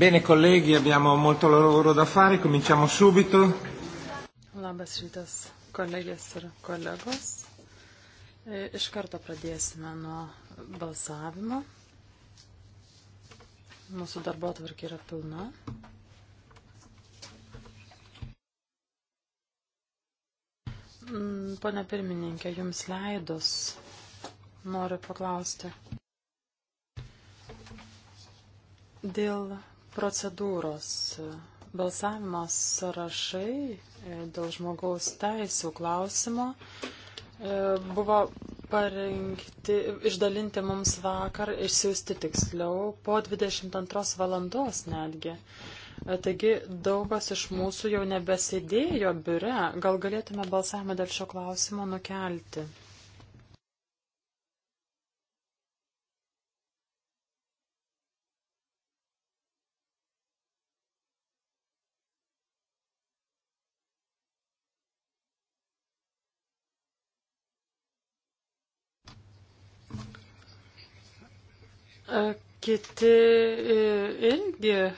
Bene colleghi, abbiamo molto lavoro da fare, cominciamo subito. Labas rytas, kolegės ir kolegos. E, iš karto pradėsime nuo balsavimo. Mūsų darbo atvarkė yra pilna. Mm, Pane pirmininkė, jums leidus noriu paklausti. Dėl procedūros. Balsavimo sąrašai e, dėl žmogaus teisų klausimo e, buvo parengti, išdalinti mums vakar, išsiųsti tiksliau po 22 valandos netgi. E, taigi daugas iš mūsų jau nebesėdėjo biure. Gal galėtume balsavimą dėl šio klausimo nukelti? Kiti e, irgi e,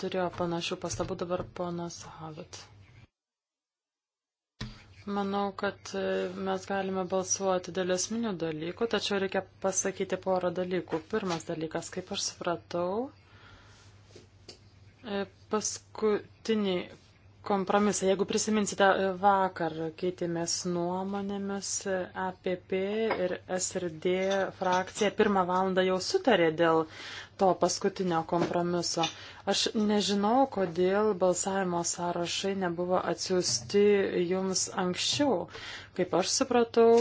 turėjo panašių pastabų dabar ponas Havit. Manau, kad e, mes galime balsuoti dėl esminių dalykų, tačiau reikia pasakyti porą dalykų. Pirmas dalykas, kaip aš supratau, paskutiniai kompromisą. Jeigu prisiminsite, vakar keitėmės nuomonėmis APP ir SRD frakcija pirmą valandą jau sutarė dėl to paskutinio kompromiso. Aš nežinau, kodėl balsavimo sąrašai nebuvo atsiųsti jums anksčiau. Kaip aš supratau,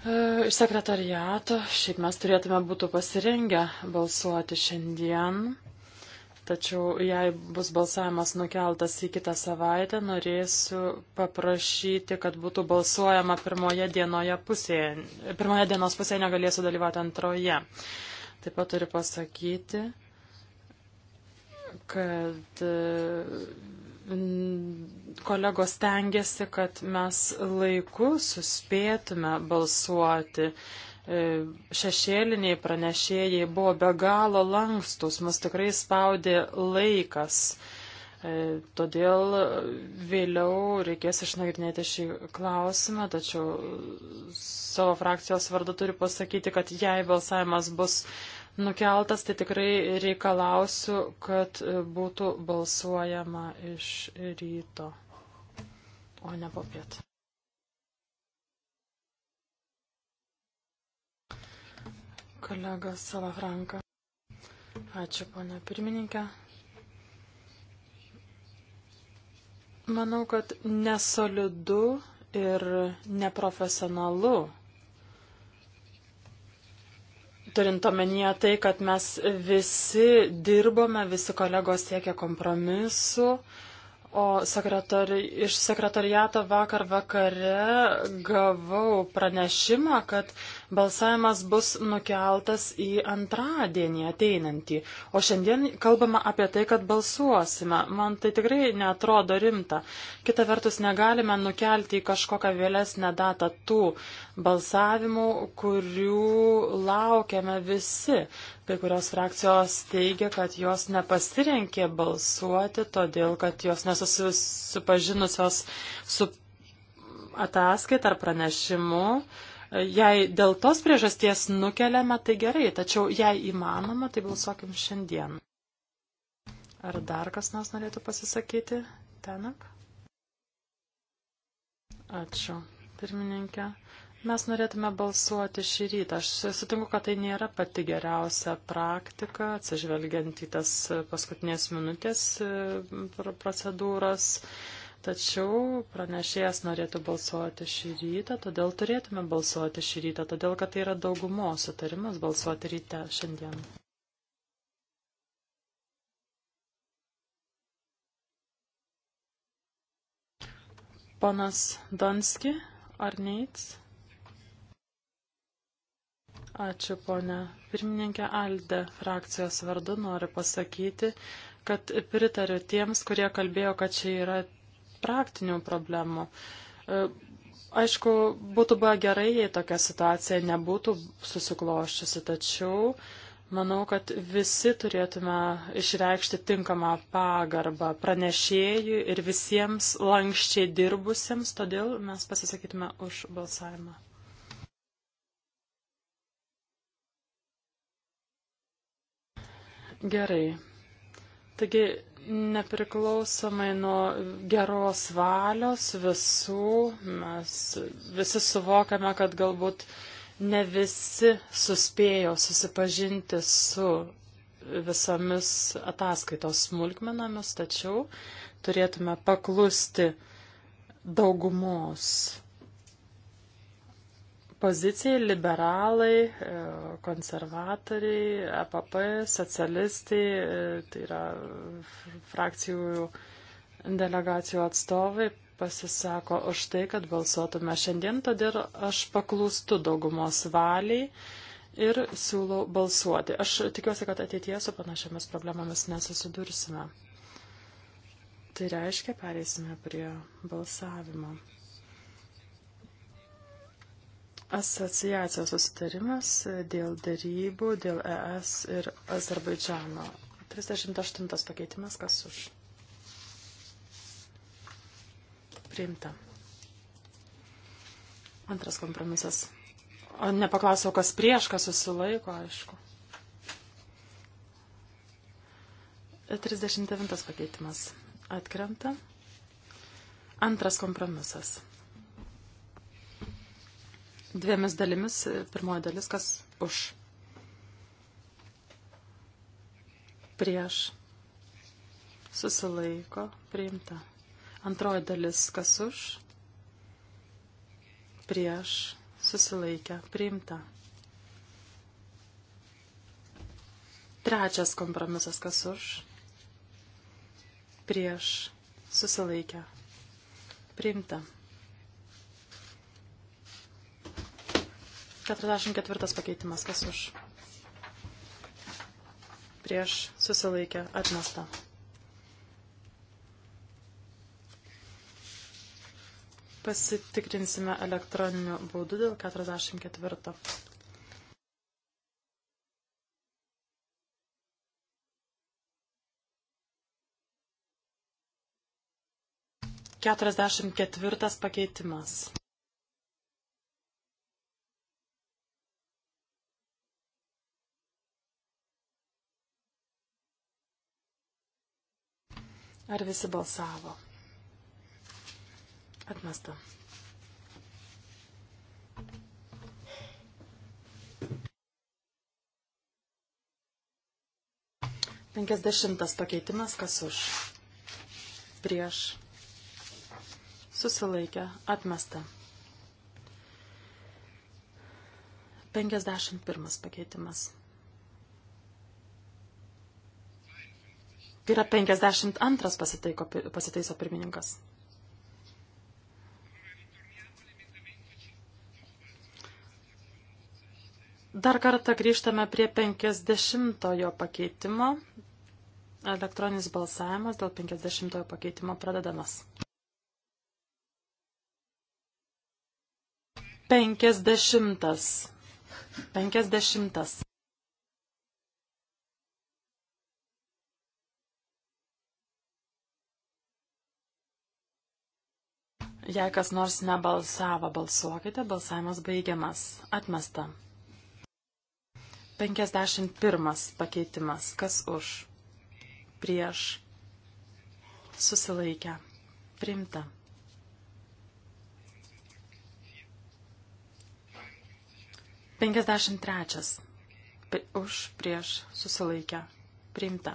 e, iš sekretariato šiaip mes turėtume būtų pasirengę balsuoti šiandien. Tačiau jei bus balsavimas nukeltas į kitą savaitę, norėsiu paprašyti, kad būtų balsuojama pirmoje, dienoje pusėje. pirmoje dienos pusėje, negalėsiu dalyvauti antroje. Taip pat turiu pasakyti, kad e, kolegos tengiasi, kad mes laiku suspėtume balsuoti. Uh, E, šešėliniai pranešėjai buvo be galo lankstus, mus tikrai spaudė laikas. E, todėl vėliau reikės išnagrinėti šį klausimą, tačiau savo frakcijos vardu turiu pasakyti, kad jei balsavimas bus nukeltas, tai tikrai reikalausiu, kad būtų balsuojama iš ryto, o ne po pietų. kolega Salafranka. Ačiū, ponia pirmininkė. Manau, kad nesolidu ir neprofesionalu. Turint omenyje tai, kad mes visi dirbome, visi kolegos siekia kompromisu, o sekretari, iš sekretariato vakar vakare gavau pranešimą, kad Balsavimas bus nukeltas į antradienį ateinantį, o šiandien kalbama apie tai, kad balsuosime. Man tai tikrai netrodo rimta. Kita vertus, negalime nukelti į kažkokią vėlesnę datą tų balsavimų, kurių laukiame visi. Kai kurios frakcijos teigia, kad jos nepasirinkė balsuoti, todėl kad jos nesusipažinusios su ataskaita ar pranešimu. Uh, Jei dėl tos priežasties nukeliame, tai gerai, tačiau jei įmanoma, tai balsuokim šiandien. Ar dar kas nors norėtų pasisakyti? Tenak? Ačiū, pirmininkė. Mes norėtume balsuoti šį rytą. Aš sutinku, kad tai nėra pati geriausia praktika, atsižvelgiant į tas paskutinės minutės e, procedūras. Uh, Tačiau pranešėjas norėtų balsuoti šį rytą, todėl turėtume balsuoti šį rytą, todėl kad tai yra daugumos sutarimas balsuoti ryte šiandien. Ponas Donski, ar neits? Ačiū, ponė. Pirmininkė Alde frakcijos vardu noriu pasakyti, kad pritariu tiems, kurie kalbėjo, kad čia yra praktinių problemų. E, aišku, būtų buvę gerai, jei tokia situacija nebūtų susikloščiusi, tačiau manau, kad visi turėtume išreikšti tinkamą pagarbą pranešėjui ir visiems lankščiai dirbusiems, todėl mes pasisakytume už balsavimą. Gerai. Taigi nepriklausomai nuo geros valios visų, mes visi suvokiame, kad galbūt ne visi suspėjo susipažinti su visomis ataskaitos smulkmenomis, tačiau turėtume paklusti daugumos pozicijai liberalai, e, konservatoriai, EPP, socialistai, e, tai yra frakcijų delegacijų atstovai pasisako už tai, kad balsuotume šiandien, todėl aš paklūstu daugumos valiai ir siūlau balsuoti. Aš tikiuosi, kad ateityje su panašiamis problemomis nesusidursime. Tai reiškia, pereisime prie balsavimo asociacijos susitarimas dėl darybų, dėl ES ir Azerbaidžano. 38 pakeitimas, kas už. Priimta. Antras kompromisas. O nepaklausiau, kas prieš, kas susilaiko, aišku. 39 pakeitimas. Atkrenta. Antras kompromisas dviemis dalimis. Pirmoji dalis, kas už. Prieš. Susilaiko. Priimta. Antroji dalis, kas už. Prieš. Susilaikę. Priimta. Trečias kompromisas, kas už. Prieš. Susilaikę. Priimta. 44 pakeitimas. Kas už? Prieš susilaikę atmesta. Pasitikrinsime elektroniniu būdu dėl 44. Keturiasdešimt ketvirtas pakeitimas. Ar visi balsavo? Atmesta. Penkiasdešimtas pakeitimas, kas už? Prieš. Susilaikę. Atmesta. Penkiasdešimt pirmas pakeitimas. Tai yra 52 pasitaiko, pasitaiso pirmininkas. Dar kartą grįžtame prie 50 pakeitimo. Elektroninis balsavimas dėl 50 pakeitimo pradedamas. 50. 50. Jei kas nors nebalsavo, balsuokite, balsavimas baigiamas. Atmesta. 51 pakeitimas. Kas už? Prieš. Susilaikę. Primta. Penkiasdešimt trečias. Už, prieš, susilaikę. Priimta.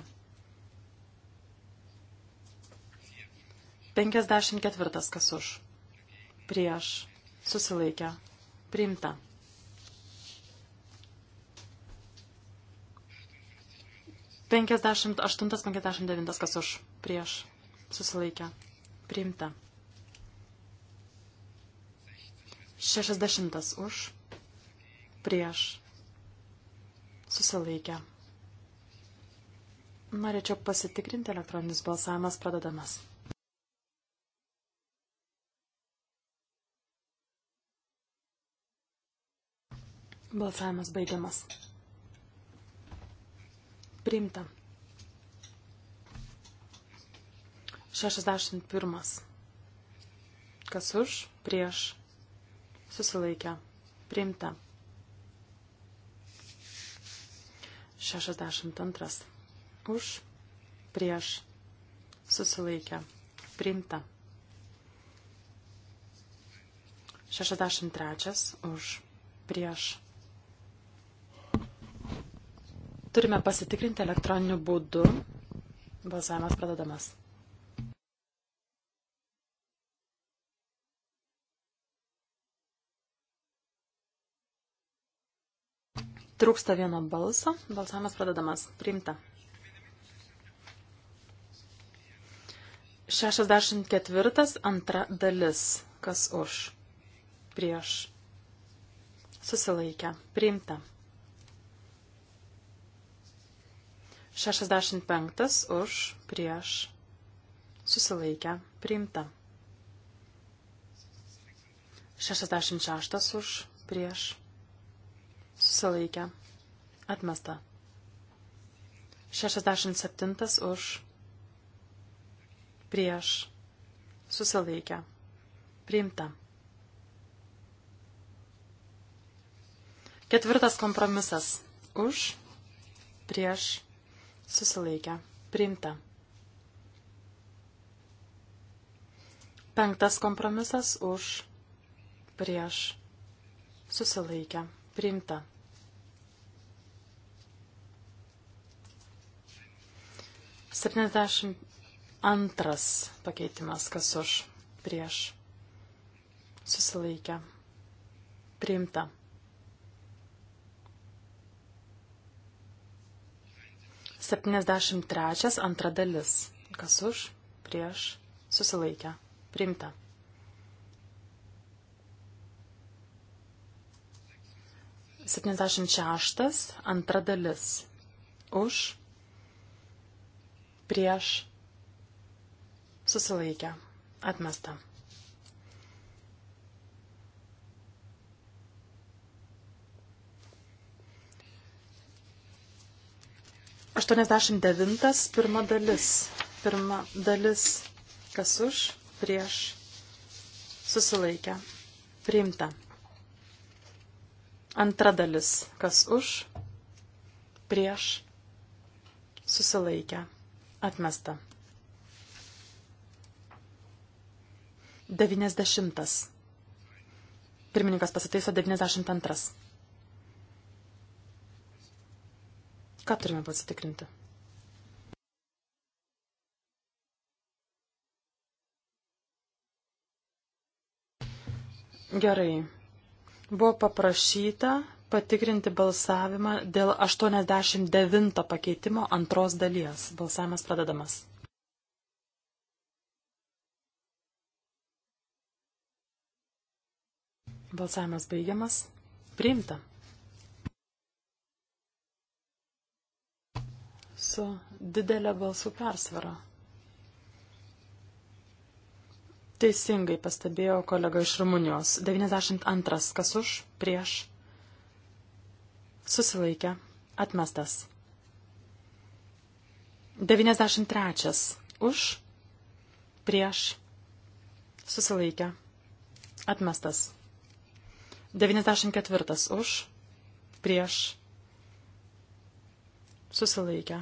Penkiasdešimt ketvirtas. Kas už? prieš susilaikę priimta. Penkiasdešimt aštuntas, penkiasdešimt devintas, kas už prieš susilaikę priimta. Šešiasdešimtas už prieš susilaikę. Norėčiau pasitikrinti elektroninis balsavimas pradedamas. Balsavimas baigiamas. Priimta. 61. Kas už, prieš, susilaikę, priimta. 62. Už, prieš, susilaikę, priimta. 63. Už, prieš, Turime pasitikrinti elektroniniu būdu. Balsavimas pradedamas. Trūksta vieno balso. Balsavimas pradedamas. Priimta. 64 antra dalis. Kas už? Prieš. Susilaikę. Priimta. 65 už prieš susilaikę priimta. 66 už prieš susilaikę atmesta. 67 už prieš susilaikę priimta. Ketvirtas kompromisas už prieš susilaikę, priimta. Penktas kompromisas už, prieš, susilaikę, priimta. Septyniasdešimt antras pakeitimas, kas už, prieš, susilaikę, priimta. 73 antra dalis. Kas už, prieš, susilaikę, primta. Septyniasdešimt šeštas antra dalis. Už, prieš, susilaikę, atmesta. 89. Pirma dalis. Pirma dalis. Kas už? Prieš. Susilaikę. Priimta. Antra dalis. Kas už? Prieš. Susilaikę. Atmesta. 90. Pirmininkas pasitaiso 92. Ką turime pasitikrinti? Gerai. Buvo paprašyta patikrinti balsavimą dėl 89 pakeitimo antros dalies. Balsavimas pradedamas. Balsavimas baigiamas. Priimta. su didelė balsų persvara. Teisingai pastebėjo kolega iš Rumunijos. 92. Kas už? Prieš. Susilaikė. Atmestas. 93. Už. Prieš. Susilaikė. Atmestas. 94. Už. Prieš susilaikę.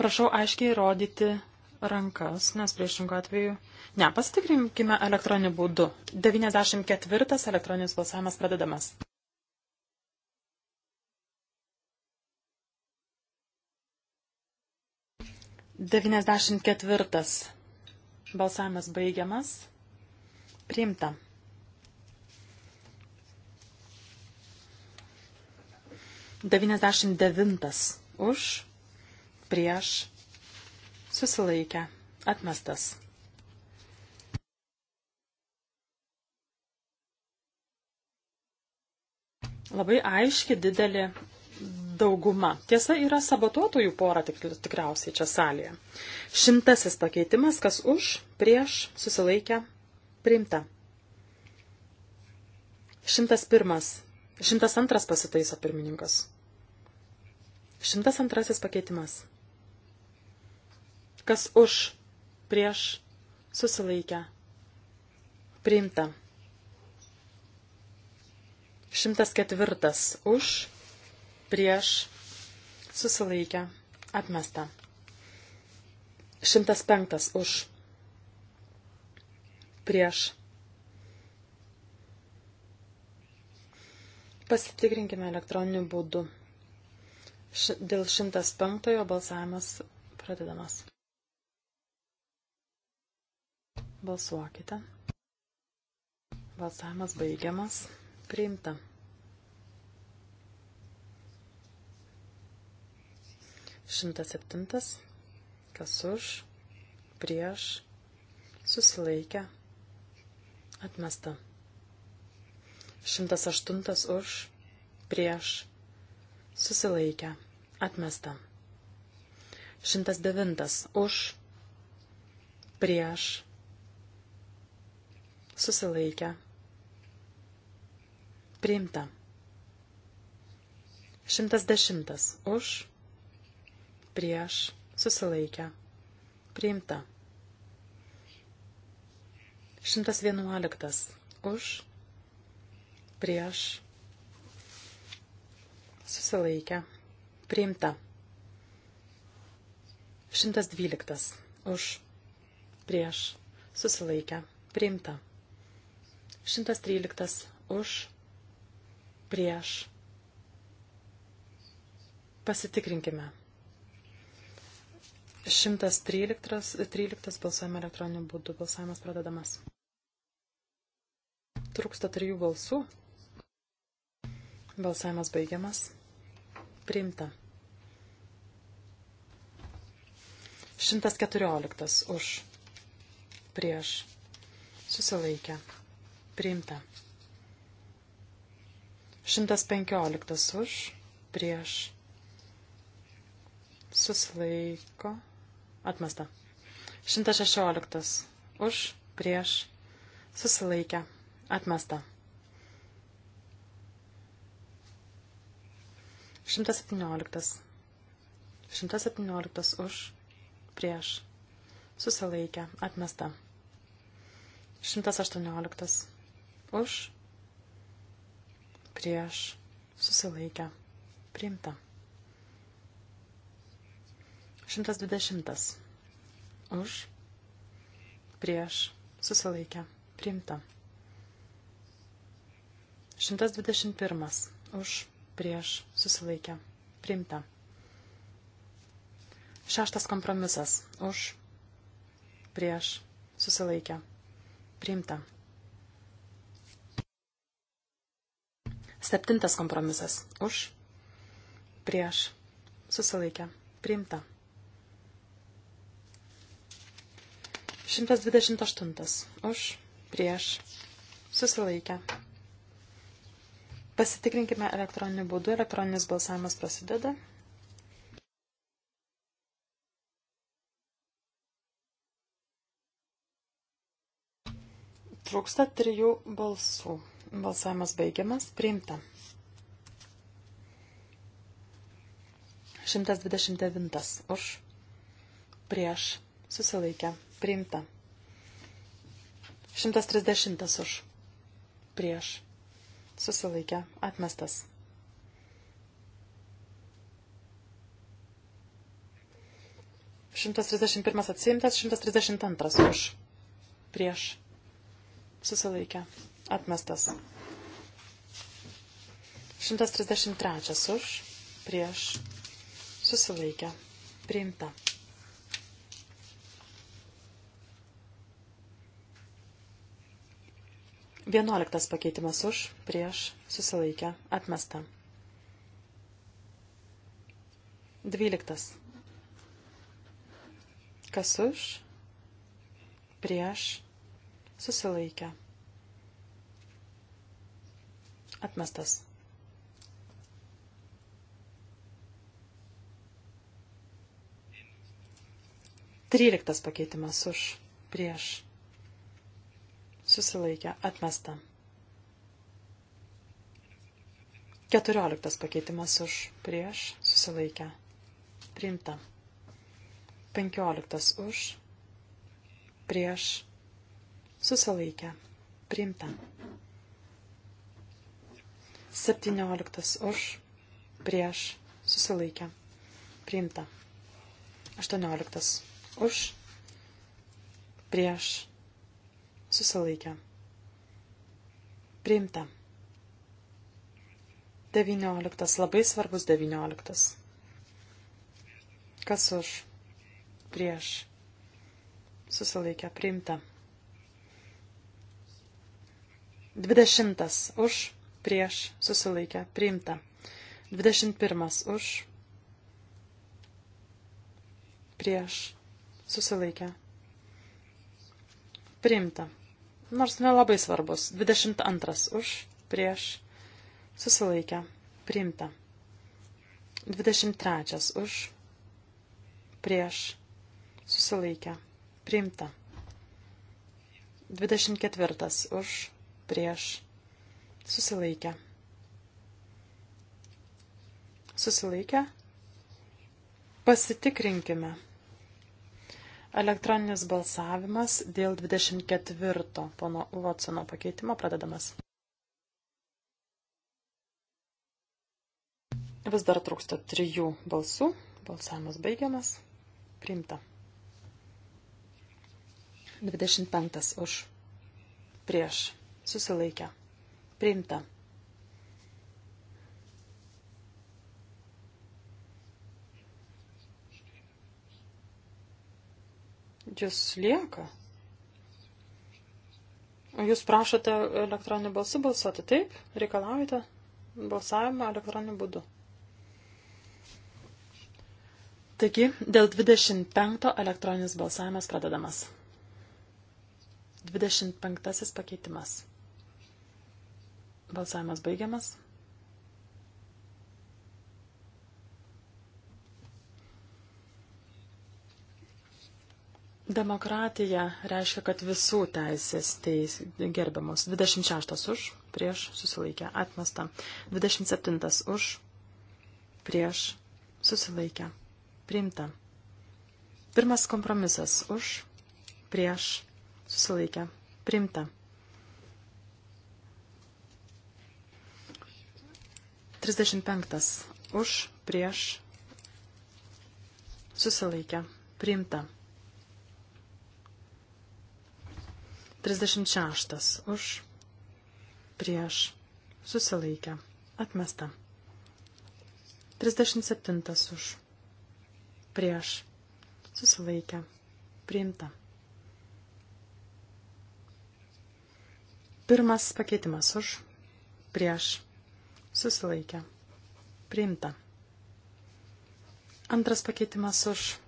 Prašau aiškiai rodyti rankas, nes priešingų atveju. Ne, pasitikrinkime elektroniniu būdu. 94 elektroninis balsavimas pradedamas. Devyniasdešimt ketvirtas balsavimas baigiamas. Priimta. 99 už, prieš, susilaikę, atmestas. Labai aiški didelė dauguma. Tiesa, yra sabotuotojų pora tik, tikriausiai čia salėje. Šimtasis pakeitimas, kas už, prieš, susilaikę, priimta. Šimtas pirmas Šimtas antras pasitaiso pirmininkas. Šimtas antrasis pakeitimas. Kas už, prieš, susilaikę, priimta. Šimtas ketvirtas už, prieš, susilaikę, atmesta. Šimtas penktas už, prieš, Pasitikrinkime elektroniniu būdu. Š dėl 105 balsavimas pradedamas. Balsuokite. Balsavimas baigiamas. Priimta. Šimtas septintas. Kas už, prieš, susilaikę, atmesta. 108 už, prieš, susilaikę, atmesta. 109 už, prieš, susilaikę, priimta. 110 už, prieš, susilaikę, priimta. 111 už, prieš susilaikę priimta. 112 už prieš susilaikę priimta. 113 už prieš pasitikrinkime. 113 13 balsuojame elektroniniu būdu. Balsavimas pradedamas. Trūksta trijų balsų. Balsavimas baigiamas. Priimta. 114 už. Prieš. Susilaikę. Priimta. 115 už. Prieš. Susilaiko. Atmesta. 116 už. Prieš. Susilaikę. Atmesta. 117. 117 už, prieš, susilaikę, atmesta. 118 už, prieš, susilaikę, priimta. 120 už, prieš, susilaikę, priimta. 121 už, prieš susilaikę priimta. Šeštas kompromisas už prieš susilaikę priimta. Septintas kompromisas už prieš susilaikę priimta. 128 už prieš susilaikę Pasitikrinkime elektroniniu būdu. Elektroninis balsavimas prasideda. Trūksta trijų balsų. Balsavimas baigiamas. Priimta. 129 už. Prieš. Susilaikę. Priimta. 130 už. Prieš susilaikė atmestas. Šimtas trisdešimt pirmas atsiimtas, šimtas trisdešimt antras už, prieš, susilaikė atmestas. Šimtas trisdešimt trečias už, prieš, susilaikė priimta. Vienuoliktas pakeitimas už, prieš, susilaikę, atmesta. Dvyliktas. Kas už, prieš, susilaikę, atmestas. Tryliktas pakeitimas už, prieš, susilaikė, atmesta. Keturioliktas pakeitimas už prieš susilaikę. Priimta. Penkioliktas už prieš susilaikę. Priimta. Septynioliktas už prieš susilaikę. Priimta. Aštuonioliktas už prieš susilaikė. Priimta. 19. Labai svarbus 19. Kas už? Prieš. Susilaikė. Priimta. 20. Už. Prieš. Susilaikė. Priimta. 21. Už. Prieš. Susilaikė. Priimta nors nelabai svarbus. 22 už, prieš, susilaikę, priimta. 23 už, prieš, susilaikę, priimta. 24 už, prieš, susilaikę. Susilaikę. Pasitikrinkime. Elektroninis balsavimas dėl 24 pono Watsono pakeitimo pradedamas. Vis dar trūksta trijų balsų. Balsavimas baigiamas. Priimta. 25 už. Prieš. Susilaikę. Priimta. Jis lieka. Jūs prašote elektroniniu balsu balsuoti, taip? Reikalaujate balsavimą elektroniniu būdu. Taigi, dėl 25 elektroninis balsavimas pradedamas. 25 pakeitimas. Balsavimas baigiamas. Demokratija reiškia, kad visų teisės teis, gerbiamos. 26 už, prieš susilaikę, atmesta. 27 už, prieš susilaikę, priimta. Pirmas kompromisas už, prieš susilaikę, priimta. 35 už, prieš susilaikę, priimta. 36 už prieš susilaikę atmesta. 37 už prieš susilaikę priimta. Pirmas pakeitimas už prieš susilaikę priimta. Antras pakeitimas už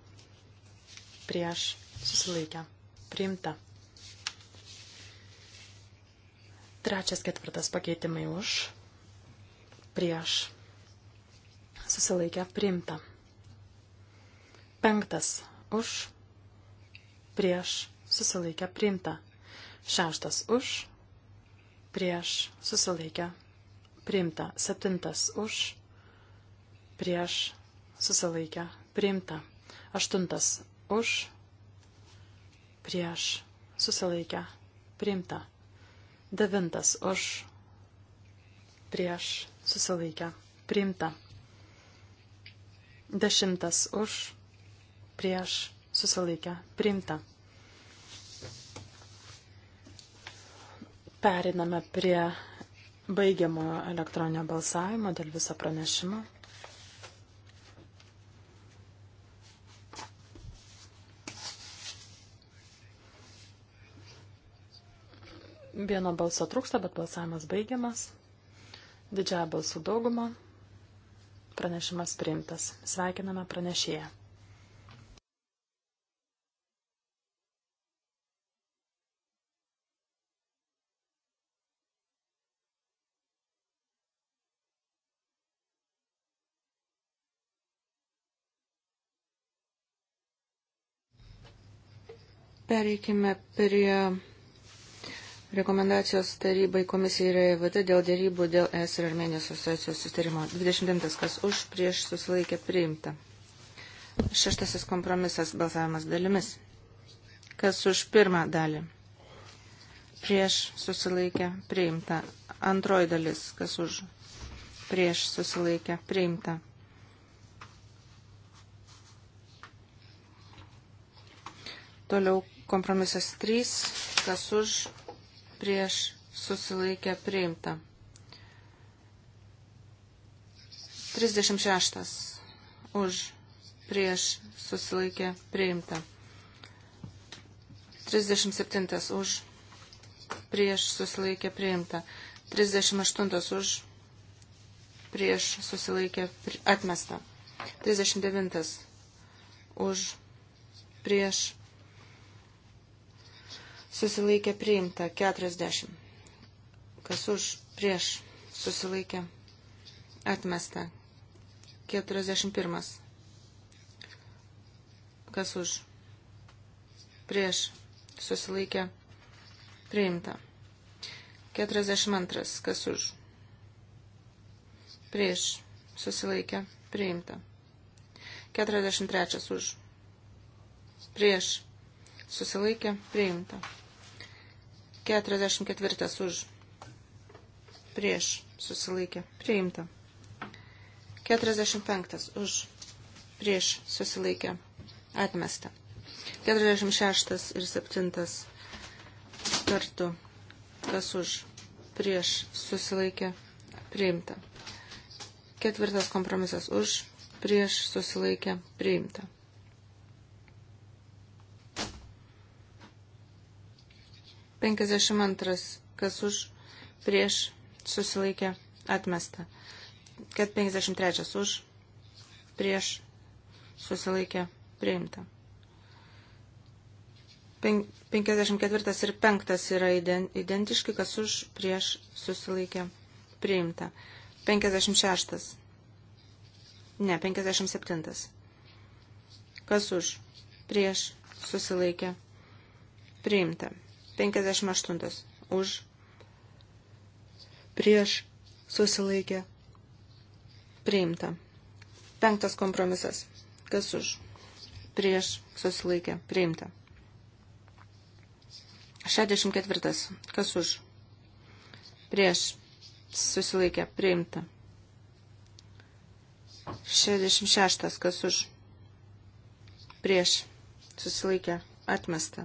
prieš susilaikę priimta. Trečias, ketvirtas pakeitimai už, prieš, susilaikę priimta. Penktas už, prieš, susilaikę priimta. Šeštas už, prieš, susilaikę priimta. Septintas už, prieš, susilaikę priimta. Aštuntas už, prieš, susilaikę priimta. Devintas už prieš susilaikę priimta. Dešimtas už prieš susilaikę priimta. Periname prie baigiamojo elektroninio balsavimo dėl viso pranešimo. Vieno balso trūksta, bet balsavimas baigiamas. Didžiąją balsų daugumą pranešimas priimtas. Sveikiname pranešėją. Pereikime prie Rekomendacijos tarybai komisijai yra EVT dėl dėrybų dėl ES ir Armenijos asociacijos sustarimo. 29. Kas už, prieš susilaikė priimta. Šeštasis kompromisas balsavimas dalimis. Kas už pirmą dalį? Prieš susilaikė priimta. Antroji dalis. Kas už? Prieš susilaikė priimta. Toliau kompromisas 3. Kas už? prieš susilaikę priimta. 36 už prieš susilaikė priimta. 37 už prieš susilaikė priimta. 38 už prieš susilaikė atmesta. 39 už prieš susilaikė priimta 40. Kas už prieš susilaikė atmesta 41. Kas už prieš susilaikė priimta 42. Kas už prieš susilaikė priimta 43. Už prieš susilaikė priimta. 44 už prieš susilaikė priimta. 45 už prieš susilaikė atmesta. 46 ir 7 kartu kas už prieš susilaikė priimta. Ketvirtas kompromisas už prieš susilaikė priimta. 52. Kas už prieš susilaikė atmesta. 53. Už prieš susilaikė priimta. 54 ir 5 yra identiški, kas už prieš susilaikė priimta. 56. Ne, 57. Kas už prieš susilaikė priimta. 58 už prieš susilaikė priimta. Penktas kompromisas. Kas už? Prieš susilaikė priimta. 64. Kas už? Prieš susilaikė priimta. 66. Kas už? Prieš susilaikė atmesta.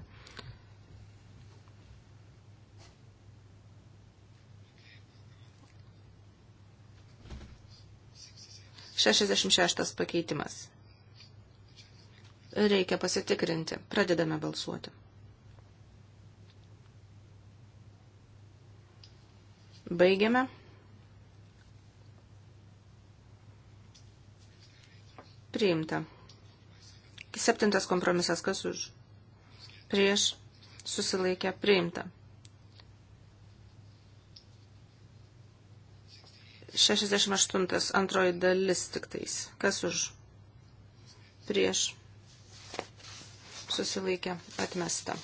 66 pakeitimas. Reikia pasitikrinti. Pradedame balsuoti. Baigiame. Priimta. Septintas kompromisas, kas už? Prieš susilaikė priimta. 68 antroji dalis tik tais. Kas už? Prieš. Susilaikė atmesta.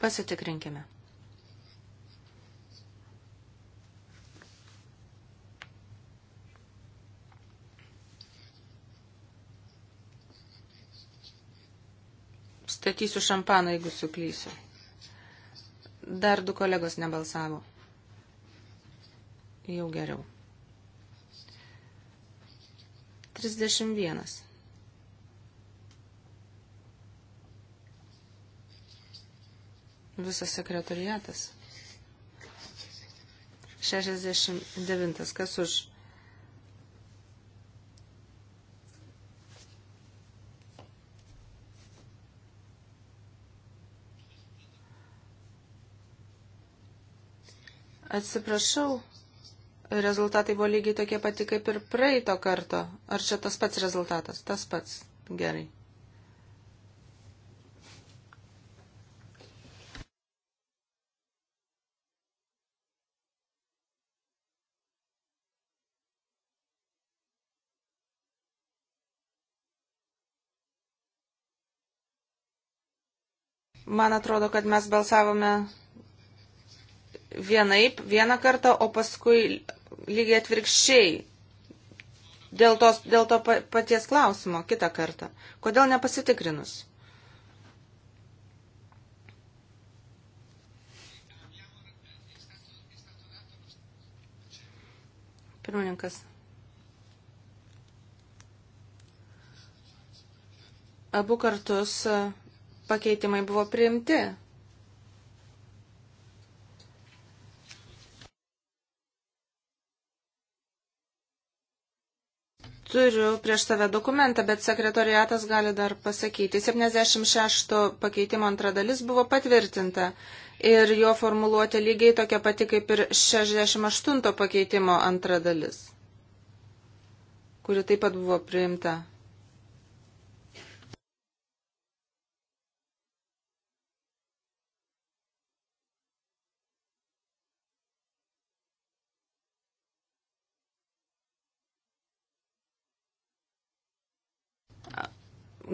Pasitikrinkime. statysiu šampaną, jeigu suklysiu. Dar du kolegos nebalsavo. Jau geriau. 31. Visas sekretariatas. 69. Kas už? Atsiprašau, rezultatai buvo lygiai tokie pati kaip ir praeito karto. Ar čia tas pats rezultatas? Tas pats. Gerai. Man atrodo, kad mes balsavome vienaip vieną kartą, o paskui lygiai atvirkščiai dėl, tos, dėl to paties klausimo kitą kartą. Kodėl nepasitikrinus? Pirmininkas. Abu kartus e, pakeitimai buvo priimti. turiu prieš save dokumentą, bet sekretoriatas gali dar pasakyti. 76 pakeitimo antra dalis buvo patvirtinta ir jo formuluotė lygiai tokia pati kaip ir 68 pakeitimo antra dalis, kuri taip pat buvo priimta.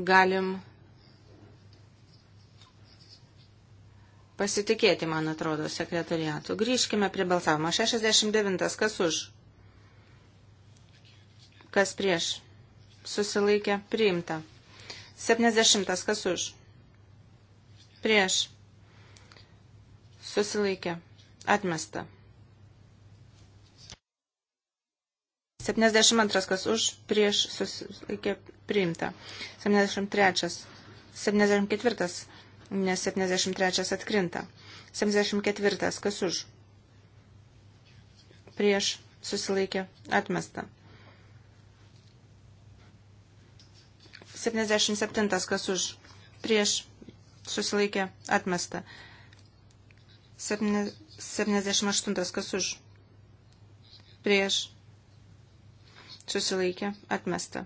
galim pasitikėti, man atrodo, sekretariatu. Grįžkime prie balsavimo. 69. Kas už? Kas prieš? Susilaikė. Priimta. 70. Kas už? Prieš. Susilaikė. Atmesta. 72 kas už, prieš susilaikė priimta. 73. 74. Nes 73 atkrinta. 74 kas už, prieš susilaikė atmesta. 77 kas už, prieš susilaikė atmesta. 78 kas už, prieš susilaikė, atmesta.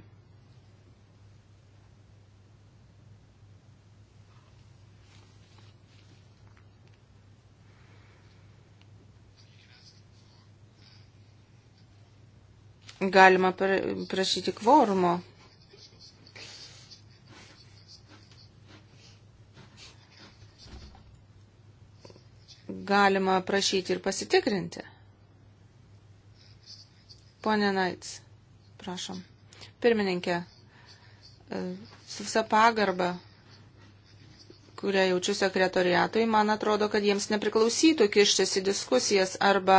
Galima prašyti kvorumo. Galima prašyti ir pasitikrinti. Pone Naits. Prašom. Pirmininkė, e, su visa pagarba, kurią jaučiu sekretoriatui, man atrodo, kad jiems nepriklausytų kištis į diskusijas arba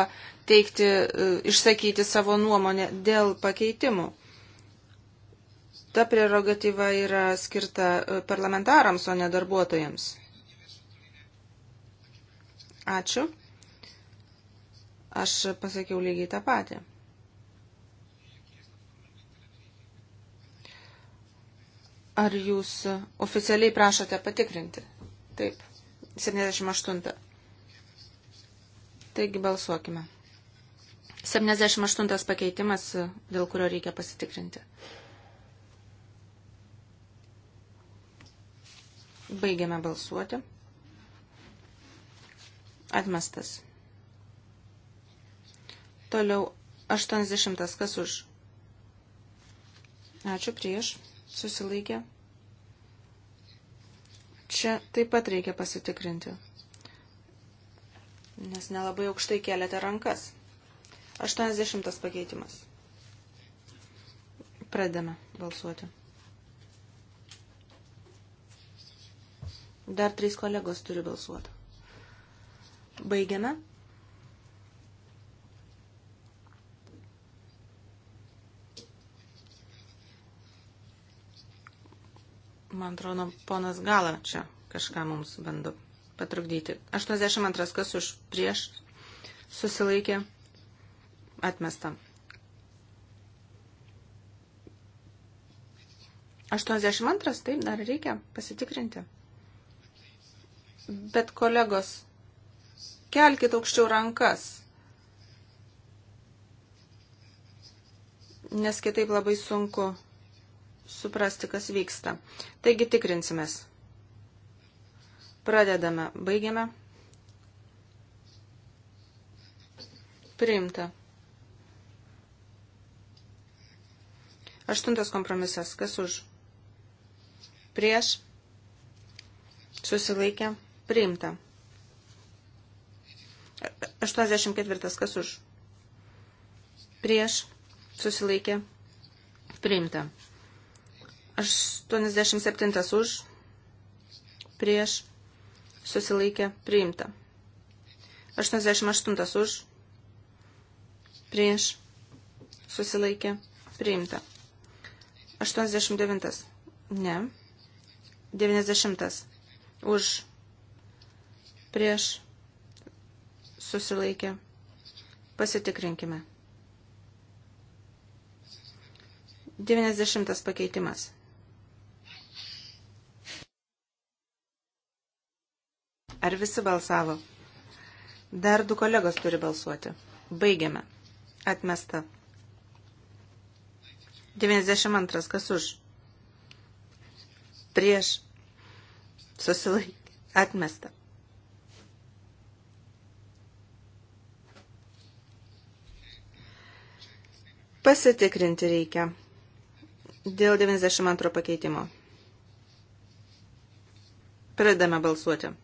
teikti, e, išsakyti savo nuomonę dėl pakeitimų. Ta prerogatyva yra skirta e, parlamentarams, o ne darbuotojams. Ačiū. Aš pasakiau lygiai tą patį. Ar jūs oficialiai prašote patikrinti? Taip. 78. Taigi balsuokime. 78 pakeitimas, dėl kurio reikia pasitikrinti. Baigiame balsuoti. Atmestas. Toliau 80. Kas už? Ačiū prieš susilaikė. Čia taip pat reikia pasitikrinti, nes nelabai aukštai keliate rankas. 80 pakeitimas. Pradame balsuoti. Dar trys kolegos turi balsuoti. Baigiame. Man atrodo, ponas Gala čia kažką mums bando patrukdyti. 82. Kas už prieš susilaikė? Atmesta. 82. Taip, dar reikia pasitikrinti. Bet kolegos, kelkite aukščiau rankas. Nes kitaip labai sunku suprasti, kas vyksta. Taigi tikrinsimės. Pradedame. Baigiame. Priimta. Aštuntas kompromisas. Kas už? Prieš. Susilaikė. Priimta. 84. Kas už? Prieš. Susilaikė. Priimta. 87 už, prieš, susilaikė, priimta. 88 už, prieš, susilaikė, priimta. 89, ne, 90 už, prieš, susilaikė, pasitikrinkime. 90 pakeitimas. Ar visi balsavo? Dar du kolegos turi balsuoti. Baigiame. Atmesta. 92. Kas už? Prieš. Susilaikė. Atmesta. Pasitikrinti reikia dėl 92 pakeitimo. Pradame balsuoti.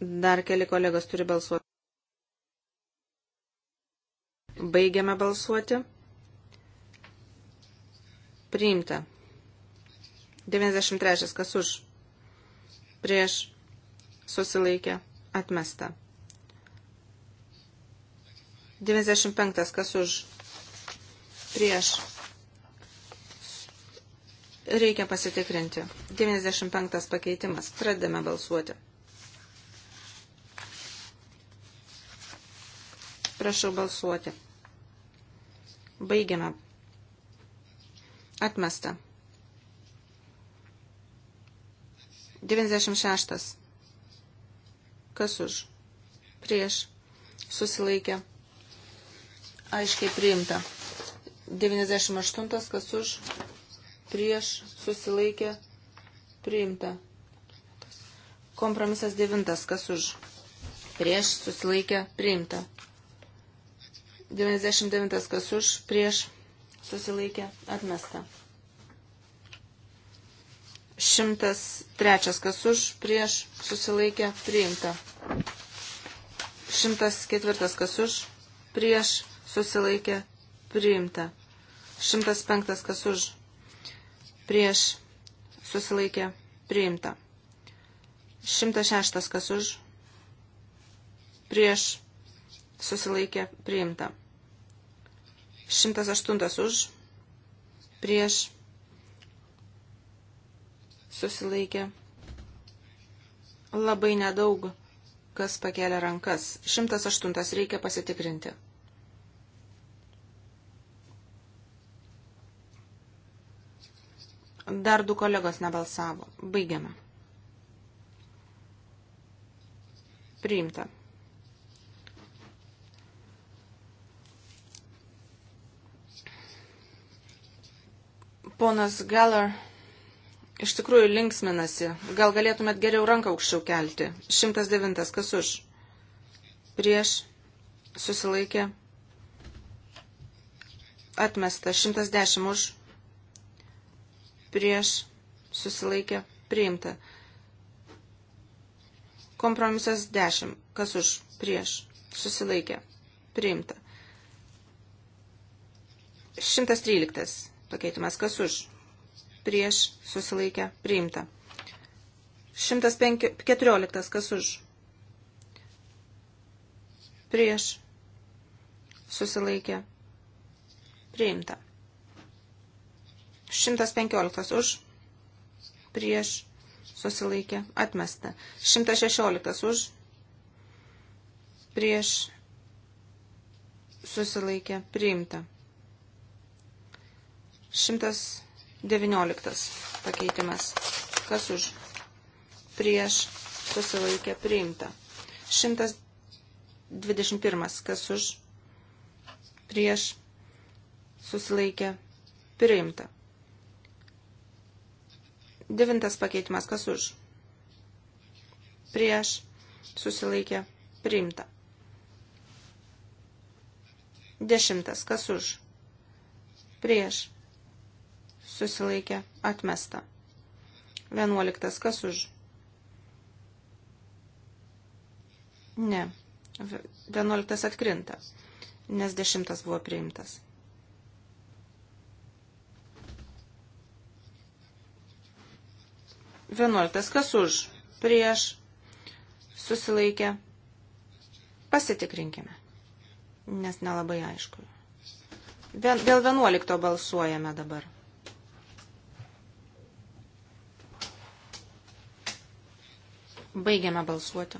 Dar keli kolegos turi balsuoti. Baigiame balsuoti. Priimta. 93. Kas už? Prieš. Susilaikė. Atmesta. 95. Kas už? Prieš. Reikia pasitikrinti. 95. pakeitimas. Pradedame balsuoti. Prašau balsuoti. Baigiame. Atmesta. 96. Kas už? Prieš. Susilaikė. Aiškiai priimta. 98. Kas už? Prieš. Susilaikė. Priimta. Kompromisas 9. Kas už? Prieš. Susilaikė. Priimta. 99 kas už, prieš, susilaikė, atmesta. 103 kas už, prieš, susilaikė, priimta. 104 kas už, prieš, susilaikė, priimta. 105 kas už, prieš, susilaikė, priimta. 106 kas už, prieš, susilaikė, priimta. 106 kas už, prieš, susilaikė priimta. 108 už, prieš susilaikė labai nedaug, kas pakelia rankas. 108 reikia pasitikrinti. Dar du kolegos nebalsavo. Baigiame. Priimta. Ponas Galler iš tikrųjų linksminasi. Gal galėtumėt geriau ranką aukščiau kelti. 109. Kas už? Prieš. Susilaikė. Atmesta. 110 už. Prieš. Susilaikė. Priimta. Kompromisas 10. Kas už? Prieš. Susilaikė. Priimta. 113 pakeitimas kas už, prieš susilaikę priimta. 114 kas už, prieš susilaikę priimta. 115 už, prieš susilaikę atmesta. 116 už, prieš susilaikę priimta. 119 pakeitimas. Kas už? Prieš susilaikė priimta. 121. Kas už? Prieš susilaikė priimta. Devintas pakeitimas. Kas už? Prieš susilaikė priimta. Dešimtas. Kas už? Prieš susilaikė, atmesta. 11. Kas už? Ne. 11 atkrinta, nes 10 buvo priimtas. Vienuoliktas, kas už, prieš, susilaikė, pasitikrinkime, nes nelabai aišku. Dėl vienuolikto balsuojame dabar. Baigiame balsuoti.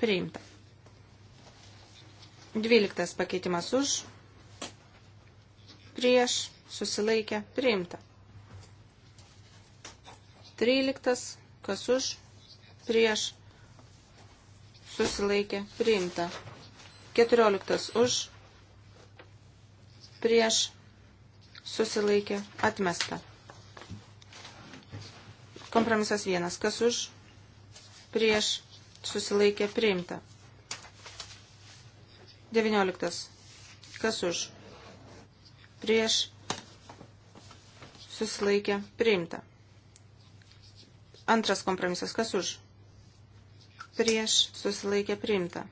Priimta. Dvyliktas pakeitimas už, prieš, susilaikė, priimta. Tryliktas, kas už, prieš, susilaikė, priimta. Keturioliktas už, prieš, susilaikė, atmesta. Kompromisas vienas, kas už, prieš susilaikė priimta. 19. Kas už? Prieš susilaikė priimta. Antras kompromisas. Kas už? Prieš susilaikė priimta.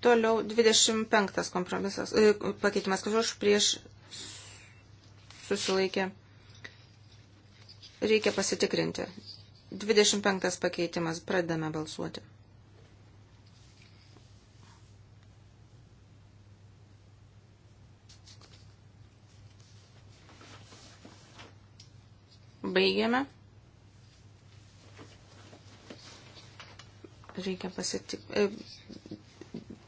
Toliau 25 kompromisas, e, pakeitimas, kas už prieš susilaikė. Reikia pasitikrinti. 25 pakeitimas. Pradedame balsuoti. Baigiame. Reikia pasitikrinti. E,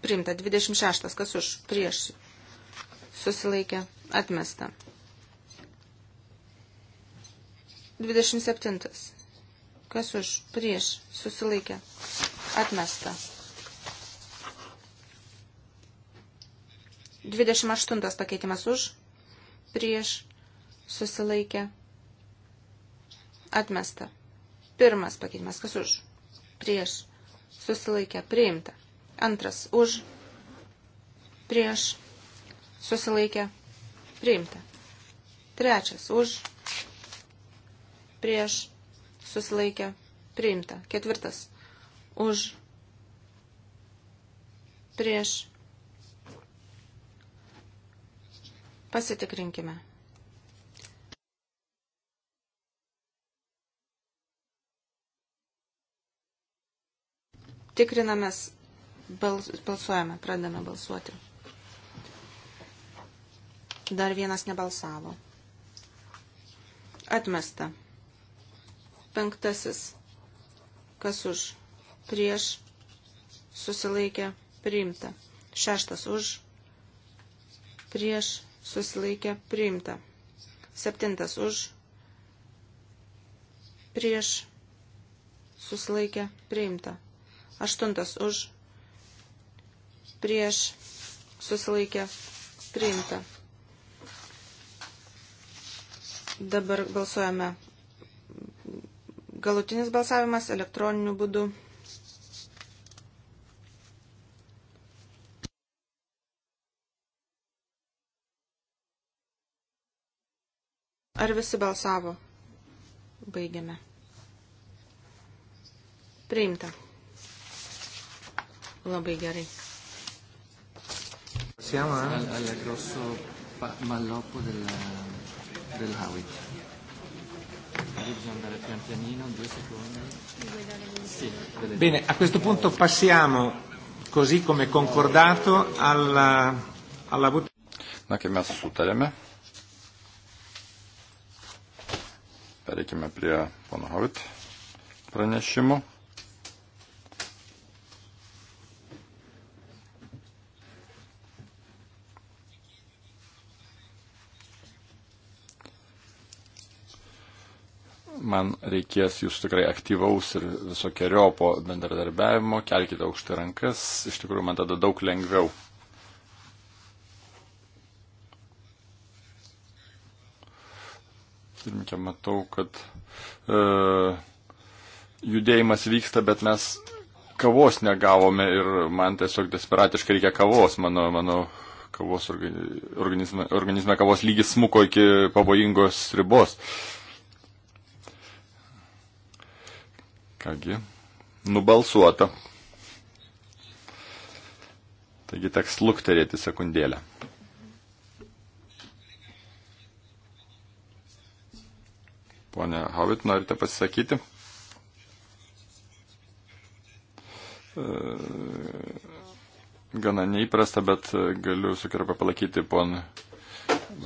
Primta 26. Kas už? Prieš. Susilaikė. Atmesta. 27. Kas už? Prieš. Susilaikė. Atmesta. 28 pakeitimas už. Prieš. Susilaikė. Atmesta. Pirmas pakeitimas. Kas už? Prieš. Susilaikė. Priimta. Antras. Už. Prieš. Susilaikė. Priimta. Trečias. Už prieš, susilaikė, priimta. Ketvirtas, už, prieš, pasitikrinkime. Tikrinamės, bals, balsuojame, pradame balsuoti. Dar vienas nebalsavo. Atmesta. Penktasis. Kas už? Prieš. Susilaikė. Priimta. Šeštas už. Prieš. Susilaikė. Priimta. Septintas už. Prieš. Susilaikė. Priimta. Aštuntas už. Prieš. Susilaikė. Priimta. Dabar balsuojame Galutinis balsavimas elektroniniu būdu. Ar visi balsavo? Baigiame. Priimta. Labai gerai. Siamo eh? al, al grosso malloppo del, del Hawit. Lì bisogna andare pian pianino, due secondi. Sì. Bene, a questo punto passiamo, così come concordato, alla, alla votazione. Na, kaip mes sutarėme, pereikime prie pono Hovit pranešimo. man reikės jūs tikrai aktyvaus ir visokiojopo bendradarbiavimo, kelkite aukštai rankas, iš tikrųjų man tada daug lengviau. Pirmininkė, matau, kad e, judėjimas vyksta, bet mes kavos negavome ir man tiesiog desperatiškai reikia kavos, mano, mano kavos organizme, organizme kavos lygis smuko iki pavojingos ribos. E, Kągi, nubalsuota. Taigi teks lukterėti sekundėlę. Pone Havit, norite pasisakyti? E, gana neįprasta, bet galiu su kirpa palaikyti pon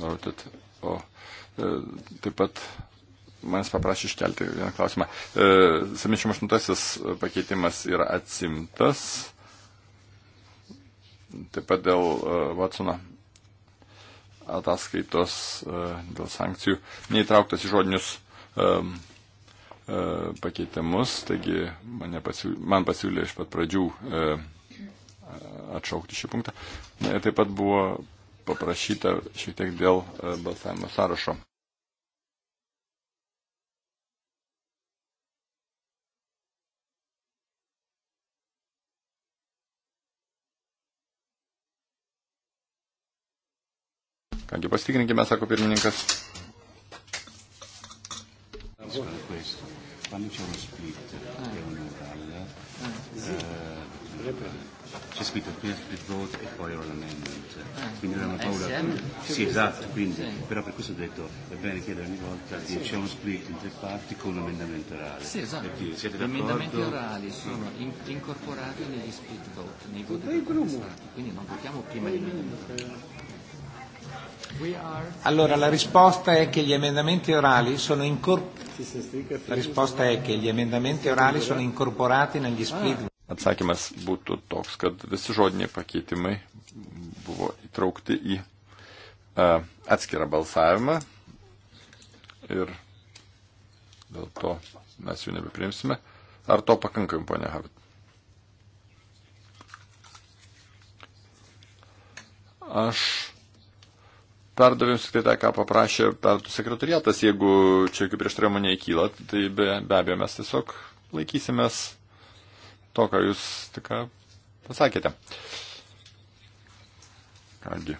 Havit. O e, taip pat manęs paprašė iškelti vieną klausimą. E, 78 pakeitimas yra atsimtas. Taip pat dėl e, Watsono ataskaitos e, dėl sankcijų neįtrauktas į žodinius e, e, pakeitimus, taigi pasiūlė, man pasiūlė iš pat pradžių e, atšaukti šį punktą. E, taip pat buvo paprašyta šiek tiek dėl e, balsavimo sąrašo. Kągi pasitikrinkime, sako pirmininkas. Quando c'è uno split e un oral, eh, c'è scritto prima split vote e poi oral amendment. Quindi avevamo paura. Sì, esatto, quindi, però per questo ho detto è bene chiedere ogni volta se c'è uno split in tre parti con un emendamento orale. Sì, esatto. Perché siete Gli emendamenti orali sono in, incorporati negli split vote, nei voti. Quindi non votiamo prima gli emendamenti orali. Allora, la risposta è che gli emendamenti orali sono incorporati. La risposta è che gli emendamenti orali sono incorporati negli split. Atsakymas būtų toks, kad visi žodiniai pakeitimai buvo įtraukti į uh, atskirą balsavimą ir dėl to mes jų nebeprimsime. Ar to pakankam, ponia Havit? Aš perdavėm tik tai tą, ką paprašė pertų sekretariatas. Jeigu čia jokių prieštaravimų neįkyla, tai be, be abejo mes tiesiog laikysimės to, ką jūs tik pasakėte. Kągi,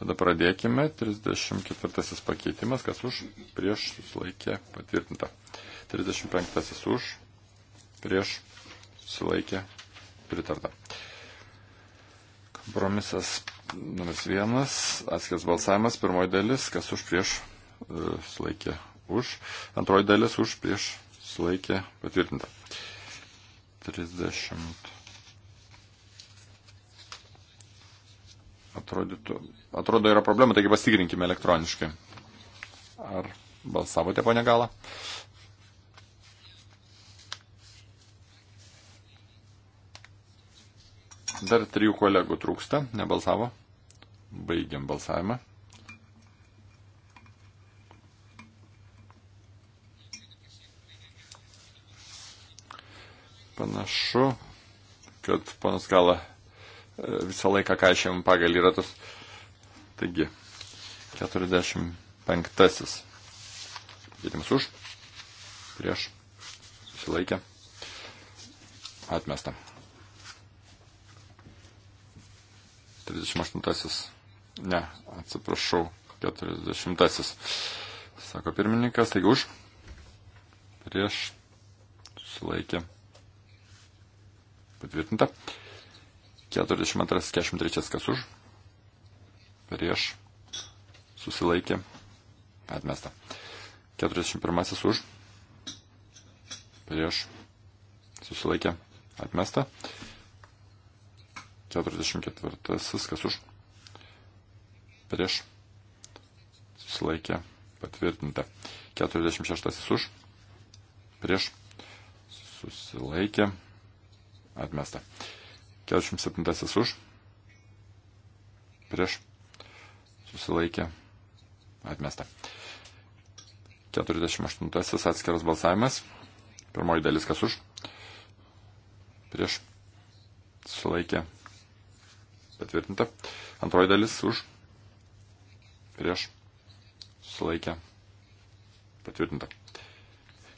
tada pradėkime. 34 pakeitimas, kas už, prieš susilaikė patvirtinta. 35 už, prieš susilaikė pritarta. Kompromisas Numeris vienas, atskiras balsavimas, pirmoji dalis, kas už prieš e, sulaikė už, antroji dalis už prieš sulaikė patvirtinta. 30. Atrodytų, atrodo yra problema, taigi pasitikrinkime elektroniškai. Ar balsavote, ponia Gala? Uh, Dar trijų kolegų trūksta, nebalsavo. Baigiam balsavimą. Panašu, kad panas Gala e, visą laiką kaišėm pagal įratus. Taigi, 45. Gėdimas už, prieš, susilaikė, atmesta. 38. Ne, atsiprašau, 40. Sako pirmininkas, taigi už. Prieš. Sulaikė. Patvirtinta. 42, 43 kas už. Prieš. Susilaikė. Atmesta. 41 už. Prieš. Susilaikė. Atmesta. 44. Kas už? Prieš. Susilaikė. Patvirtinta. 46. Už. Prieš. Susilaikė. Atmesta. 47. Už. Prieš. Susilaikė. Atmesta. 48. Atskiras balsavimas. Pirmoji dalis kas už. Prieš. Sulaikė Patvirtinta. Antroji dalis už. Prieš. Sulaikę. Patvirtinta.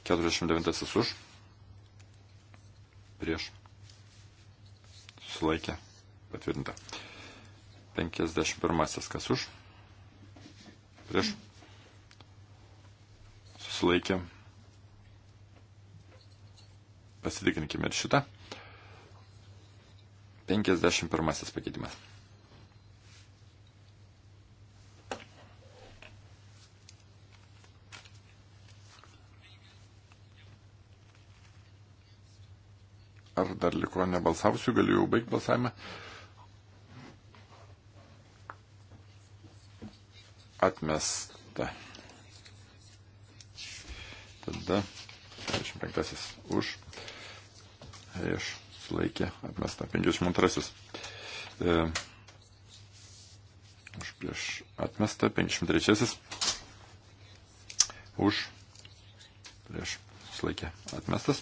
49 už. Prieš. Sulaikę. Patvirtinta. 51 kas už. Prieš. Susilaikė. Pasitikrinkime ir šitą. 51 pakeitimas. Ar dar liko nebalsavusių, galiu jau baigti balsavimą. Atmesta. Tada 25 už. Prieš sulaikė, atmesta 52. E, už prieš atmesta 53. Už prieš sulaikė atmestas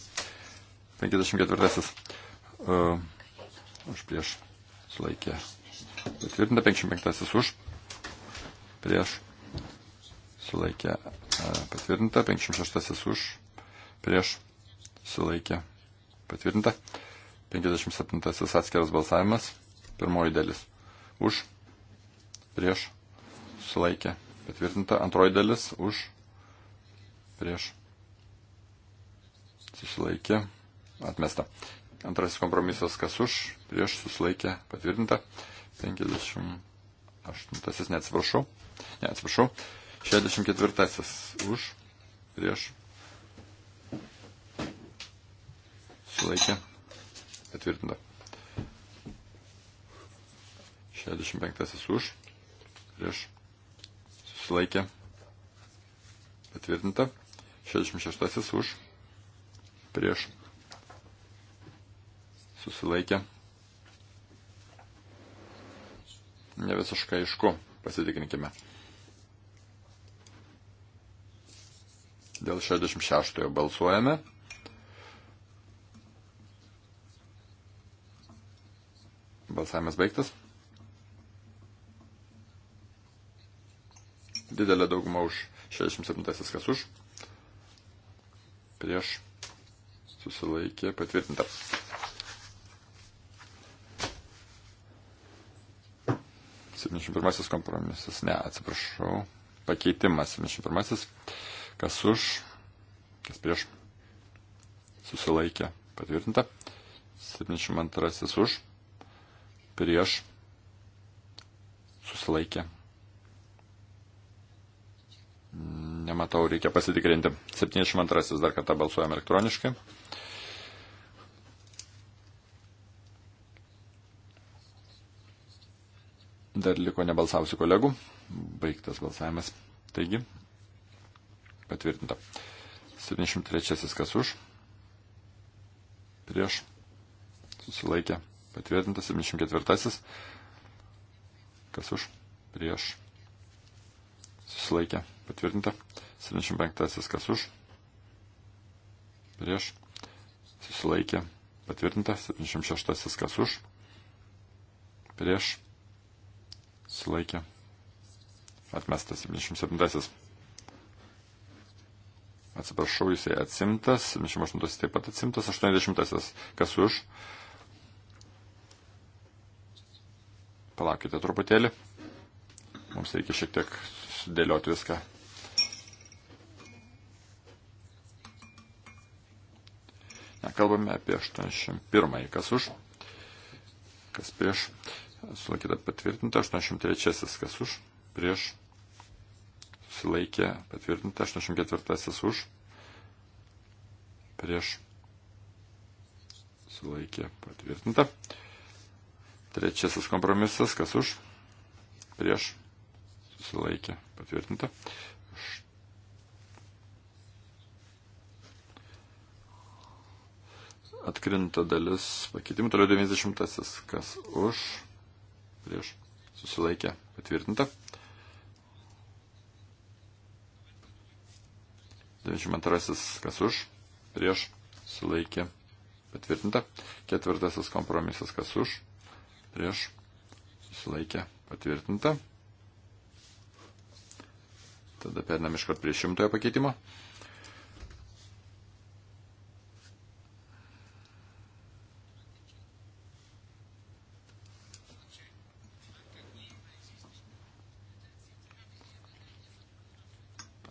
54. E, už prieš sulaikė patvirtinta 55. Už prieš sulaikė e, patvirtinta 56. Už prieš sulaikė patvirtinta. 57 atskiras balsavimas, pirmoji dalis. Už, prieš, sulaikė, patvirtinta. Antroji dalis, už, prieš, susilaikė, atmesta. Antrasis kompromisas, kas už, prieš, susilaikė, patvirtinta. 58, neatsiprašau, neatsiprašau. 64 už, prieš, sulaikė, patvirtinta. 65 už, prieš, susilaikė, patvirtinta. 66 už, prieš, susilaikė. Ne visiškai aišku, pasitikrinkime. Dėl 66 balsuojame. Balsavimas baigtas. Didelė dauguma už 67 kas už. Prieš susilaikė patvirtinta. pirmasis kompromisas, ne, atsiprašau, pakeitimas 71, kas už, kas prieš, susilaikė, patvirtinta, 72 už, prieš, susilaikė. Nematau, reikia pasitikrinti. 72 dar kartą balsuojam elektroniškai. Dar liko nebalsavusių kolegų. Baigtas balsavimas. Taigi, patvirtinta. 73 kas už. Prieš. Susilaikė patvirtintas 74. Kas už? Prieš. Susilaikė. Patvirtinta. 75. Kas už? Prieš. Susilaikė. Patvirtinta. 76. Kas už? Prieš. Susilaikė. Atmestas 77. Atsiprašau, jisai atsimtas. 78 taip pat atsimtas. 80. Kas už? Palaukite truputėlį. Mums reikia šiek tiek sudėlioti viską. Nekalbame apie 81. Kas už? Kas prieš? Sulaikyta patvirtinta. 83. Kas už? Prieš? Susilaikė patvirtinta. 84. Už? Prieš? Sulaikė patvirtinta. Trečiasis kompromisas, kas už, prieš, susilaikė, patvirtinta. Atkrinta dalis pakeitimų, toliau 90-asis, kas už, prieš, susilaikė, patvirtinta. 92-asis, kas už, prieš, susilaikė, patvirtinta. Ketvirtasis kompromisas, kas už, prieš, susilaikė, patvirtinta. Tada perinam iškart prie šimtojo pakeitimo.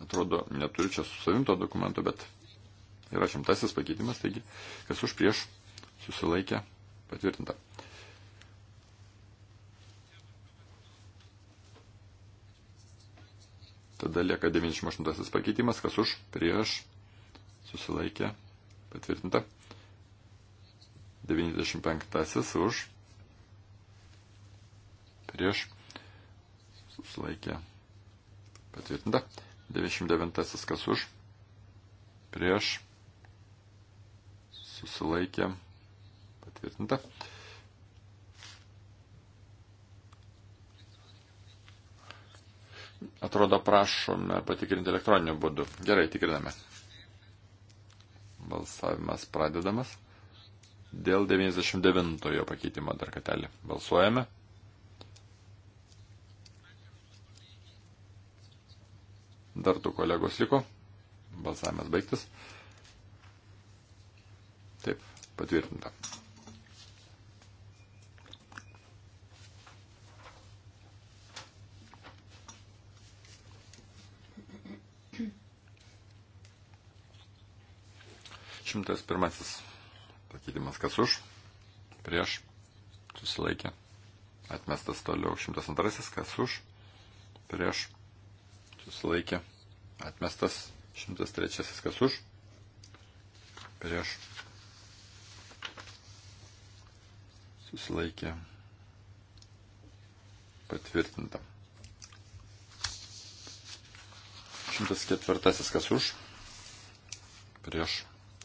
Atrodo, neturiu čia su savim to dokumento, bet yra šimtasis pakeitimas, taigi kas už prieš susilaikė patvirtinta. Tada lieka 98 pakeitimas, kas už, prieš, susilaikė, patvirtinta. 95 už, prieš, susilaikė, patvirtinta. 99 kas už, prieš, susilaikė, patvirtinta. Atrodo, prašome patikrinti elektroniniu būdu. Gerai, tikriname. Balsavimas pradedamas. Dėl 99-ojo pakeitimo dar katelį. Balsuojame. Dar du kolegos liko. Balsavimas baigtas. Taip, patvirtinta. 101 pakeitimas kas už, prieš, susilaikė, atmestas toliau 102 kas už, prieš, susilaikė, atmestas 103 kas už, prieš, susilaikė, patvirtinta. 104 kas už, prieš,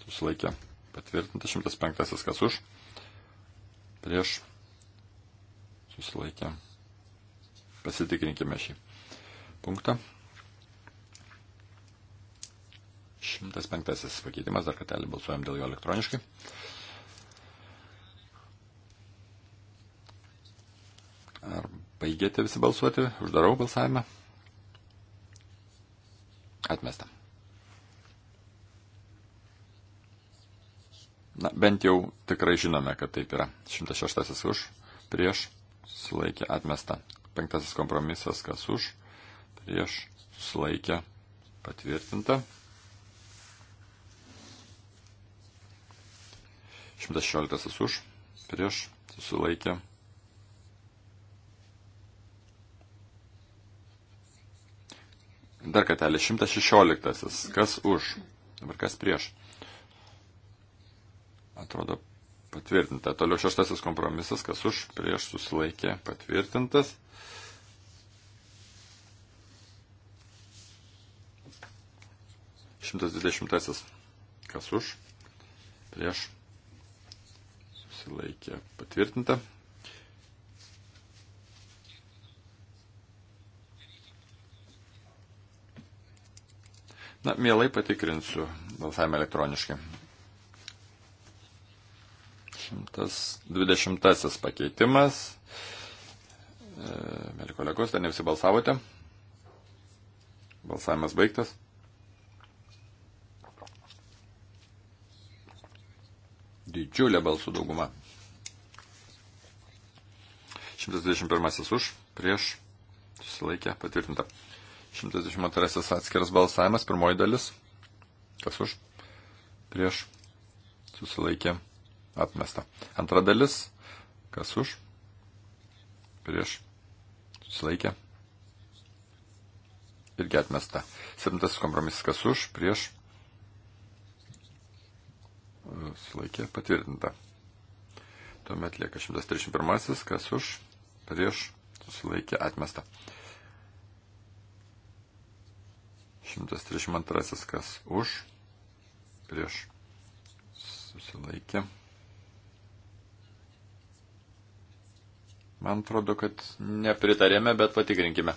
susilaikė patvirtinta, 105 kas už, prieš susilaikė. Pasitikrinkime šį punktą. 105 pakeitimas, dar kartelį balsuojam dėl jo elektroniškai. Ar baigėte visi balsuoti? Uždarau balsavimą. Atmestam. Na, bent jau tikrai žinome, kad taip yra. 106 už, prieš, sulaikė atmesta. 5 kompromisas, kas už, prieš, sulaikė patvirtinta. 116 už, prieš, sulaikė. Dar kartelį, 116. Kas už? Dabar kas prieš? Atrodo patvirtinta. Toliau šeštasis kompromisas, kas už, prieš susilaikė, patvirtintas. Šimtas dvidešimtasis, kas už, prieš susilaikė, patvirtinta. Na, mielai patikrinsiu balsavimą elektroniškai. 120 pakeitimas. E, mėly kolegos, ten ne visi balsavote. Balsavimas baigtas. Didžiulė balsų dauguma. 121 už, prieš, susilaikė, patvirtinta. 122 atskiras balsavimas, pirmoji dalis. Kas už? Prieš, susilaikė, Atmesta. Antra dalis. Kas už? Prieš. Susilaikė. Irgi atmesta. Septintas kompromisas. Kas už? Prieš. Susilaikė. Patvirtinta. Tuomet lieka 131. Kas už? Prieš. Susilaikė. Atmesta. 132. Kas už? Prieš. Susilaikė. Man atrodo, kad nepritarėme, bet patikrinkime.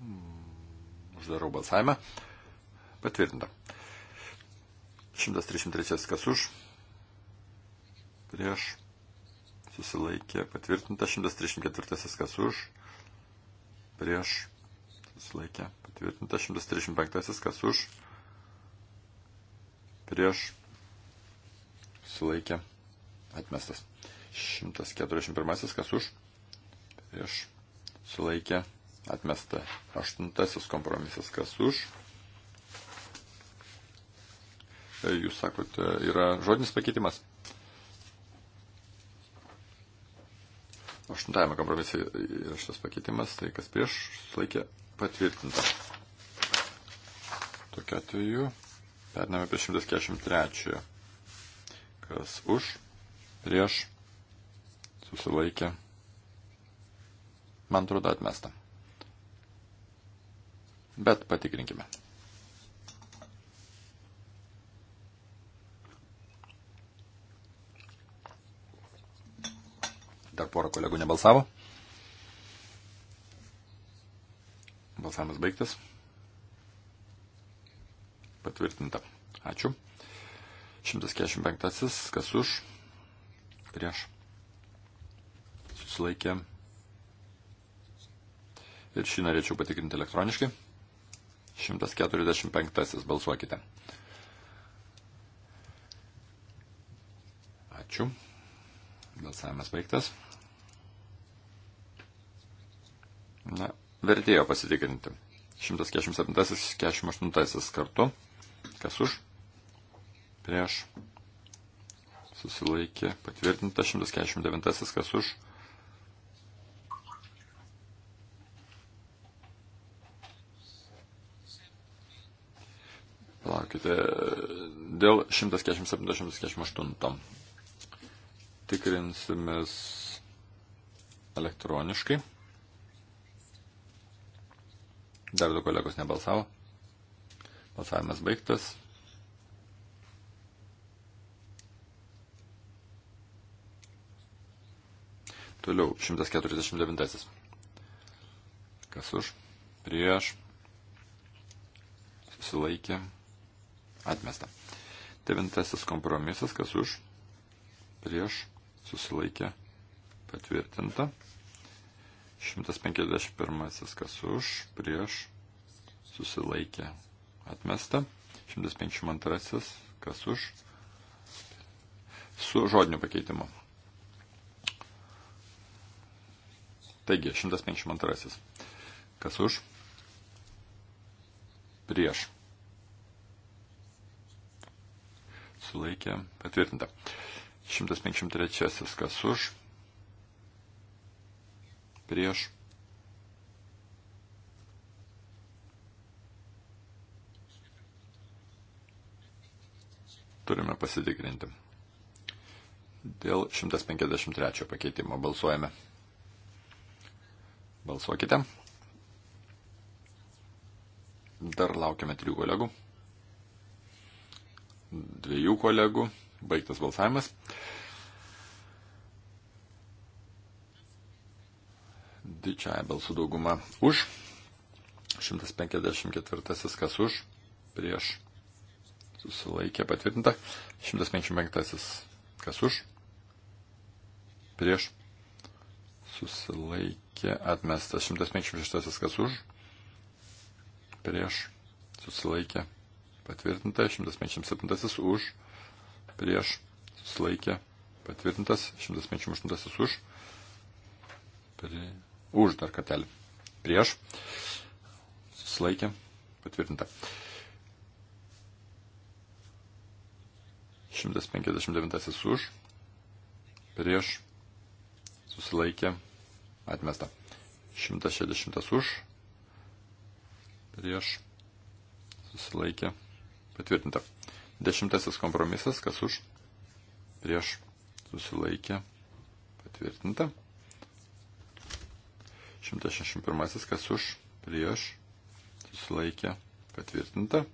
Hmm, uždarau balsavimą. Patvirtinta. 133 kas už. Prieš. Susilaikė. Patvirtinta. 134 kas už. Prieš. Susilaikė. Patvirtinta. 135 kas už prieš sulaikė atmestas. 141 kas už prieš sulaikė atmesta. 8 kompromisas kas už. E, jūs sakote, yra žodinis pakeitimas. Aštuntajame kompromisai šitas pakeitimas, tai kas prieš, sulaikė patvirtinta. Tokiu atveju Pername prie 143. Kas už, prieš, susilaikė. Man atrodo atmesta. Bet patikrinkime. Dar porą kolegų nebalsavo. Balsavimas baigtas. Patvirtinta. Ačiū. 145. Kas už? Prieš. Susilaikė. Ir šį norėčiau patikrinti elektroniškai. 145. Balsuokite. Ačiū. Balsavimas baigtas. Na, vertėjo pasitikrinti. 147-148 kartu. Kas už? Prieš. Susilaikė. Patvirtinta 149. Kas už? Palaukite. Dėl 147-148. Tikrinsimės elektroniškai. Dar du kolegos nebalsavo. Balsavimas baigtas. Toliau 149. Kas už? Prieš. Susilaikė. Atmesta. Devintasis kompromisas. Kas už? Prieš. Susilaikė. Patvirtinta. 151. Kas už? Prieš. Susilaikė atmesta. 152. Kas už? Su žodiniu pakeitimu. Taigi, 152. Kas už? Prieš. Sulaikė. Patvirtinta. 153. Kas už? Prieš turime pasitikrinti. Dėl 153 pakeitimo balsuojame. Balsuokite. Dar laukiame trijų kolegų. Dviejų kolegų. Baigtas balsavimas. Didžiąją balsų daugumą už. 154 kas už. Prieš susilaikė patvirtinta. 155. Kas už? Prieš. Susilaikė atmestas. 156. Kas už? Prieš. Susilaikė patvirtinta. 157. Už. Prieš. Susilaikė patvirtintas. 158. Už. Prie... Už dar kartelį. Prieš. Susilaikė patvirtinta. 159 už, prieš, susilaikė, atmesta. 160 už, prieš, susilaikė, patvirtinta. Dešimtasis kompromisas, kas už, prieš, susilaikė, patvirtinta. 161 kas už, prieš, susilaikė, patvirtinta.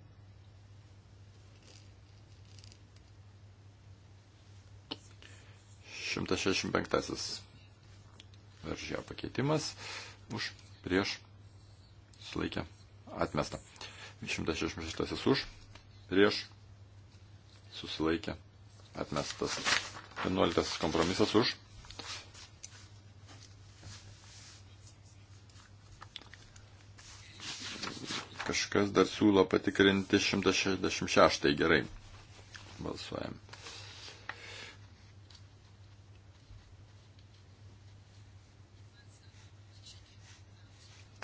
165 veržė pakeitimas už prieš sulaikę atmestą. 166 už prieš susilaikę atmestas. 11 kompromisas už. Kažkas dar siūlo patikrinti 166, gerai. Balsuojam.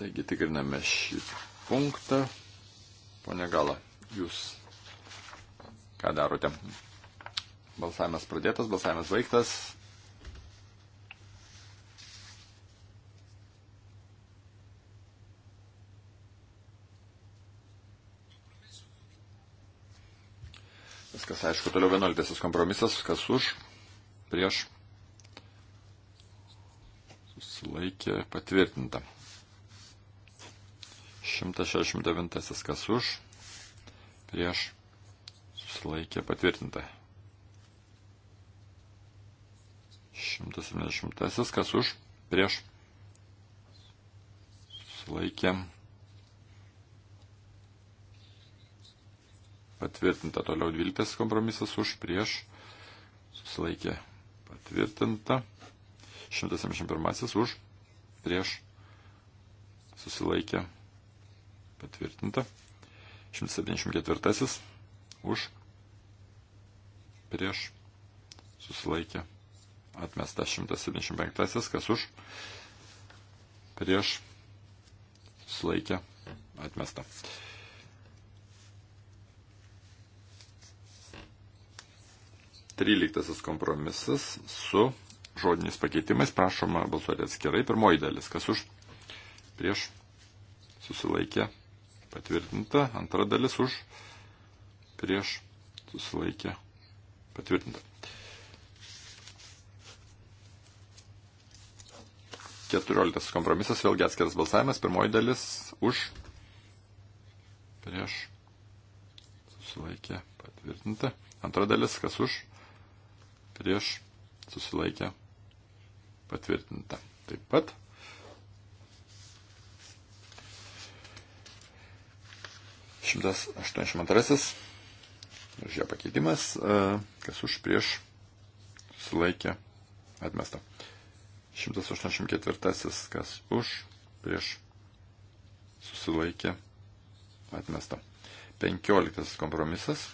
Taigi tikriname šį punktą. Pone Gala, jūs ką darote? Balsavimas pradėtas, balsavimas baigtas. Viskas aišku, toliau 11 kompromisas, kas už, prieš, susilaikė patvirtinta. 169 kas už, prieš, susilaikė patvirtinta. 170 kas už, prieš, susilaikė patvirtinta. Toliau 12 kompromisas už, prieš, susilaikė patvirtinta. 171 už, prieš, susilaikė patvirtinta susilaikė patvirtinta. 174 už, prieš, susilaikė, atmesta. 175 kas už, prieš, susilaikė, atmesta. Tryliktasis kompromisas su žodiniais pakeitimais prašoma balsuoti atskirai. Pirmoji dalis, kas už, prieš, susilaikė, patvirtinta, antra dalis už, prieš, susilaikė, patvirtinta. Keturioliktas kompromisas, vėlgi atskiras balsavimas, pirmoji dalis už, prieš, susilaikė, patvirtinta, antra dalis kas už, prieš, susilaikė, patvirtinta. Taip pat 182. Už ją pakeitimas, kas už prieš sulaikė atmesta. 184. Kas už prieš susilaikė atmesta. 15. Kompromisas.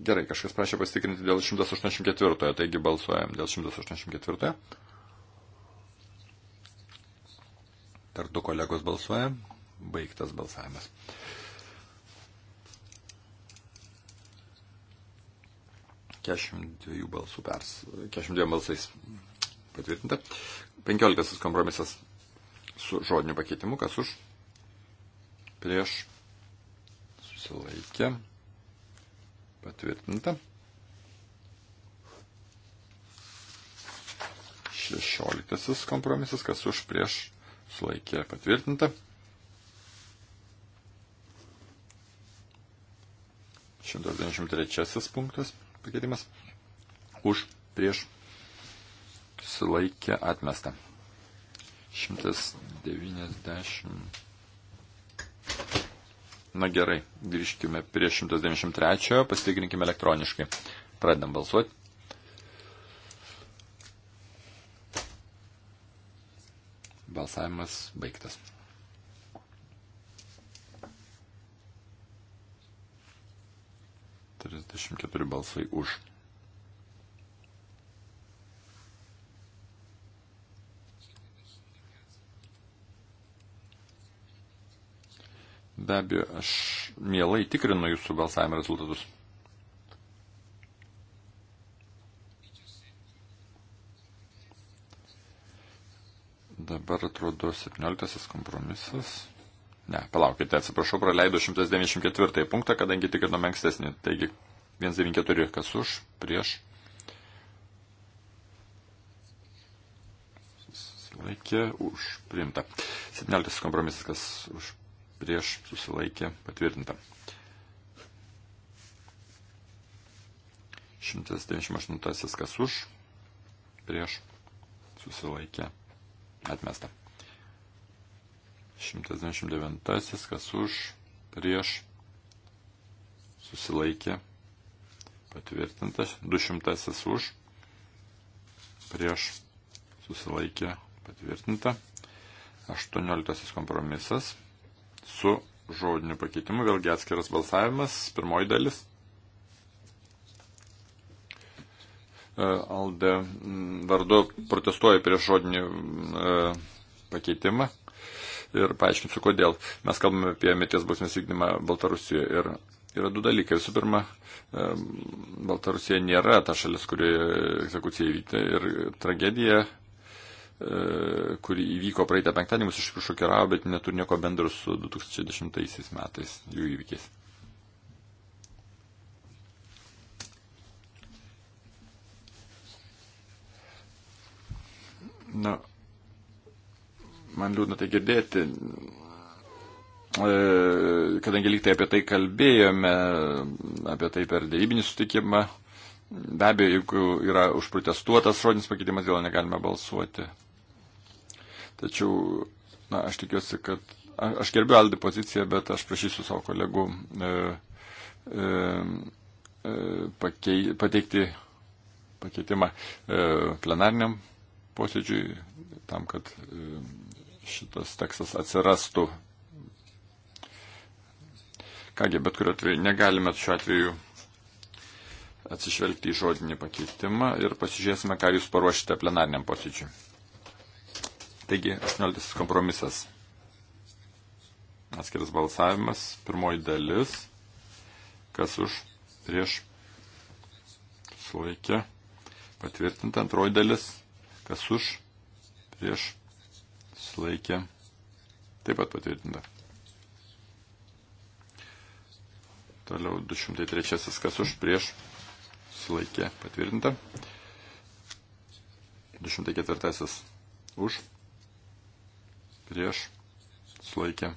Gerai, kažkas prašė pasitikrinti dėl 184, taigi balsuojam dėl 184. Dar du kolegos balsuoja. Baigtas balsavimas. Kešim dviejų balsų pers. Kešim dviejų balsais patvirtinta. Penkioliktasis kompromisas su žodiniu pakeitimu. Kas už? Prieš. Susilaikė. Patvirtinta. 16 kompromisas, kas už prieš sulaikė patvirtinta. 193 punktas pakeitimas. Už, prieš, sulaikė atmestą. 190. Na gerai, grįžkime prie 193, pasitikrinkime elektroniškai. Pradedam balsuoti. Balsavimas baigtas. Trisdešimt keturi balsai už. Be abejo, aš mielai tikrinu jūsų balsavimo rezultatus. Dabar atrodo 17 kompromisas. Ne, palaukite, atsiprašau, praleido 194 punktą, kadangi tikrinome ankstesnį. Taigi 194 kas už, prieš. Susilaikė už, priimta. 17 kompromisas kas už, prieš, susilaikė, patvirtinta. 198 kas už, prieš, susilaikė, Atmesta. 129. Kas už, prieš, susilaikė. Patvirtintas. 200. Už, prieš, susilaikė. Patvirtinta. 18. Kompromisas su žodiniu pakeitimu. Vėlgi atskiras balsavimas. Pirmoji dalis. E, Alde vardu protestuoju prieš žodinį e, pakeitimą ir paaiškinsiu, kodėl. Mes kalbame apie mirties bausmės vykdymą Baltarusijoje ir yra du dalykai. Visų pirma, e, Baltarusija nėra ta šalis, kurioje egzekucija įvykta ir tragedija kuri įvyko praeitą penktadienį, mus iš tikrųjų šokiravo, bet neturi nieko bendro su 2010 metais jų įvykiais. Na, man liūdna tai girdėti, e, kadangi lyg tai apie tai kalbėjome, apie tai per dėrybinį sutikimą. Be abejo, jeigu yra užprotestuotas žodinis pakeitimas, dėl jo negalime balsuoti. Tačiau, na, aš tikiuosi, kad a, aš gerbiu Aldį poziciją, bet aš prašysiu savo kolegų e, e, e pakei, pateikti pakeitimą e, plenariniam posėdžiui, tam, kad e, šitas tekstas atsirastų. Kągi, bet kuriuo atveju negalime šiuo atveju atsižvelgti į žodinį pakeitimą ir pasižiūrėsime, ką jūs paruošite plenariniam posėdžiui. Taigi, 18 kompromisas. Atskiras balsavimas, pirmoji dalis, kas už, prieš, sulaikė, patvirtinta, antroji dalis, Kas už, prieš, sulaikė, taip pat patvirtinta. Toliau 203. Kas už, prieš, sulaikė, patvirtinta. 204. Už, prieš, sulaikė.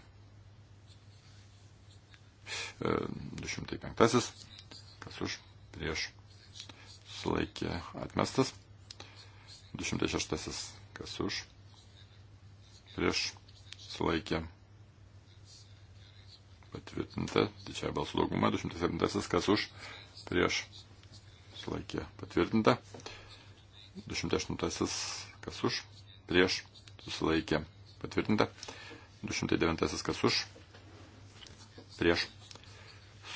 205. E, kas už, prieš, sulaikė atmestas. 206. Kas už? Prieš sulaikė patvirtinta didžiąją balsų daugumą, 207 kas už, prieš sulaikė patvirtinta, 208 kas už, prieš susilaikė patvirtinta, 209 kas už, prieš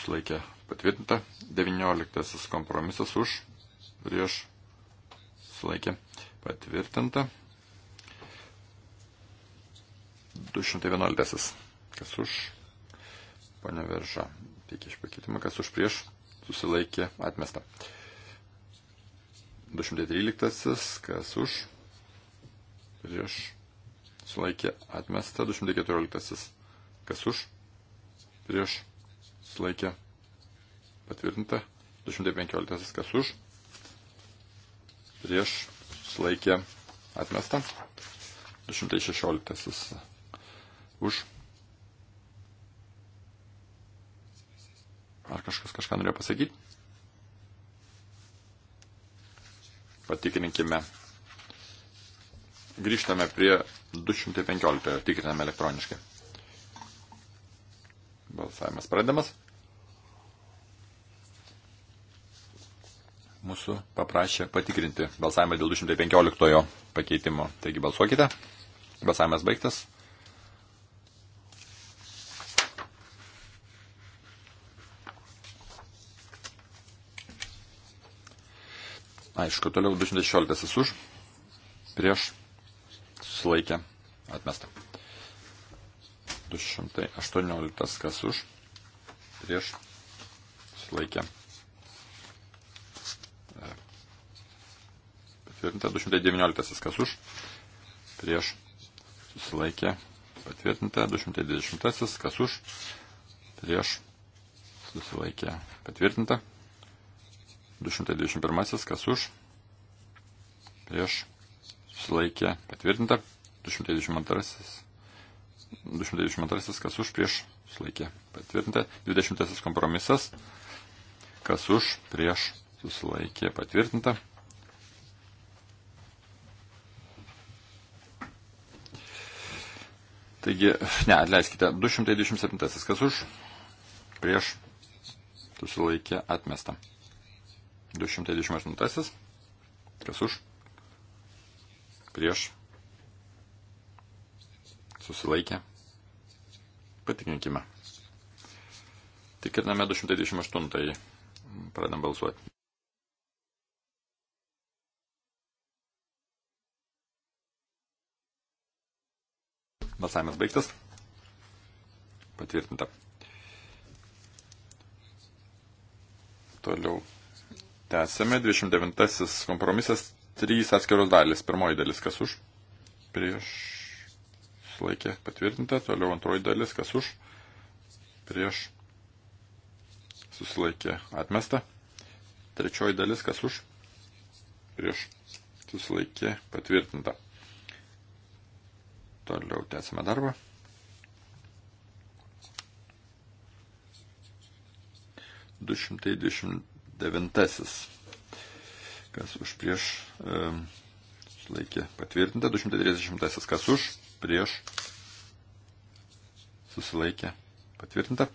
sulaikė patvirtinta, 19 kompromisas už, prieš sulaikė Patvirtinta. 211. Kas už? Pane Verža. Tik iš pakeitimą. Kas už prieš? Susilaikė. Atmesta. 213. Kas už? Prieš. Sulaikė. Atmesta. 214. Kas už? Prieš. Sulaikė. Patvirtinta. 215. Kas už? Prieš susilaikė atmesta. 216 už. Ar kažkas kažką norėjo pasakyti? Patikrinkime. Grįžtame prie 215, tikriname elektroniškai. Balsavimas pradedamas. mūsų paprašė patikrinti balsavimą dėl 215 pakeitimo. Taigi balsuokite. Balsavimas baigtas. Aišku, toliau 216 už, prieš, susilaikė, atmesta. 218 kas už, prieš, susilaikė, patvirtinta, 219 kas už, prieš susilaikė patvirtinta, 220 kas už, prieš susilaikė patvirtinta, 221 kas už, prieš susilaikė patvirtinta, 222, 222 kas už, prieš susilaikė patvirtinta, 20 kompromisas, kas už, prieš susilaikė patvirtinta. Taigi, ne, atleiskite, 227. Kas už? Prieš. Susilaikė atmesta. 228. Kas už? Prieš. Susilaikė. Patikrinkime. Tikriname 228. Pradam balsuoti. Balsavimas baigtas. Patvirtinta. Toliau. Tęsėme. 29 kompromisas. Trys atskiros dalis. Pirmoji dalis. Kas už? Prieš. Sulaikė. Patvirtinta. Toliau antroji dalis. Kas už? Prieš. Susilaikė. Atmesta. Trečioji dalis. Kas už? Prieš. Susilaikė. Patvirtinta. Toliau tęsime darbą. Du šimtai dvidešimt devintasis, kas už prieš e, laikė patvirtinta, 230 kas už, prieš susilaikė patvirtinta,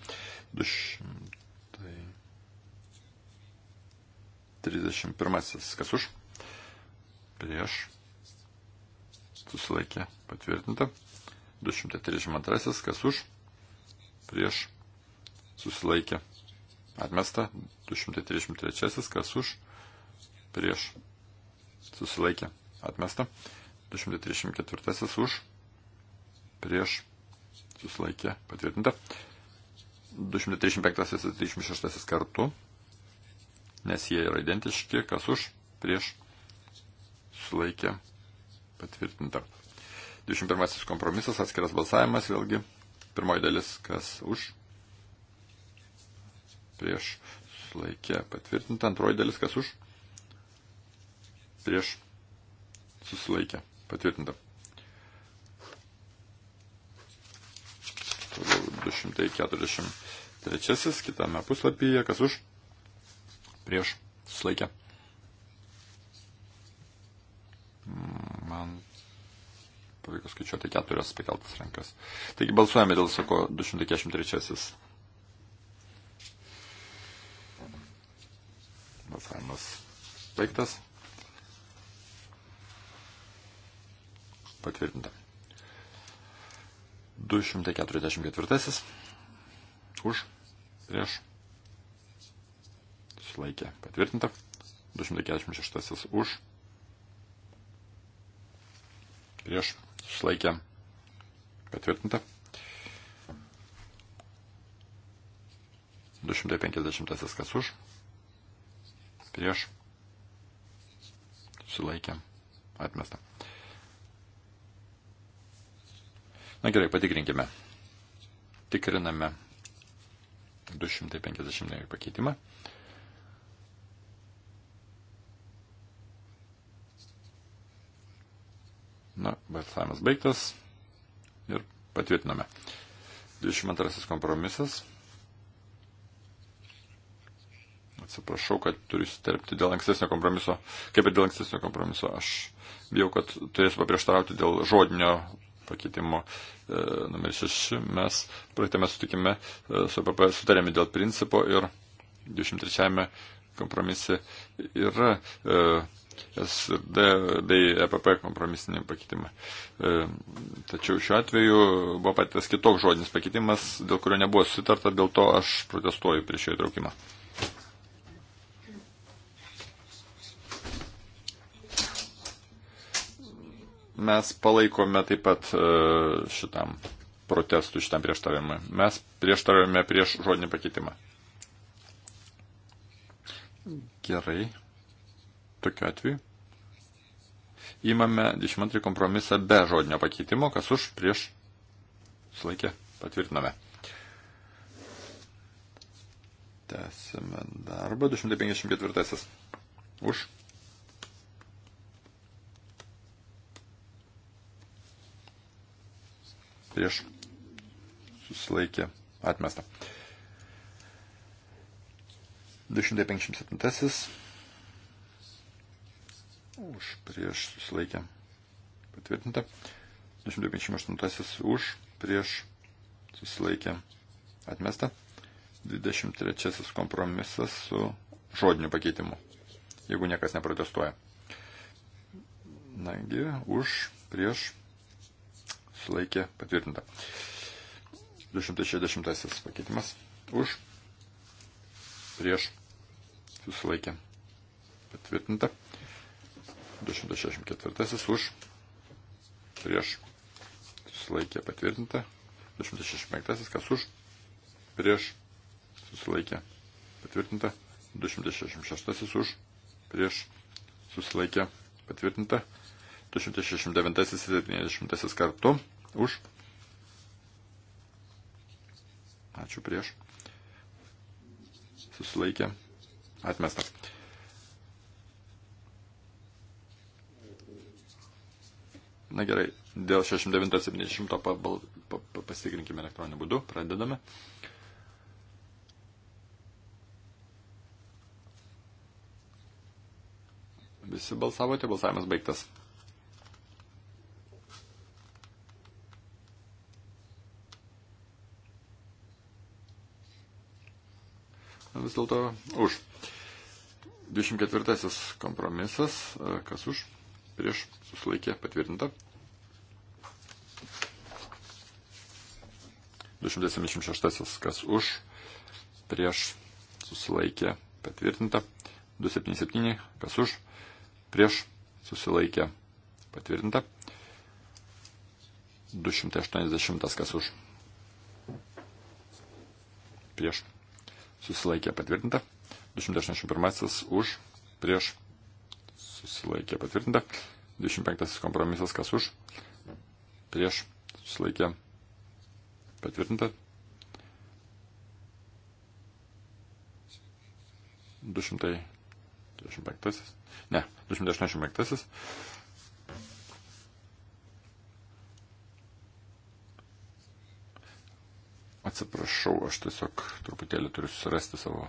231 kas už, prieš susilaikė patvirtinta. 232, kas už, prieš, susilaikė atmesta. 233, kas už, prieš, susilaikė atmesta. 234 už, prieš, susilaikė patvirtinta. 235 ir 36 kartu, nes jie yra identiški, kas už, prieš, sulaikė patvirtinta. 21 kompromisas, atskiras balsavimas, vėlgi pirmoji dalis, kas už, prieš, sulaikė patvirtinta, antroji dalis, kas už, prieš, susilaikė patvirtinta. Toliau 243 kitame puslapyje, kas už, prieš, susilaikė man pavyko skaičiuoti keturias pakeltas rankas. Taigi balsuojame dėl sako 243. Balsavimas baigtas. Patvirtinta. 244. Už. Prieš. Sulaikė. Patvirtinta. 246. Už prieš susilaikė patvirtinta. 250 kas už, prieš susilaikė atmesta. Na gerai, patikrinkime. Tikriname 250 pakeitimą. Na, balsavimas baigtas ir patvirtiname. 22 kompromisas. Atsiprašau, kad turiu įsiterpti dėl ankstesnio kompromiso. Kaip ir dėl ankstesnio kompromiso, aš bijau, kad turėsiu paprieštarauti dėl žodinio pakeitimo e, numeris 6. Mes praeitame sutikime e, su PP sutarėme dėl principo ir 23 kompromise yra. E, SD bei EPP kompromisinį pakeitimą. E, tačiau šiuo atveju buvo patytas kitoks žodinis pakeitimas, dėl kurio nebuvo sutarta, dėl to aš protestuoju prieš jo įtraukimą. Mes palaikome taip pat e, šitam protestų, šitam prieštaravimui. Mes prieštaravime prieš žodinį pakeitimą. Gerai. Tokiu atveju įmame 22 kompromisą be žodinio pakeitimo, kas už prieš sulaikė patvirtiname. Tęsime darbą. 254. Už. Prieš susilaikė atmestą. 257 už prieš susilaikę patvirtinta. 258 už prieš susilaikę atmesta. 23 kompromisas su žodiniu pakeitimu, jeigu niekas neprotestuoja. Nagi, už prieš sulaikė patvirtinta. 260 pakeitimas už prieš susilaikė patvirtinta. 264 už, prieš, susilaikė patvirtinta, 265 kas už, prieš, susilaikė patvirtinta, 266 už, prieš, susilaikė patvirtinta, 269 ir 70 kartu už, ačiū prieš, susilaikė atmestas. Na gerai, dėl 69-70 pa, pa, pa, pasitikrinkime elektroniniu būdu, pradedame. Visi balsavote, balsavimas baigtas. Vis dėlto už. 24 kompromisas, e, kas už? prieš susilaikė patvirtinta. 276 kas už, prieš susilaikė patvirtinta. 277 kas už, prieš susilaikė patvirtinta. 280 kas už, prieš susilaikė patvirtinta. 281 už, prieš susilaikė patvirtinta. 25 kompromisas kas už, prieš susilaikė patvirtinta. 225. Ne, 285. Atsiprašau, aš tiesiog truputėlį turiu susirasti savo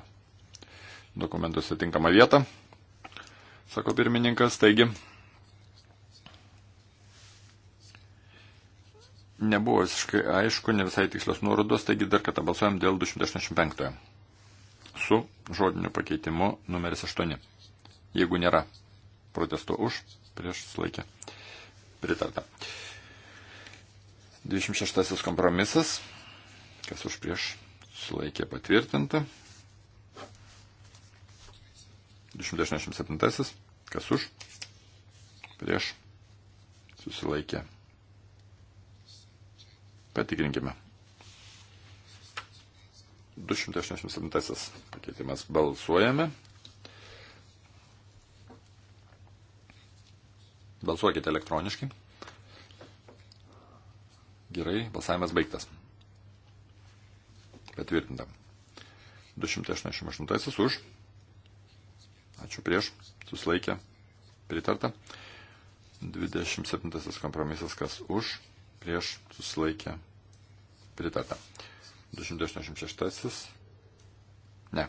dokumentuose tinkamą vietą sako pirmininkas, taigi nebuvo visiškai aišku, ne visai tikslios nuorodos, taigi dar kartą balsuojam dėl 285 su žodiniu pakeitimu numeris 8. Jeigu nėra protesto už, prieš sulaikę. Pritarta. 26 kompromisas, kas už prieš sulaikė patvirtinta. 287. Kas už? Prieš. Susilaikė. Patikrinkime. 287 pakeitimas. Balsuojame. Balsuokite elektroniškai. Gerai, balsavimas baigtas. Patvirtinta. 288 už Ačiū prieš. Suslaikė. Pritarta. 27 kompromisas, kas už, prieš, susilaikė, pritarta. 286. Ne.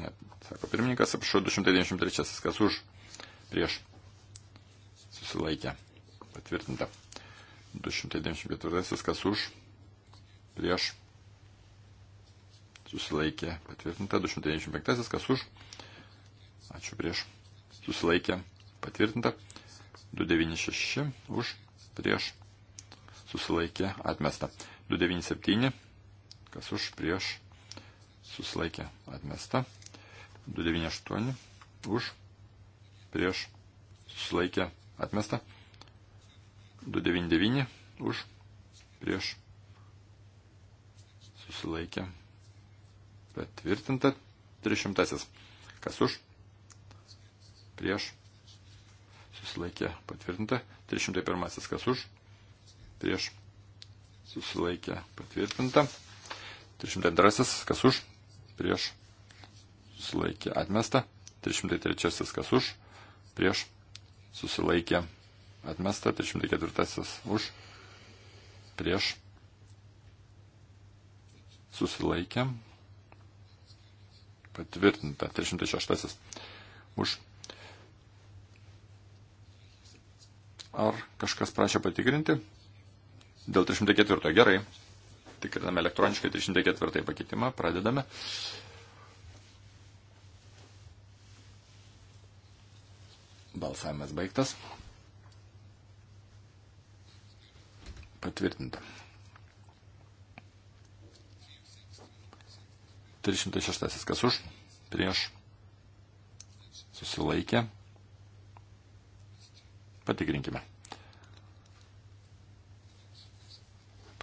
Ne, sako pirmininkas, apšau 293, kas už, prieš, susilaikė, patvirtinta. 294, kas už, prieš, susilaikė patvirtinta, 295 kas už, ačiū prieš, susilaikė patvirtinta, 296 už, prieš, susilaikė atmesta, 297 kas už, prieš, susilaikė atmesta, 298 už, prieš, susilaikė atmesta, 299 už, prieš, susilaikė atmesta Patvirtinta. 300. Kas už? Prieš. Susilaikė. Patvirtinta. 301. Kas už? Prieš. Susilaikė. Patvirtinta. 302. Kas už? Prieš. Susilaikė. Atmesta. 303. Kas už? Prieš. Susilaikė. Atmesta. 304. Už. Prieš. Susilaikė Patvirtinta. 306 už. Ar kažkas prašė patikrinti? Dėl 304 gerai. Tikriname elektroniškai 304 pakeitimą. Pradedame. Balsavimas baigtas. Patvirtinta. 306. Kas už? Prieš. Susilaikė. Patikrinkime.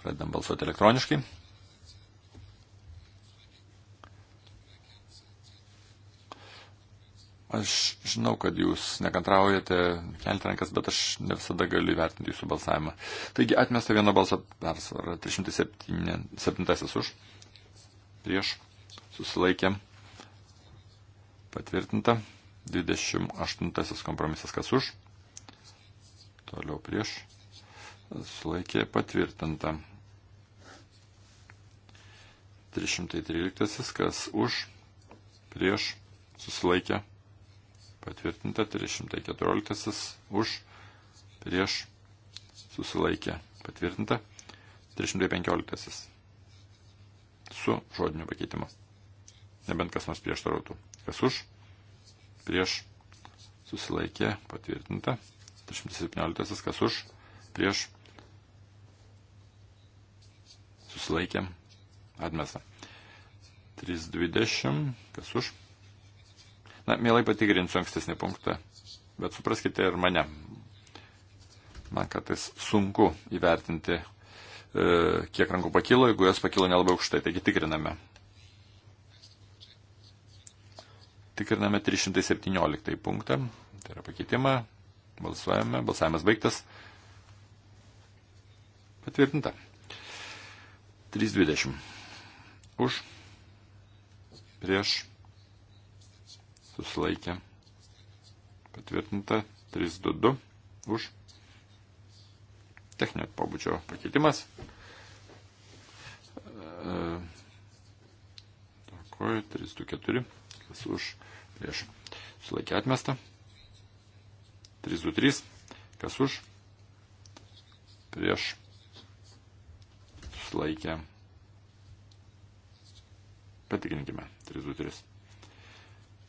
Pradedam balsuoti elektroniškai. Aš žinau, kad jūs nekantraujate kelti rankas, bet aš ne visada galiu įvertinti jūsų balsavimą. Taigi atmesta vieno balso persvara 307 už, prieš susilaikė, patvirtinta. 28 kompromisas kas už, toliau prieš, susilaikė, patvirtinta. 313 kas už, prieš, susilaikė, patvirtinta. 314 už, prieš, susilaikė, patvirtinta. 315 su žodiniu pakeitimu nebent kas nors prieštarautų. Kas už, prieš, susilaikė, patvirtinta. 317, kas už, prieš, susilaikė, atmesta. 320, kas už. Na, mielai patikrinsiu ankstesnį punktą, bet supraskite ir mane. Man kartais sunku įvertinti, e, kiek rankų pakilo, jeigu jos pakilo nelabai aukštai, taigi tikriname. Tikriname 317 punktą, tai yra pakeitimą, balsuojame, balsavimas baigtas. Patvirtinta. 320. Už. Prieš. Susilaikė. Patvirtinta. 322. Už. Techninio pobūdžio pakeitimas. Dėkuoju. E, 324 kas už, prieš, sulaikė atmestą. 323, kas už, prieš, sulaikė. Patikrinkime, 323.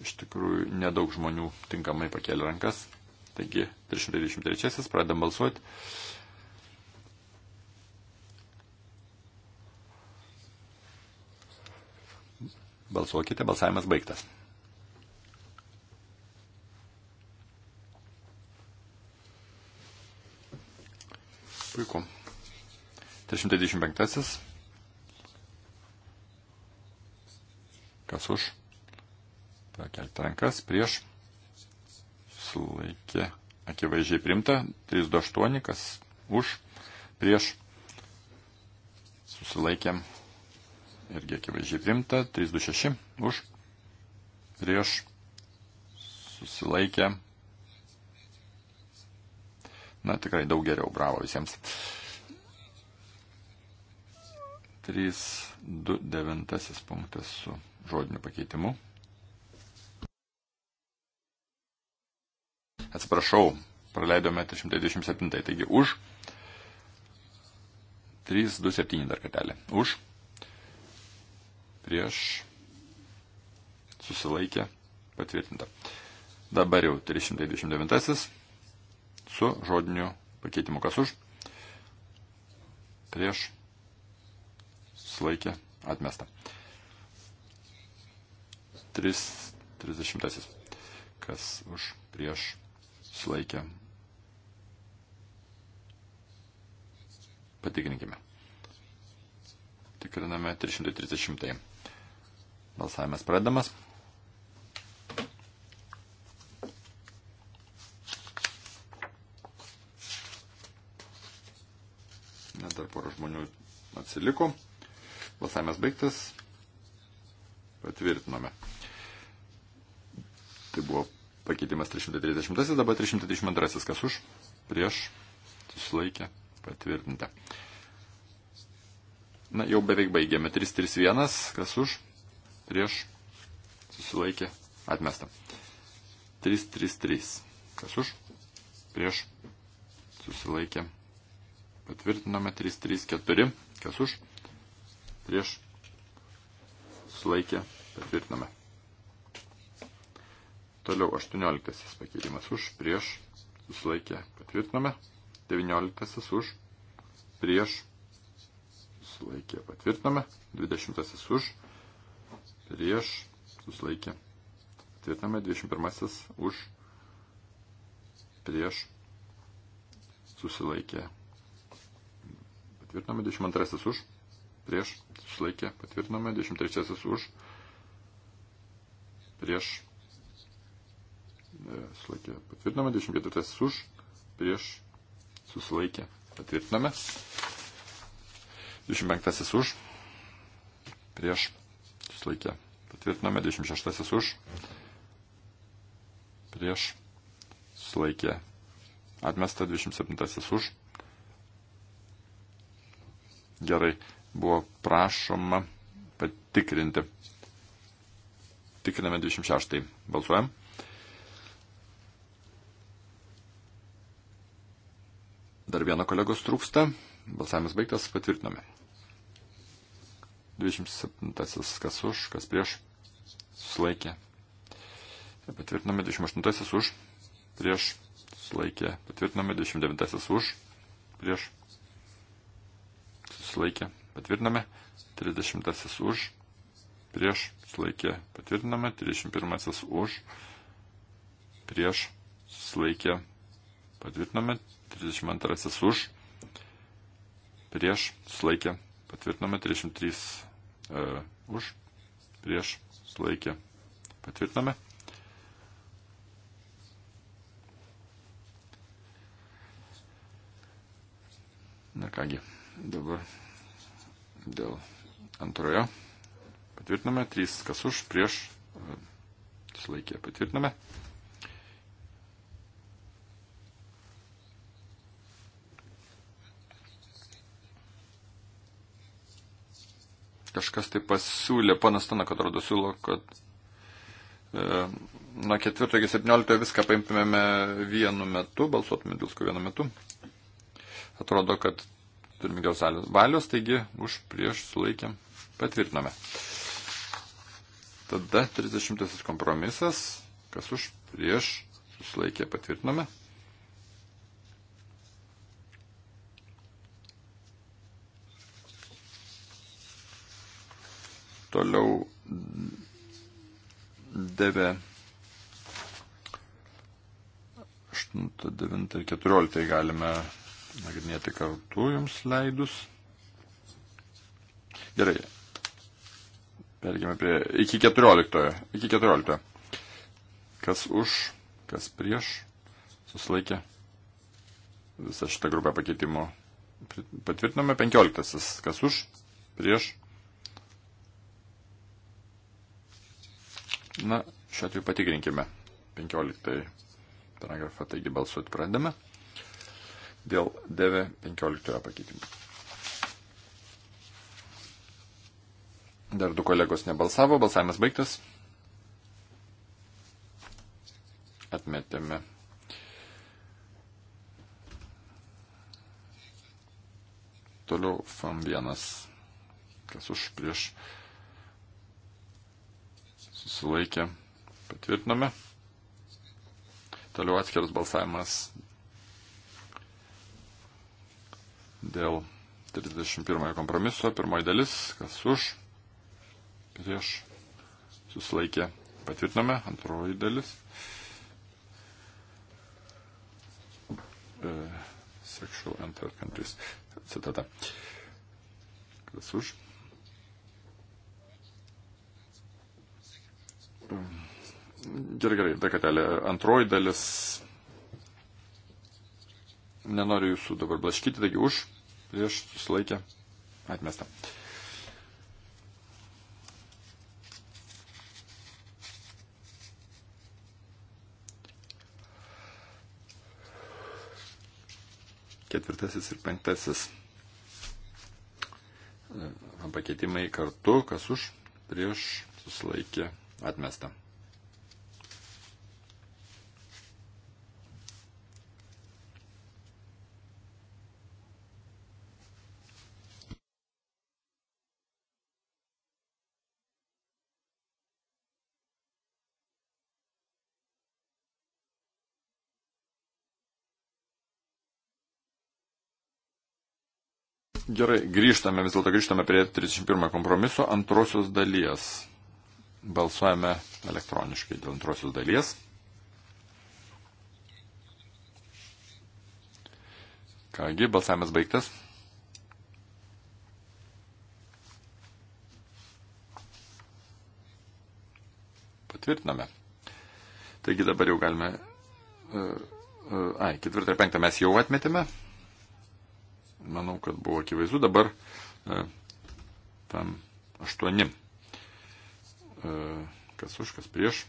Iš tikrųjų, nedaug žmonių tinkamai pakėlė rankas. Taigi, 323, pradedam balsuoti. Balsuokite, balsavimas baigtas. Puiku. 325. Kas už? Pakelti rankas prieš. Sulaikė. Akivaizdžiai primta. 328. Kas už? Prieš. Susilaikėm. Irgi akivaizdžiai primta. 326. Už. Prieš. Susilaikėm Na, tikrai daug geriau. Bravo visiems. 3.2.9 punktas su žodiniu pakeitimu. Atsiprašau, praleidome 327, taigi už. 3.2.7 dar kartelį. Už. Prieš. Susilaikė. Patvirtinta. Dabar jau 329 su žodiniu pakeitimu. Kas už? Prieš. Sulaikė. Atmesta. 3. 30. Kas už? Prieš. Sulaikė. Patikrinkime. Tikriname 330. Balsavimas pradedamas. dar pora žmonių atsiliko. Balsavimas baigtas. Patvirtinome. Tai buvo pakeitimas 330, dabar 332, kas už, prieš, susilaikė, patvirtinta. Na, jau beveik baigėme. 331, kas už, prieš, susilaikė, atmesta. 333, kas už, prieš, susilaikė, Patvirtinome 334, kas už, prieš, sulaikė, patvirtinome. Toliau 18 pakeitimas už, prieš, sulaikė, patvirtinome. 19 už, prieš, sulaikė, patvirtinome. 20 už, prieš, susilaikė. Tvirtiname 21 už, prieš, susilaikė, patvirtinome, 22 už, prieš, susilaikė, patvirtinome, 23 e, už, prieš, susilaikė, patvirtinome, 24 už, prieš, susilaikė, patvirtinome, 25 už, prieš, susilaikė, patvirtinome, 26 už, prieš, susilaikė, atmesta, 27 už, gerai buvo prašoma patikrinti. Tikriname 26. Balsuojam. Dar vieno kolegos trūksta. Balsavimas baigtas, patvirtiname. 27. Kas už, kas prieš. Sulaikė. Patvirtiname 28. už. Prieš. Sulaikė. Patvirtiname 29. už. Prieš susilaikė, patvirtiname, 30 už, prieš susilaikė, patvirtiname, 31 už, prieš susilaikė, patvirtiname, 32 už, prieš susilaikė, patvirtiname, 33 uh, e, už, prieš susilaikė, patvirtiname. Na kągi, dabar dėl antrojo. Patvirtiname. 3 kas už, prieš. Sulaikė. Patvirtiname. Kažkas tai pasiūlė, panas Tanak atrodo siūlo, kad e, nuo 4 iki 17 viską paimtumėme vienu metu, balsuotumėme dėl vienu metu. Atrodo, kad turime geriausios valios, taigi už prieš sulaikėm patvirtiname. Tada 30 kompromisas, kas už prieš susilaikė patvirtiname. Toliau devė 8, 9 ir 14 galime nagrinėti kartu jums leidus. Gerai. Perkime prie iki 14. Iki 14. Kas už, kas prieš, susilaikė. Visą šitą grupę pakeitimų patvirtinome. 15. Kas už, prieš. Na, šiuo atveju patikrinkime. 15. paragrafą, taigi balsuoti pradame dėl DV15 pakeitimų. Dar du kolegos nebalsavo, balsavimas baigtas. Atmetėme. Toliau FAM1, kas už prieš susilaikė, patvirtiname. Toliau atskiras balsavimas dėl 31 kompromiso, pirmoji dalis, kas už, prieš, susilaikė, patvirtiname, antroji dalis. E, sexual and third countries. Citata. Kas už? Gerai, gerai, dar katelė. Antroji dalis. Nenoriu jūsų dabar blaškyti, taigi už prieš susilaikę atmestą. Ketvirtasis ir penktasis e, pakeitimai kartu, kas už prieš susilaikė atmestą. Gerai, grįžtame, vis dėlto grįžtame prie 31 kompromiso antrosios dalies. Balsuojame elektroniškai dėl antrosios dalies. Kągi, balsavimas baigtas. Patvirtiname. Taigi dabar jau galime. E, e, ai, ketvirtą ir penktą mes jau atmetėme manau, kad buvo akivaizdu, dabar e, tam aštuoni, e, kas už, kas prieš,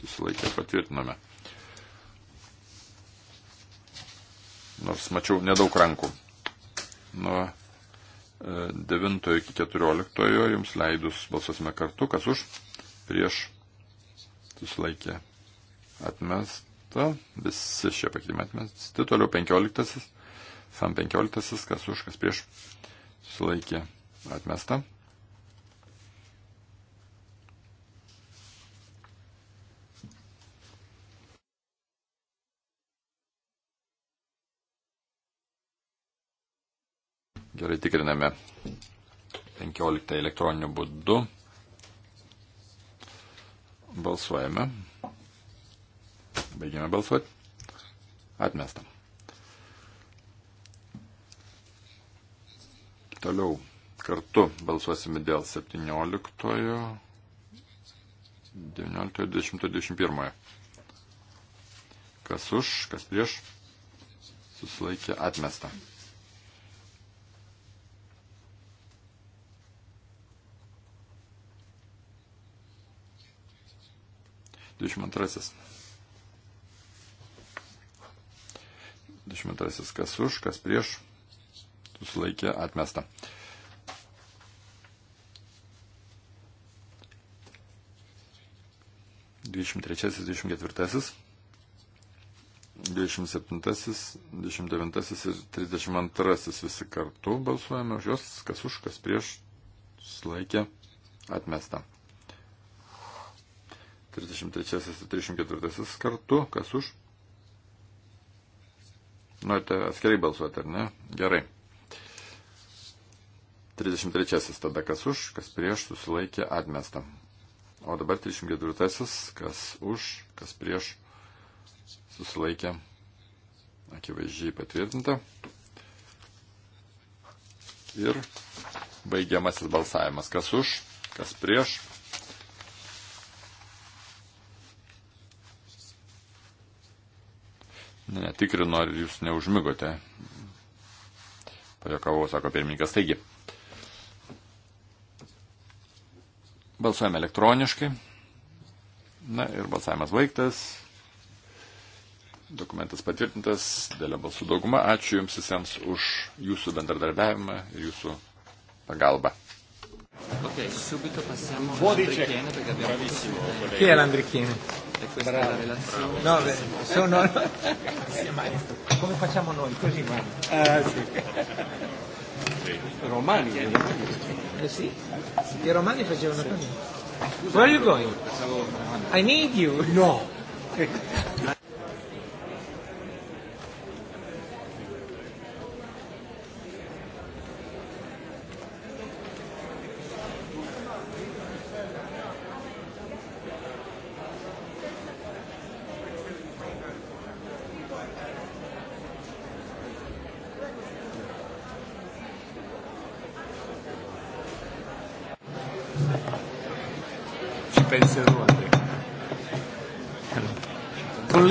susilaikė patvirtiname. Nors mačiau nedaug rankų. Nuo 9 e, iki 14 jums leidus balsasime kartu, kas už, prieš, susilaikė atmesta, visi šie pakeitimai atmesti, toliau 15 FAM 15, kas už, kas prieš, susilaikė atmesta. Gerai, tikriname 15 elektroniniu būdu. Balsuojame. Baigiame balsuoti. Atmestam. Toliau kartu balsuosime dėl 17, 19, 20, 21. Kas už, kas prieš, susilaikė atmestą. Dvidešimt antrasis. 22. Kas už, kas prieš, susilaikė atmesta. Dvidešimt trečiasis, dvidešimt ketvirtasis, dvidešimt septintasis, dvidešimt devintasis ir trisdešimt antrasis visi kartu balsuojame už juos, kas už, kas prieš, susilaikė atmesta. 33 ir 34 kartu, kas už? Norite nu, atskirai balsuoti, ar ne? Gerai. 33 tada kas už, kas prieš susilaikė atmestą. O dabar 34 kas už, kas prieš susilaikė akivaizdžiai patvirtinta. Ir baigiamasis balsavimas. Kas už, kas prieš. Netikrinu, ar jūs neužmigote. Pajokavau, sako pirmininkas. Taigi, Balsuojame elektroniškai. Na ir balsavimas baigtas. Dokumentas patvirtintas, dėlė balsų dauguma. Ačiū Jums visiems už Jūsų bendradarbiavimą ir Jūsų pagalbą. Ok, subito passiamo all'Andrichiene perché abbiamo Bravissimo, avuto... Chi è l'Andrichiene? E questa Bravo. è la relazione. No, beh, sono... Come facciamo noi? Così, ma... Ah, sì. Romani. Eh sì, i romani facevano così. Where are you going? I need you. No.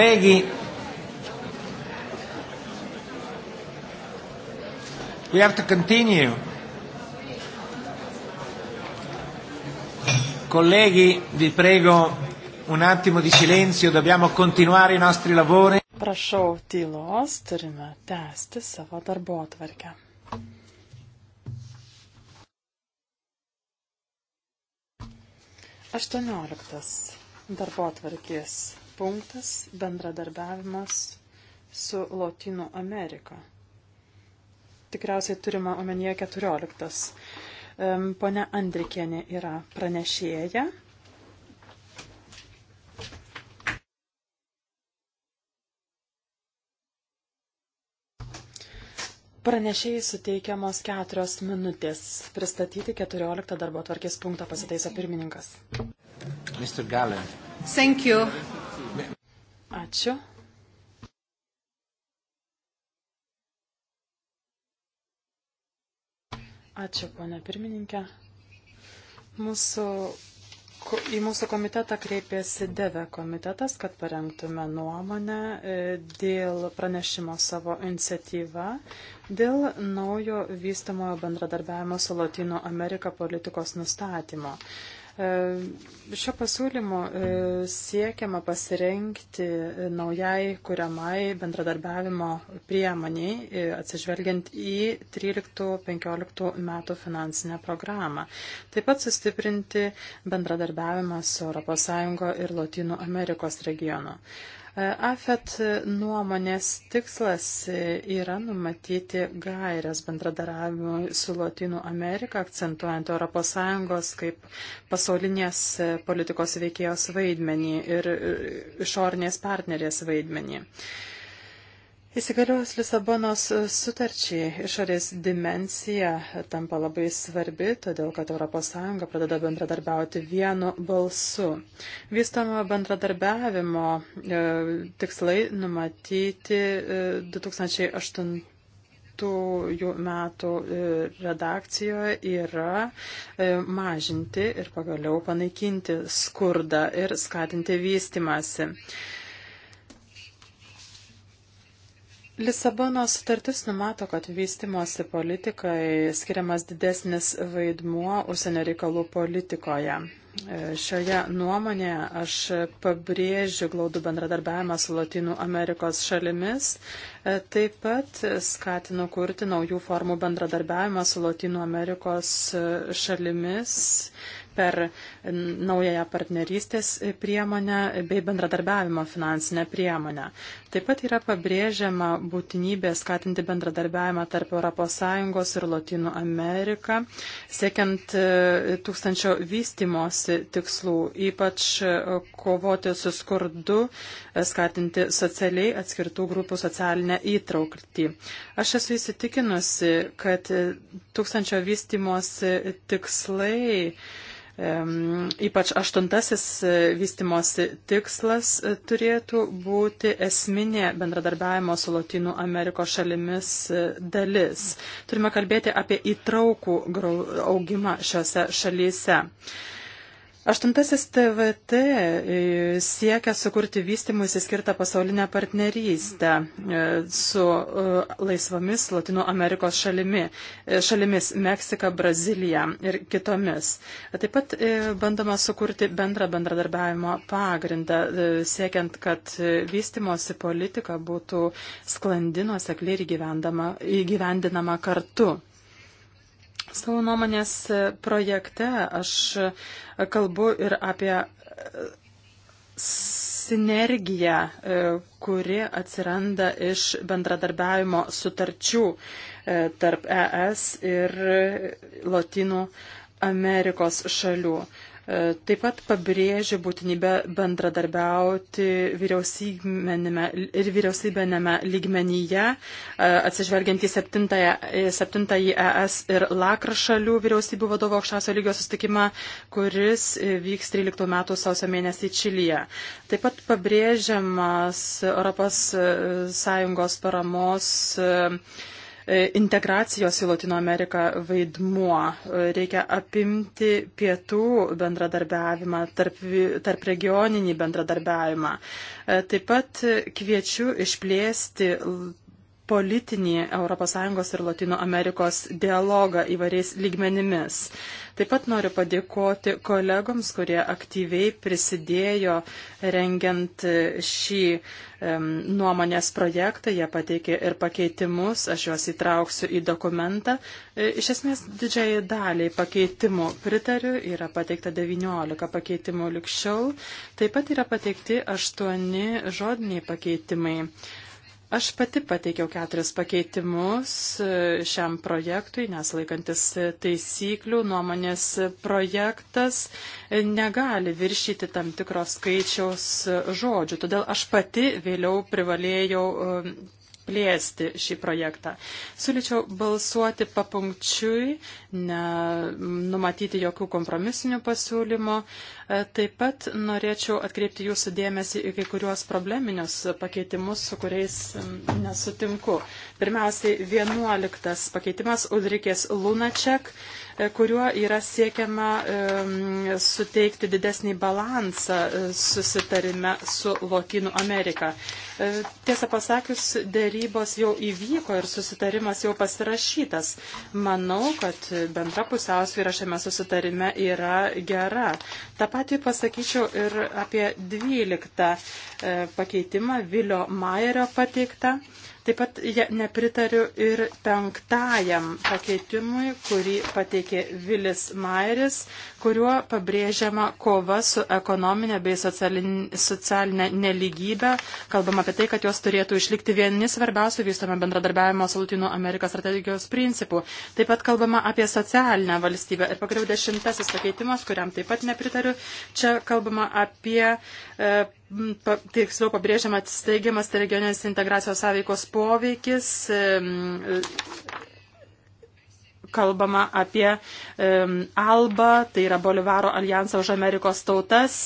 colleghi, we have to continue. Colleghi, vi prego un attimo di silenzio, dobbiamo continuare i nostri lavori. Prašau tylos, turime tęsti savo darbo atvarkę. Aštuonioliktas darbo atvarkės punktas - bendradarbiavimas su Lotynų Amerika. Tikriausiai turima omenyje 14. Pone Andrikienė yra pranešėja. Pranešėjai suteikiamos keturios minutės pristatyti 14 darbo tvarkės punktą pasitaiso pirmininkas. Mr. Galer. Thank you. Ačiū. Ačiū, ponė pirmininkė. Mūsų, į mūsų komitetą kreipėsi DEVE komitetas, kad parengtume nuomonę e, dėl pranešimo savo iniciatyvą dėl naujo vystamojo bendradarbiavimo su Latino Amerika politikos nustatymo. E, šio pasiūlymo e, siekiama pasirenkti e, naujai kuriamai bendradarbiavimo priemoniai, atsižvelgiant į 13-15 metų finansinę programą. Taip pat sustiprinti bendradarbiavimą su ES ir Latino Amerikos regionu. E, AFET nuomonės tikslas e, yra numatyti gairias bendradaravimui su Latinų Amerika, akcentuojant ES kaip pasaulinės e, politikos veikėjos vaidmenį ir išornės partnerės vaidmenį. Įsigaliojus Lisabonos sutarčiai išorės dimensija tampa labai svarbi, todėl kad ES pradeda bendradarbiauti vienu balsu. Vystamo bendradarbiavimo e, tikslai numatyti e, 2008 metų e, redakcijoje yra e, mažinti ir pagaliau panaikinti skurdą ir skatinti vystimąsi. E, Lisabonos sutartis numato, kad vystimosi politikai skiriamas didesnis vaidmuo užsienio reikalų politikoje. E, šioje nuomonėje aš pabrėžiu glaudų bendradarbiavimą su Latinų Amerikos šalimis, e, taip pat skatinu kurti naujų formų bendradarbiavimą su Latinų Amerikos šalimis per naująją partnerystės priemonę bei bendradarbiavimo finansinę priemonę. Taip pat yra pabrėžiama būtinybė skatinti bendradarbiavimą tarp ES ir Latinų Ameriką, siekiant e, tūkstančio vystimosi tikslų, ypač e, kovoti su skurdu, e, skatinti socialiai atskirtų grupių socialinę įtrauktį. Aš esu įsitikinusi, kad tūkstančio vystimosi tikslai Ypač aštuntasis e, vystimosi tikslas e, turėtų būti esminė bendradarbiavimo su Latinų Amerikos šalimis e, dalis. Turime kalbėti apie įtraukų augimą šiuose šalyse. Aštuntasis TVT e, siekia sukurti vystimuisi skirtą pasaulinę partnerystę e, su e, laisvomis Latino Amerikos šalimi, šalimis Meksika, Brazilija ir kitomis. Taip pat bandoma sukurti bendrą bendradarbiavimo pagrindą, siekiant, kad vystimosi politika būtų sklandino sekliai ir įgyvendinama kartu. Savo nuomonės projekte aš kalbu ir apie sinergiją, kuri atsiranda iš bendradarbiavimo sutarčių e, tarp ES ir Latinų Amerikos šalių. E, taip pat pabrėžia būtinybę bendradarbiauti ir vyriausybinėme lygmenyje, e, atsižvelgiant į septintąjį ES ir lakra šalių vyriausybių vadovo aukščiausio lygio sustikimą, kuris vyks 13 metų sausio mėnesį Čilyje. Taip pat pabrėžiamas ES paramos e, E, integracijos į Latino Ameriką vaidmuo. E, reikia apimti pietų bendradarbiavimą, tarp, tarp regioninį bendradarbiavimą. E, taip pat kviečiu išplėsti politinį ES ir Latino Amerikos dialogą įvairiais lygmenimis. Taip pat noriu padėkoti kolegoms, kurie aktyviai prisidėjo rengiant šį um, nuomonės projektą. Jie pateikė ir pakeitimus, aš juos įtrauksiu į dokumentą. E, iš esmės didžiai daliai pakeitimų pritariu, yra pateikta 19 pakeitimų likščiau, taip pat yra pateikti 8 žodiniai pakeitimai. Aš pati pateikiau keturis pakeitimus e, šiam projektui, nes laikantis taisyklių nuomonės projektas negali viršyti tam tikros skaičiaus žodžių. Todėl aš pati vėliau privalėjau e, plėsti šį projektą. Siūlyčiau balsuoti papunkčiui, nenumatyti jokių kompromisinių pasiūlymų. E, taip pat norėčiau atkreipti jūsų dėmesį į kai kuriuos probleminius pakeitimus, su kuriais nesutinku. Pirmiausiai, 11 pakeitimas Ulrikės Lunaček, e, kuriuo yra siekiama um, suteikti didesnį balansą e, susitarime su Lotynų Amerika. Tiesą pasakius, dėrybos jau įvyko ir susitarimas jau pasirašytas. Manau, kad bendra pusiausvyrą šiame susitarime yra gera. Ta patį pasakyčiau ir apie 12 e, pakeitimą Vilio Mairio pateiktą. Taip pat nepritariu ir penktajam pakeitimui, kurį pateikė Vilis Mairis, kuriuo pabrėžiama kova su ekonominė bei socialinė neligybė. Kalbam apie tai, kad jos turėtų išlikti vieni svarbiausių vystome bendradarbiavimo su Latino Amerikos strategijos principų. Taip pat kalbama apie socialinę valstybę. Ir pagaliau dešimtasis pakeitimas, kuriam taip pat nepritariu. Čia kalbama apie. E, tiksliau pabrėžiamas steigiamas regioninės integracijos sąveikos poveikis. Kalbama apie um, Alba, tai yra Bolivaro alijansą už Amerikos tautas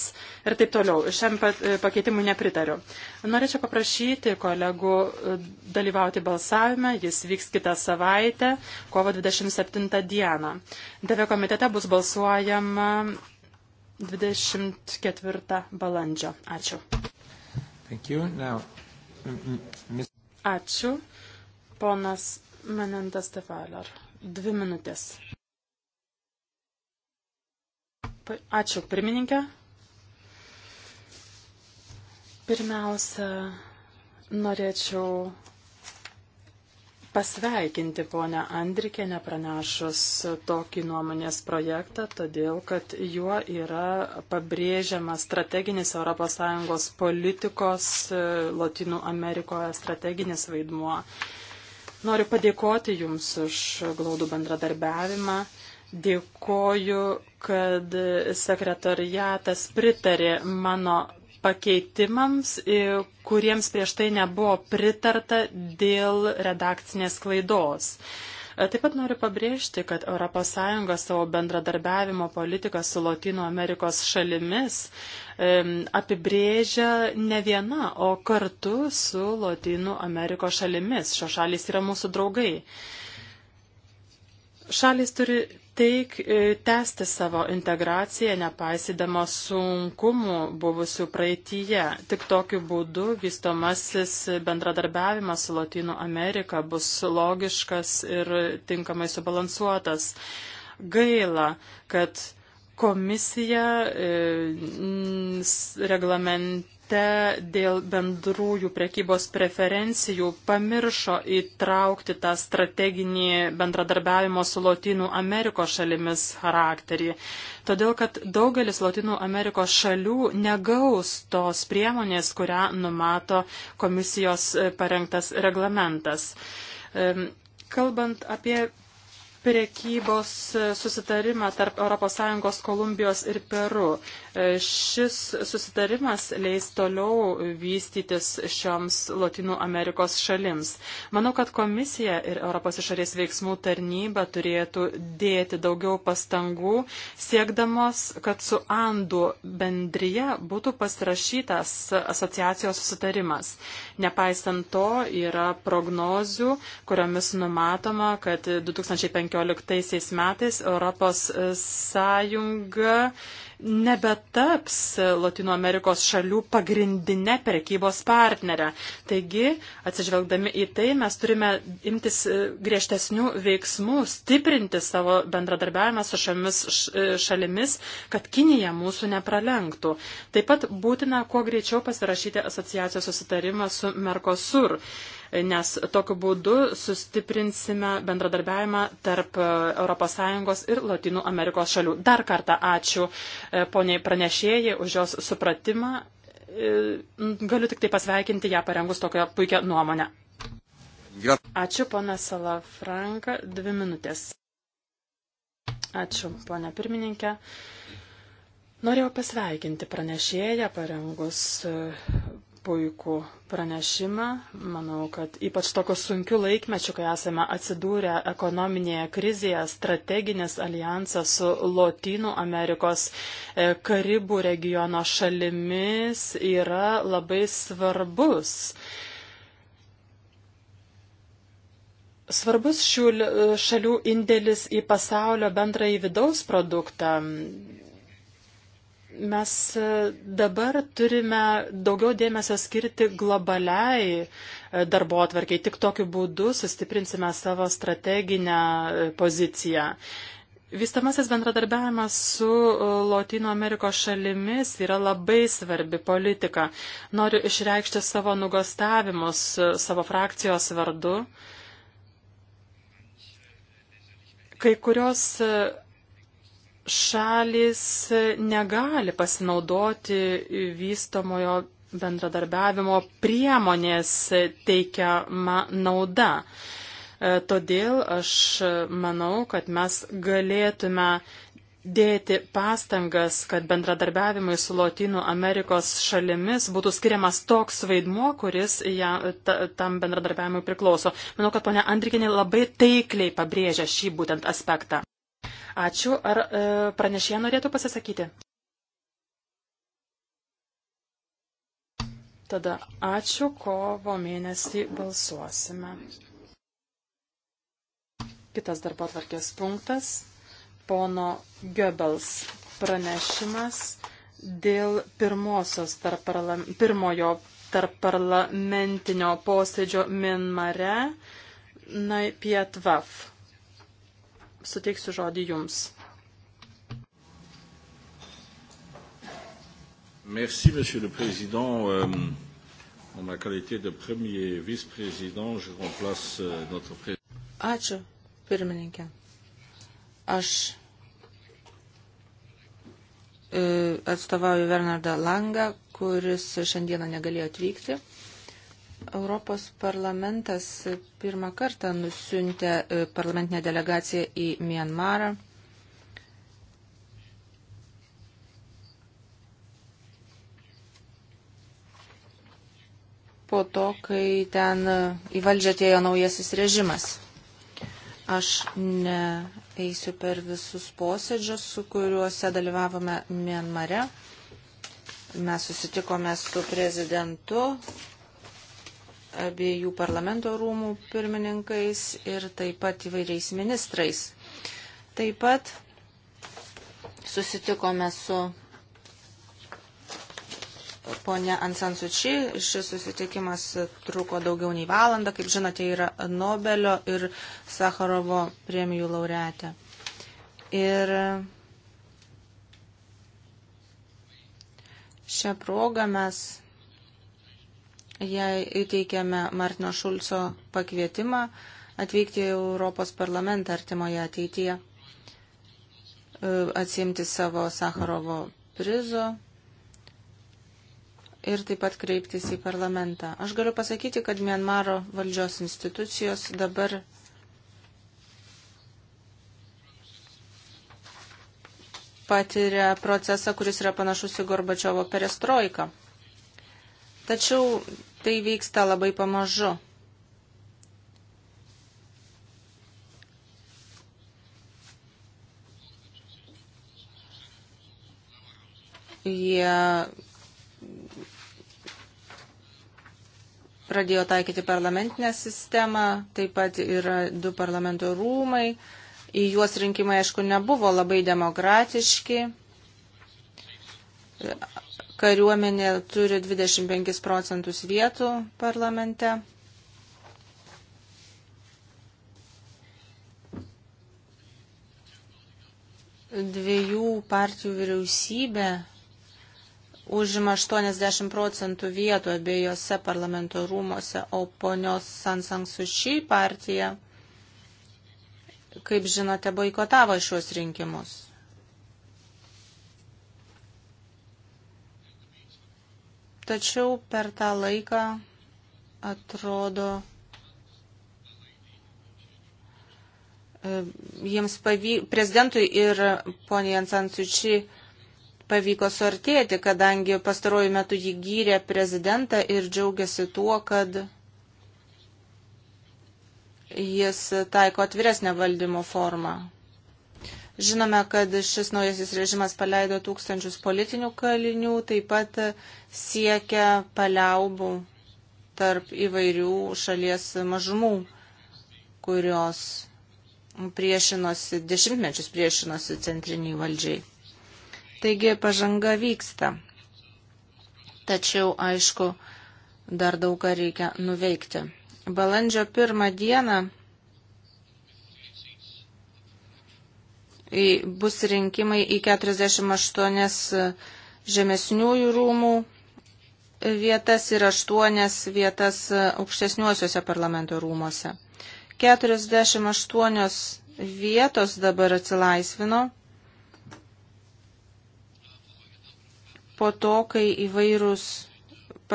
ir taip toliau. Šiam e, pakeitimui nepritariu. Norėčiau paprašyti kolegų e, dalyvauti balsavime, jis vyks kitą savaitę, kovo 27 dieną. DV komitete bus balsuojama 24 balandžio. Ačiū. Now, Ačiū. Ponas Menendas Tefaler. Dvi minutės. Ačiū, pirmininkė. Pirmiausia, norėčiau pasveikinti ponę Andrikę nepranašus tokį nuomonės projektą, todėl kad juo yra pabrėžiamas strateginis ES politikos e, Latinų Amerikoje strateginis vaidmuo. Noriu padėkoti Jums už glaudų bendradarbiavimą. Dėkoju, kad sekretariatas pritarė mano pakeitimams, kuriems prieš tai nebuvo pritarta dėl redakcinės klaidos. E, taip pat noriu pabrėžti, kad ES savo bendradarbiavimo politiką su Latino Amerikos šalimis e, apibrėžia ne viena, o kartu su Latino Amerikos šalimis. Šios šalys yra mūsų draugai. Šalis turi teik, e, tęsti savo integraciją, nepaisydama sunkumų buvusių praeitįje. Tik tokiu būdu vystomasis bendradarbiavimas su Latino Amerika bus logiškas ir tinkamai subalansuotas. Gaila, kad komisija e, reglament akte dėl bendrųjų prekybos preferencijų pamiršo įtraukti tą strateginį bendradarbiavimo su Latinų Amerikos šalimis charakterį. Todėl, kad daugelis Latinų Amerikos šalių negaus tos priemonės, kurią numato komisijos e, parengtas reglamentas. Kalbant apie prekybos e, susitarimą tarp ES, Kolumbijos ir Peru. Šis susitarimas leis toliau vystytis šioms Latinų Amerikos šalims. Manau, kad komisija ir Europos išorės veiksmų tarnyba turėtų dėti daugiau pastangų, siekdamos, kad su Andų bendryje būtų pasirašytas asociacijos susitarimas. Nepaisant to, yra prognozių, kuriomis numatoma, kad 2015 metais Europos Sąjunga nebetaps Latino Amerikos šalių pagrindinė prekybos partnerė. Taigi, atsižvelgdami į tai, mes turime imtis e, griežtesnių veiksmų, stiprinti savo bendradarbiavimą su šiomis e, šalimis, kad Kinija mūsų nepralenktų. Taip pat būtina kuo greičiau pasirašyti asociacijos susitarimą su Mercosur nes tokiu būdu sustiprinsime bendradarbiavimą tarp ES ir Latinų Amerikos šalių. Dar kartą ačiū e, poniai pranešėjai už jos supratimą. E, galiu tik tai pasveikinti ją parengus tokią puikią nuomonę. Ačiū, pana Salafranka, dvi minutės. Ačiū, pana pirmininkė. Norėjau pasveikinti pranešėją parengus e, puikų pranešimą. Manau, kad ypač tokiu sunkiu laikmečiu, kai esame atsidūrę ekonominėje krizėje, strateginis alijansas su Lotynų Amerikos e, Karibų regiono šalimis yra labai svarbus. Svarbus šių šalių indėlis į pasaulio bendrąjį vidaus produktą Mes e, dabar turime daugiau dėmesio skirti globaliai e, darbo atvarkiai. Tik tokiu būdu sustiprinsime savo strateginę e, poziciją. Vystamasis bendradarbiavimas su Latino Amerikos šalimis yra labai svarbi politika. Noriu išreikšti savo nugostavimus savo frakcijos vardu. Kai kurios šalis negali pasinaudoti vystomojo bendradarbiavimo priemonės teikiama nauda. E, todėl aš manau, kad mes galėtume dėti pastangas, kad bendradarbiavimui su Lotynų Amerikos šalimis būtų skiriamas toks vaidmuo, kuris ja, ta, tam bendradarbiavimui priklauso. Manau, kad ponia Andrikinė labai taikliai pabrėžia šį būtent aspektą. Ačiū. Ar e, pranešėja norėtų pasisakyti? Tada ačiū, kovo mėnesį balsuosime. Kitas darbo atvarkės punktas - pono Goebbels pranešimas dėl pirmosios tarp parla, pirmojo tarp parlamentinio posėdžio Minmare Naipietvav suteiksiu žodį Jums. Merci, Monsieur le Président. Euh, en ma qualité de premier vice-président, je remplace euh, notre président. Ačiū, pirmininkė. Aš e, atstovauju Bernardą Langą, kuris šiandieną negalėjo atvykti. Europos parlamentas pirmą kartą nusiuntė e, parlamentinę delegaciją į Mianmarą. Po to, kai ten į valdžią atėjo naujasis režimas. Aš neeisiu per visus posėdžius, su kuriuose dalyvavome Mianmare. Mes susitikome su prezidentu, abiejų parlamento rūmų pirmininkais ir taip pat įvairiais ministrais. Taip pat susitikome su ponia Ansansuči. Šis susitikimas truko daugiau nei valandą. Kaip žinote, yra Nobelio ir Sakarovo premijų laureatė. Ir šią progą mes jai įteikėme Martino Šulco pakvietimą atvykti į Europos parlamentą artimoje ateityje, e, atsimti savo Sakarovo prizo ir taip pat kreiptis į parlamentą. Aš galiu pasakyti, kad Mianmaro valdžios institucijos dabar patiria procesą, kuris yra panašus į Gorbačiovo perestroiką. Tačiau tai vyksta labai pamažu. Jie pradėjo taikyti parlamentinę sistemą, taip pat yra du parlamento rūmai. Į juos rinkimai, aišku, nebuvo labai demokratiški. Kariuomenė turi 25 procentus vietų parlamente. Dviejų partijų vyriausybė užima 80 procentų vietų abiejose parlamento rūmose, o ponios Sansang Suši partija, kaip žinote, boikotavo šiuos rinkimus. Tačiau per tą laiką atrodo e, jiems pavyko, prezidentui ir poniai Ansansučiai pavyko suartėti, kadangi pastaruoju metu jį gyrė prezidentą ir džiaugiasi tuo, kad jis taiko atviresnę valdymo formą. Žinome, kad šis naujasis režimas paleido tūkstančius politinių kalinių, taip pat siekia paliaubų tarp įvairių šalies mažumų, kurios priešinosi, dešimtmečius priešinosi centriniai valdžiai. Taigi pažanga vyksta. Tačiau, aišku, dar daug ką reikia nuveikti. Balandžio pirmą dieną bus rinkimai į 48 žemesniųjų rūmų vietas ir 8 vietas aukštesniuosiuose parlamento rūmose. 48 vietos dabar atsilaisvino po to, kai įvairūs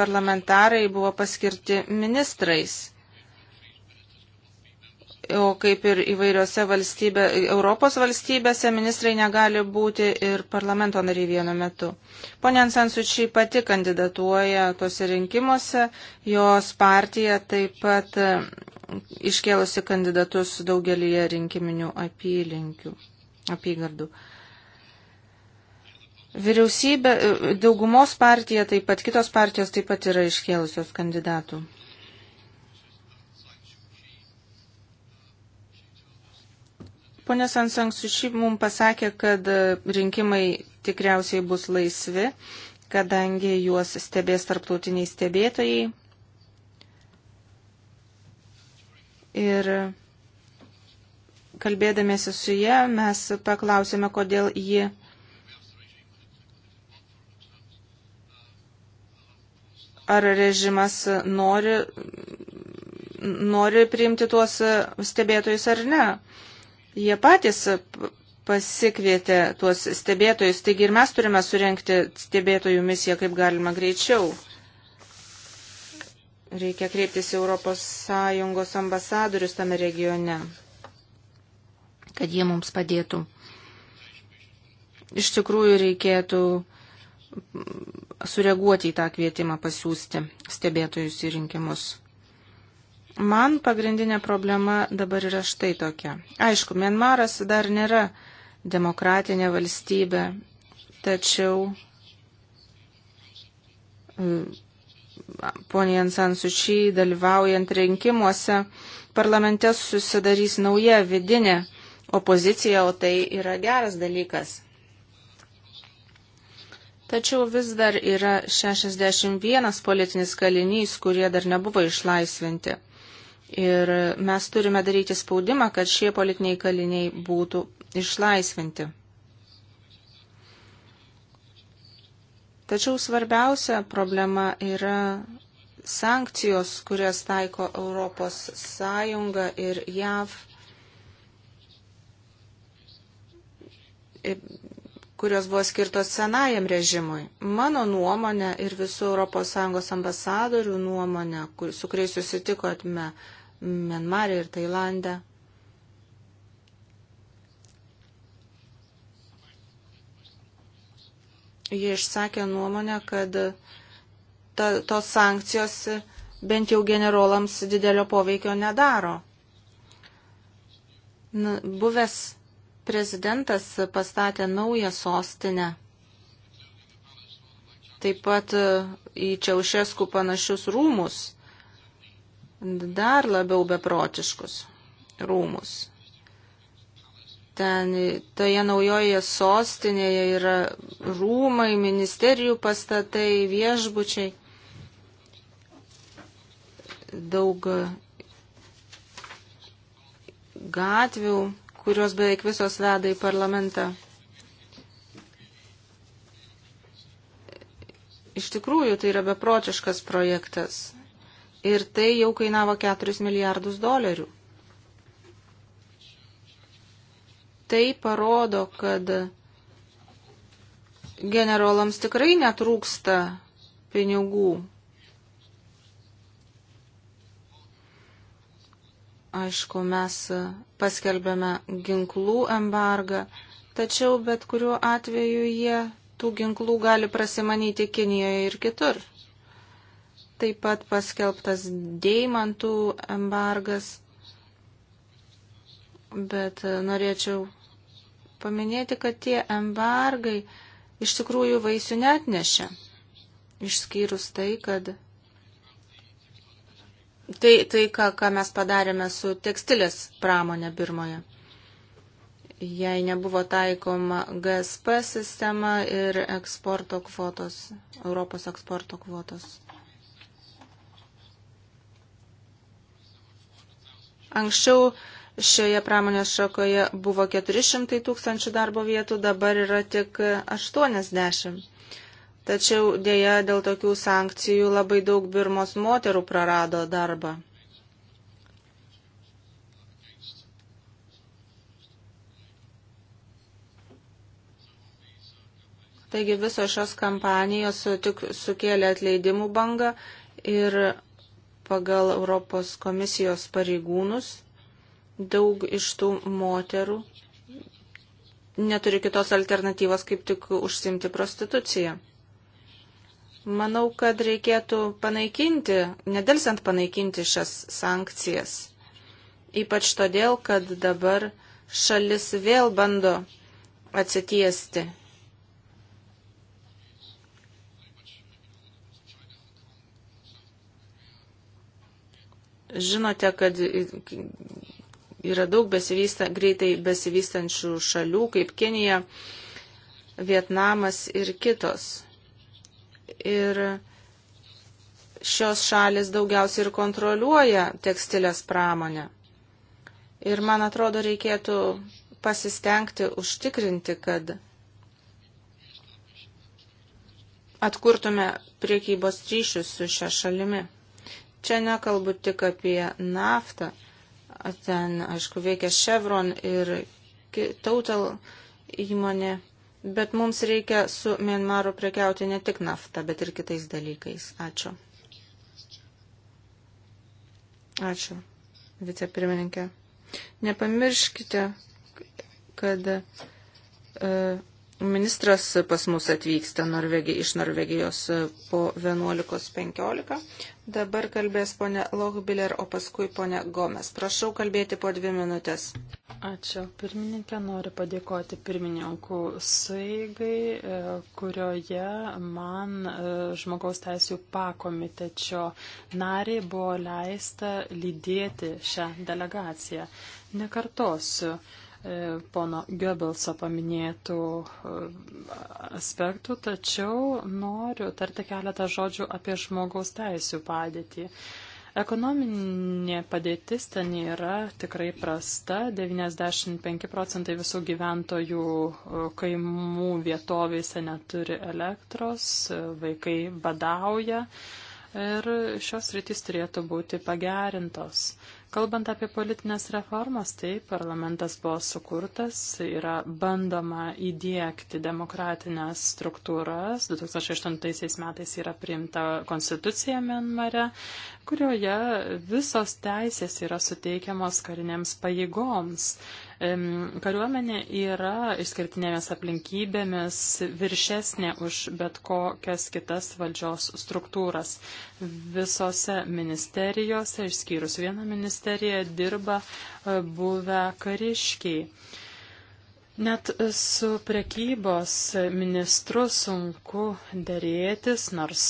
parlamentarai buvo paskirti ministrais o kaip ir įvairiose valstybė, Europos valstybėse ministrai negali būti ir parlamento nariai vienu metu. Pone Ansansučiai pati kandidatuoja tuose rinkimuose, jos partija taip pat e, iškėlusi kandidatus daugelį rinkiminių apylinkių, apygardų. Vyriausybė, e, daugumos partija taip pat, kitos partijos taip pat yra iškėlusios kandidatų. Pone Sansangsuši mums pasakė, kad rinkimai tikriausiai bus laisvi, kadangi juos stebės tarptautiniai stebėtojai. Ir kalbėdamėsi su jie, mes paklausėme, kodėl ji ar režimas nori, nori priimti tuos stebėtojus ar ne. Jie patys pasikvietė tuos stebėtojus, taigi ir mes turime surenkti stebėtojų misiją kaip galima greičiau. Reikia kreiptis Europos Sąjungos ambasadorius tame regione, kad jie mums padėtų. Iš tikrųjų reikėtų sureaguoti į tą kvietimą pasiūsti stebėtojus į rinkimus. Man pagrindinė problema dabar yra štai tokia. Aišku, Mienmaras dar nėra demokratinė valstybė, tačiau e, ponė Ansan Sučiai dalyvaujant rinkimuose parlamente susidarys nauja vidinė opozicija, o tai yra geras dalykas. Tačiau vis dar yra 61 politinis kalinys, kurie dar nebuvo išlaisvinti. Ir mes turime daryti spaudimą, kad šie politiniai kaliniai būtų išlaisvinti. Tačiau svarbiausia problema yra sankcijos, kurias taiko Europos Sąjunga ir JAV, kurios buvo skirtos senajam režimui. Mano nuomonė ir visų Europos Sąjungos ambasadorių nuomonė, kur, su kuriais susitiko atme Mianmarį ir Tailandą. Jie išsakė nuomonę, kad ta, tos sankcijos bent jau generolams didelio poveikio nedaro. Buvęs prezidentas pastatė naują sostinę. Taip pat į Čiaušeskų panašius rūmus dar labiau beprotiškus rūmus. Ten toje naujoje sostinėje yra rūmai, ministerijų pastatai, viešbučiai. Daug gatvių, kurios beveik visos veda į parlamentą. Iš tikrųjų, tai yra beprotiškas projektas. Ir tai jau kainavo 4 milijardus dolerių. Tai parodo, kad generolams tikrai netrūksta pinigų. Aišku, mes paskelbėme ginklų embargą, tačiau bet kuriuo atveju jie tų ginklų gali prasimanyti Kinijoje ir kitur. Taip pat paskelbtas deimantų embargas. Bet norėčiau paminėti, kad tie embargai iš tikrųjų vaisių net nešia. Išskyrus tai, kad tai, tai ką, ką mes padarėme su tekstilės pramonė Birmoje. Jei nebuvo taikoma GSP sistema ir eksporto kvotos, Europos eksporto kvotos. Anksčiau šioje pramonės šakoje buvo 400 tūkstančių darbo vietų, dabar yra tik 80. Tačiau dėja dėl tokių sankcijų labai daug Birmos moterų prarado darbą. Taigi visos šios kampanijos sukėlė atleidimų bangą ir pagal Europos komisijos pareigūnus daug iš tų moterų neturi kitos alternatyvos, kaip tik užsimti prostituciją. Manau, kad reikėtų panaikinti, nedelsiant panaikinti šias sankcijas. Ypač todėl, kad dabar šalis vėl bando atsitiesti Žinote, kad yra daug besivysta, greitai besivystančių šalių, kaip Kinija, Vietnamas ir kitos. Ir šios šalis daugiausiai ir kontroliuoja tekstilės pramonę. Ir man atrodo, reikėtų pasistengti užtikrinti, kad atkurtume priekybos ryšius su šia šalimi. Čia nekalbu tik apie naftą. Ten, aišku, veikia Chevron ir Total įmonė. Bet mums reikia su Mienmaru prekiauti ne tik naftą, bet ir kitais dalykais. Ačiū. Ačiū, vicepirmininkė. Nepamirškite, kad e, Ministras pas mus atvyksta Norvegi, iš Norvegijos po 11.15. Dabar kalbės ponė Lochbiller, o paskui ponė Gomes. Prašau kalbėti po dvi minutės. Ačiū. Pirmininkė, noriu padėkoti pirmininkų saigai, e, kurioje man e, žmogaus teisų pakomitečio nariai buvo leista lydėti šią delegaciją. Nekartosiu E, pono Goebbelso paminėtų e, aspektų, tačiau noriu tarti keletą žodžių apie žmogaus teisų padėtį. Ekonominė padėtis ten yra tikrai prasta. 95 procentai visų gyventojų e, kaimų vietovėse neturi elektros, vaikai badauja ir šios rytis turėtų būti pagerintos. Kalbant apie politinės reformas, tai parlamentas buvo sukurtas, yra bandoma įdėkti demokratinės struktūras. 2008 metais yra priimta konstitucija Mienmare, kurioje visos teisės yra suteikiamos karinėms pajėgoms. Kariuomenė yra išskirtinėmis aplinkybėmis viršesnė už bet kokias kitas valdžios struktūras. Visose ministerijose, išskyrus vieną ministeriją, dirba e, buvę kariškiai. Net su prekybos ministru sunku dėrėtis, nors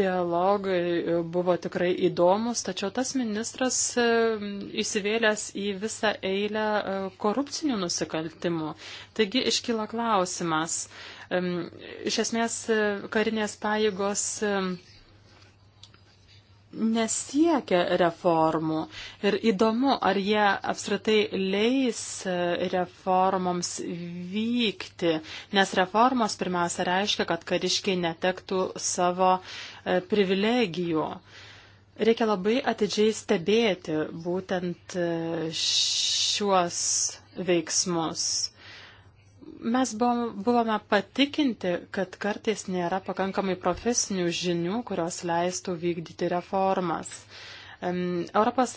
dialogai buvo tikrai įdomus, tačiau tas ministras e, įsivėlęs į visą eilę e, korupcinių nusikaltimų. Taigi iškyla klausimas. Iš esmės e, karinės pajėgos nesiekia reformų. Ir įdomu, ar jie apskritai leis e, reformoms vykti, nes reformos pirmiausia reiškia, kad kariškiai netektų savo e, privilegijų. Reikia labai atidžiai stebėti būtent e, šiuos veiksmus. Mes buvome patikinti, kad kartais nėra pakankamai profesinių žinių, kurios leistų vykdyti reformas. ES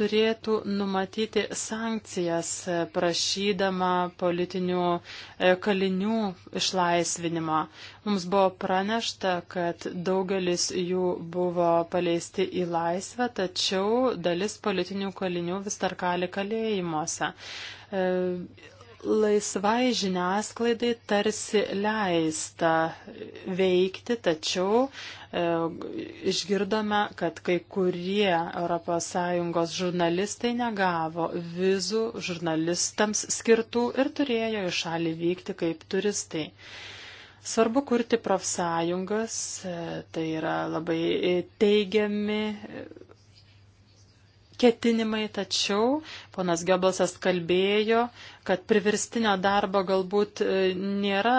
turėtų numatyti sankcijas e, prašydama politinių e, kalinių išlaisvinimo. Mums buvo pranešta, kad daugelis jų buvo paleisti į laisvę, tačiau dalis politinių kalinių vis dar kali kalėjimuose. E, laisvai žiniasklaidai tarsi leista veikti, tačiau e, išgirdome, kad kai kurie ES žurnalistai negavo vizų žurnalistams skirtų ir turėjo į šalį vykti kaip turistai. Svarbu kurti profsąjungas, e, tai yra labai teigiami ketinimai, tačiau ponas Gebelsas kalbėjo, kad priverstinio darbo galbūt e, nėra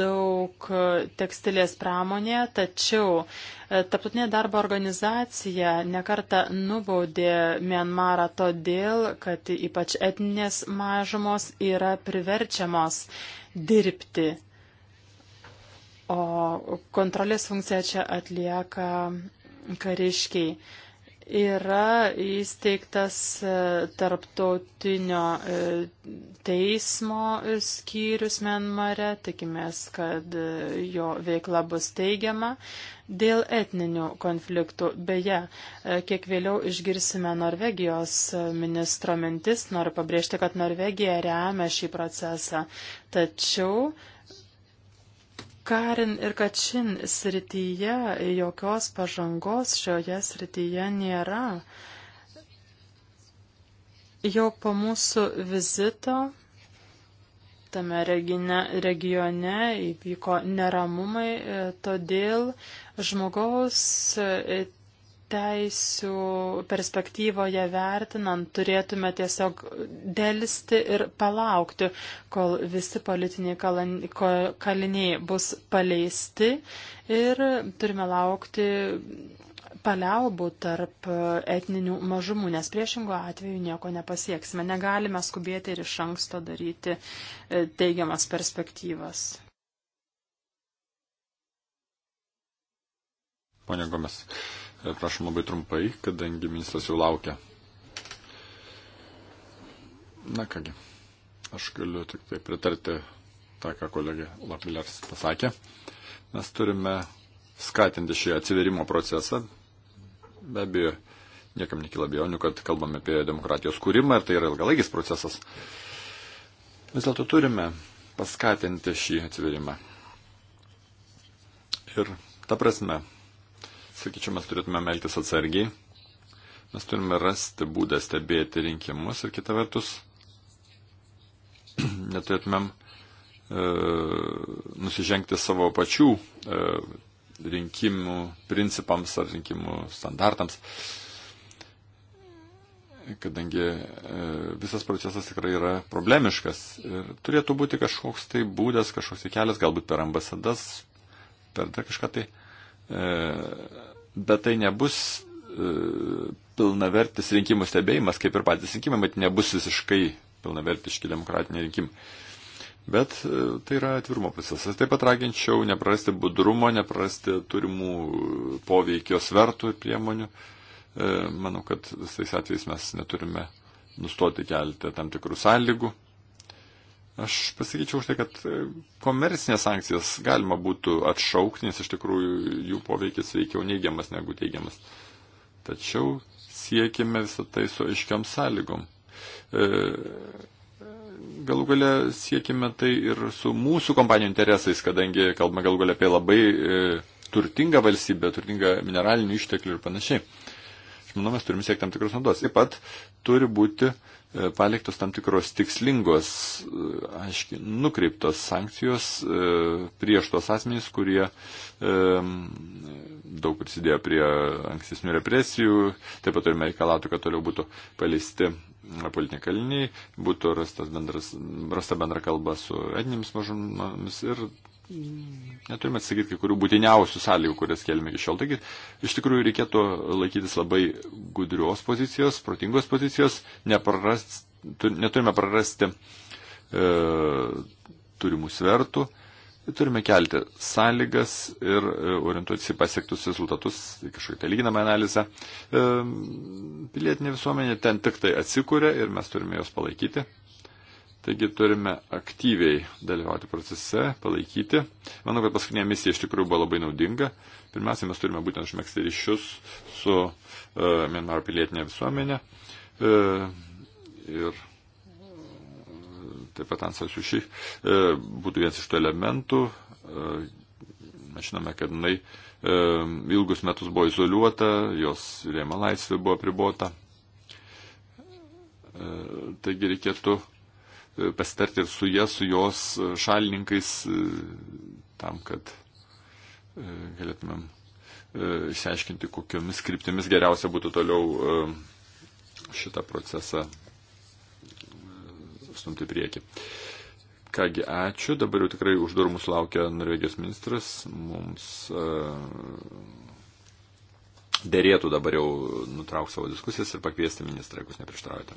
daug e, tekstilės pramonėje, tačiau e, Taptutinė darbo organizacija nekarta nubaudė Mianmarą todėl, kad ypač etinės mažumos yra priverčiamos dirbti, o kontrolės funkciją čia atlieka kariškiai yra įsteigtas e, tarptautinio e, teismo e, skyrius Menmare, tikimės, kad jo veikla bus teigiama dėl etninių konfliktų. Beje, kiek vėliau išgirsime Norvegijos ministro mintis, noriu pabrėžti, kad Norvegija remia šį procesą. Tačiau Karin ir Kačin srityje jokios pažangos šioje srityje nėra. Jau po mūsų vizito tame regine, regione įvyko neramumai, todėl žmogaus teisių perspektyvoje vertinant, turėtume tiesiog dėlisti ir palaukti, kol visi politiniai kaliniai bus paleisti ir turime laukti paliaubų tarp etninių mažumų, nes priešingo atveju nieko nepasieksime. Negalime skubėti ir iš anksto daryti e, teigiamas perspektyvas. Pone Gomes. E, prašom labai trumpai, kadangi ministras jau laukia. Na kągi, aš galiu tik tai pritarti tą, ką kolegė Lapilers pasakė. Mes turime skatinti šį atsiverimo procesą. Be abejo, niekam nekyla bejonių, kad kalbame apie demokratijos kūrimą ir tai yra ilgalaikis procesas. Vis dėlto turime paskatinti šį atsiverimą. Ir ta prasme, Sakyčiau, mes turėtume melktis atsargiai. Mes turime rasti būdą stebėti rinkimus ir kita vertus neturėtumėm e, nusižengti savo pačių e, rinkimų principams ar rinkimų standartams, kadangi e, visas procesas tikrai yra problemiškas ir turėtų būti kažkoks tai būdas, kažkoks tai kelias, galbūt per ambasadas, per dar kažką tai. E, E, bet tai nebus e, pilnavertis rinkimų stebėjimas, kaip ir patys rinkimai, bet nebus visiškai pilnavertiški demokratiniai rinkimai. Bet e, tai yra atvirumo procesas. Taip pat raginčiau neprarasti budrumo, neprarasti turimų poveikio svertų ir priemonių. Manau, kad visais atvejais mes neturime nustoti kelti tam tikrų sąlygų, Aš pasakyčiau už tai, kad e, komercinės sankcijas galima būtų atšaukti, nes iš tikrųjų jų poveikis veikiau neigiamas negu teigiamas. Tačiau siekime visą tai su aiškiam sąlygom. E, galų gale siekime tai ir su mūsų kompanijų interesais, kadangi kalbame galų gale apie labai e, turtingą valstybę, turtingą mineralinių išteklių ir panašiai. Aš manau, mes turime siekti tam tikrus naudos. Taip pat turi būti uh, E, paliktos tam tikros tikslingos, e, aiškiai, nukreiptos sankcijos e, prieš tos asmenys, kurie daug prisidėjo prie ankstesnių represijų. Taip pat turime reikalauti, kad toliau būtų paleisti politiniai kaliniai, būtų rastas bendras, rasta bendra kalba su etinėmis mažumomis ir neturime atsakyti kai kurių būtiniausių sąlygų, kurias kelime iki šiol. Taigi, iš tikrųjų, reikėtų laikytis labai gudrios pozicijos, protingos pozicijos, neprarast, neturime prarasti e, turimų svertų. Turime kelti sąlygas ir e, orientuotis į pasiektus rezultatus, į kažkokią tai lyginamą analizę. E, pilietinė visuomenė ten tik tai atsikūrė ir mes turime jos palaikyti. Taigi turime aktyviai dalyvauti procese, palaikyti. Manau, kad paskutinė misija iš tikrųjų buvo labai naudinga. Pirmiausia, mes turime būtent užmėgsti ryšius su uh, e, Mienmaro pilietinė visuomenė. Uh, ir taip pat Ansasuši uh, e, būtų vienas iš tų elementų. Uh, mes žinome, kad jinai uh, ilgus metus buvo izoliuota, jos rėma laisvė buvo pribota. Uh, taigi reikėtų pasitarti ir su jie, su jos e, šalininkais, e, tam, kad e, galėtumėm išsiaiškinti, kokiomis kryptimis geriausia būtų toliau šitą procesą stumti prieki. Kągi, ačiū. Dabar jau tikrai už durų mūsų laukia Norvegijos ministras. Mums dėrėtų dabar jau nutraukti savo diskusijas ir pakviesti ministrą, jeigu jūs neprieštraujate.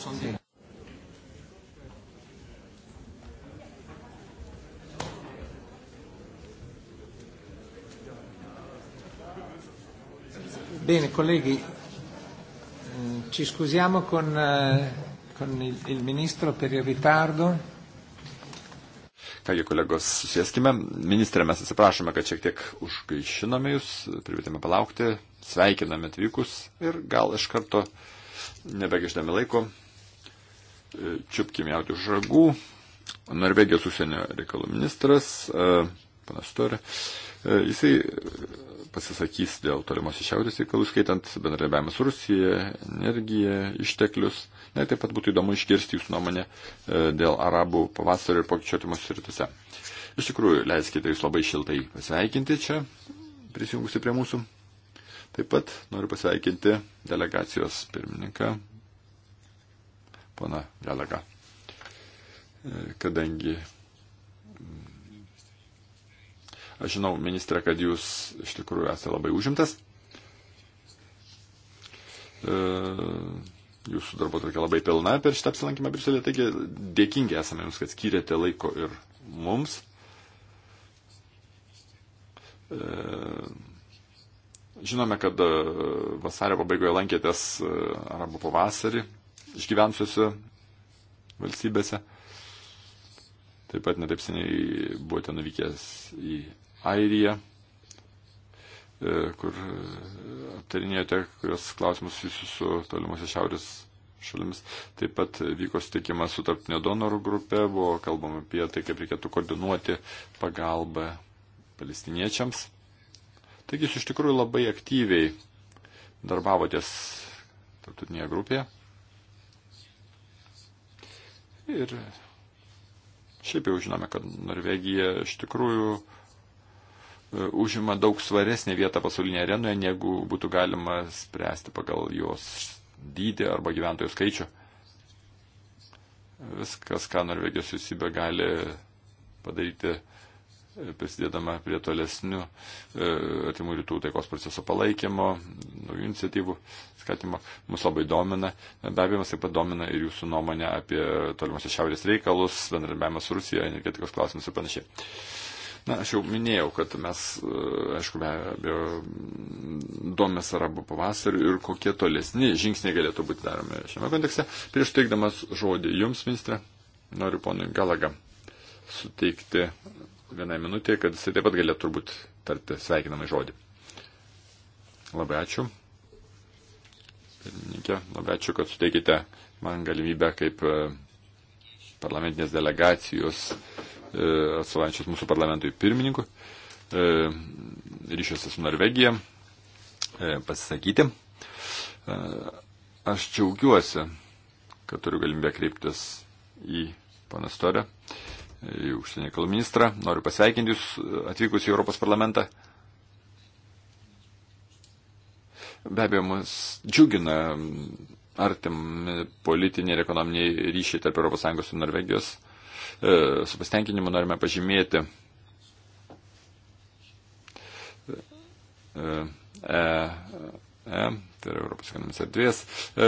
Sì. Bene, colleghi, mm, ci scusiamo con, eh, con il, il Ministro per il ritardo. Kągi kolegos, susėskime. Ministrė, mes atsiprašome, kad šiek tiek užgaišiname jūs, privietėme palaukti, sveikiname atvykus ir gal iš karto nebegaiždami laiko čiupkim jauti už žagų. Norvegijos užsienio reikalų ministras, e, panas Torė, e, jisai e, pasisakys dėl tolimos išiaurės reikalų, skaitant bendradarbiavimą su Rusija, energiją, išteklius. Na, taip pat būtų įdomu išgirsti jūsų nuomonę dėl arabų pavasario ir pokyčiotimus rytuose. Iš tikrųjų, leiskite jūs labai šiltai pasveikinti čia, prisijungusi prie mūsų. Taip pat noriu pasveikinti delegacijos pirmininką pana Galaga, e, kadangi mm, aš žinau, ministrė, kad jūs iš tikrųjų esate labai užimtas. E, jūsų darbo tokia labai pilna per šitą apsilankymą Briuselėje, taigi dėkingi esame Jums, kad skyrėte laiko ir mums. E, žinome, kad vasario pabaigoje lankėtės arabų pavasarį išgyvensiuose valstybėse. Taip pat netaip seniai buvote nuvykęs į Airiją, e, kur e, aptarinėjote kurios klausimus jūsų su tolimuose šiaurės šalimis. Taip pat vyko sutikimas su tarptinio donorų grupė, buvo kalbama apie tai, kaip reikėtų koordinuoti pagalbą palestiniečiams. Taigi jūs iš tikrųjų labai aktyviai darbavotės tarptautinėje grupėje. Ir šiaip jau žinome, kad Norvegija iš tikrųjų e, užima daug svaresnį vietą pasaulinėje arenoje, negu būtų galima spręsti pagal jos dydį arba gyventojų skaičių. Viskas, ką Norvegijos susibė gali padaryti prisidėdama prie tolesnių e, atimų rytų taikos proceso palaikymo, naujų iniciatyvų skatimo. Mus labai domina, be abejo, taip pat domina ir jūsų nuomonė apie tolimuose šiaurės reikalus, bendradarbiavimą su Rusija, energetikos klausimus ir panašiai. Na, aš jau minėjau, kad mes, e, aišku, be abejo, domės arabų pavasarį ir kokie tolesni žingsniai galėtų būti daromi šiame kontekste. Prieš teikdamas žodį jums, ministrė, noriu ponui Galagam suteikti vienai minutė, kad jisai taip pat galėtų turbūt tarti sveikinamai žodį. Labai ačiū. Pirmininkė, labai ačiū, kad suteikite man galimybę kaip e, parlamentinės delegacijos e, atstovaujančios mūsų parlamentui pirmininku e, ryšiuose su Norvegija pasisakyti. Aš džiaugiuosi, kad turiu galimybę kreiptis į panastorę į užsienio reikalų ministrą. Noriu pasveikinti Jūs atvykus į Europos parlamentą. Be abejo, mus džiugina artimi politiniai ir ekonominiai ryšiai tarp ES ir Norvegijos. E, su pasitenkinimu norime pažymėti e, e, tai yra Europos ekonominės erdvės, e,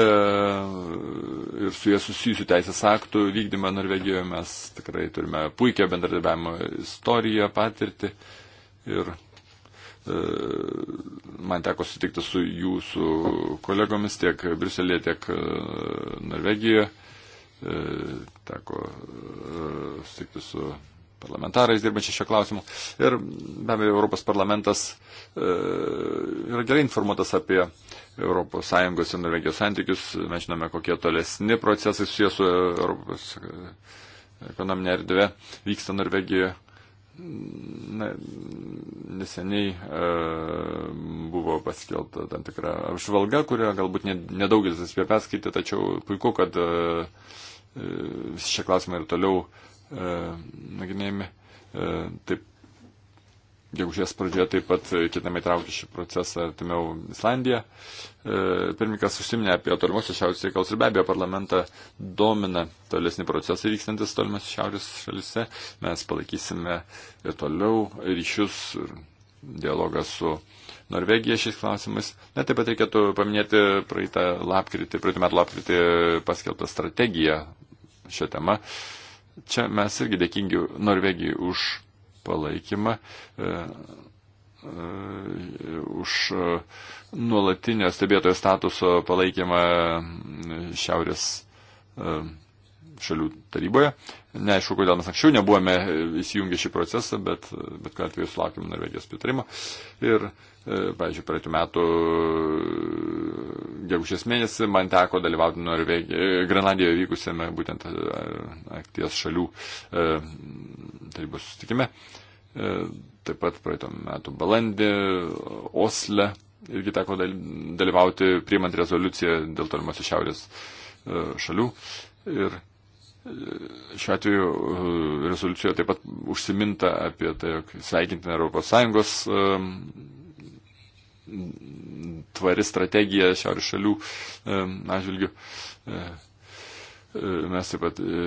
ir su jie susijusių teisės aktų vykdymą Norvegijoje mes tikrai turime puikią bendradarbiavimo istoriją, patirtį. Ir e, man teko sutikti su jūsų kolegomis tiek Briuselėje, tiek e, Norvegijoje. Teko sutikti su parlamentarais dirbančiais šio klausimu. Ir be abejo, Europos parlamentas e, yra gerai informuotas apie ES ir Norvegijos santykius. Mes žinome, kokie tolesni procesai susijęs su Europos e, ekonominė erdvė vyksta Norvegijoje. Na, neseniai e, buvo paskelbta tam tikra apžvalga, kurią galbūt nedaugelis ne, ne atspėjo perskaityti, tačiau puiku, kad e, e šie klausimai ir toliau nagrinėjami. E, taip, gegužės pradžioje taip pat kitame įtraukė šį procesą artimiau Islandija. E, pirmininkas užsiminė apie tolimuosius šiaurės reikalus ir be abejo parlamentą domina tolesni procesai vykstantis tolimuose šiaurės šalise. Mes palaikysime ir toliau ryšius ir dialogą su Norvegija šiais klausimais. Na, taip pat reikėtų paminėti praeitą lapkritį, praeitų metų lapkritį paskelbtą strategiją šią temą čia mes irgi dėkingi Norvegijai už palaikymą, e, e, už e, nuolatinio stebėtojo statuso palaikymą Šiaurės šalių taryboje. Neaišku, kodėl mes anksčiau nebuvome e, įsijungę šį procesą, bet, e, bet ką atveju sulaukėme Norvegijos pritarimo. Ir, e, pavyzdžiui, praeitų metų gegužės mėnesį man teko dalyvauti Norvegijoje, Grenlandijoje vykusėme būtent akties šalių tarybos sustikime. Taip pat praeitų metų balandį Osle irgi teko dalyvauti priimant rezoliuciją dėl tolimosios šiaurės šalių. Ir Šiuo atveju e, rezoliucijoje taip pat užsiminta apie tai, jog sveikintina ES e, tvari strategija šiaurės šalių atžvilgių. E, Mes taip pat e,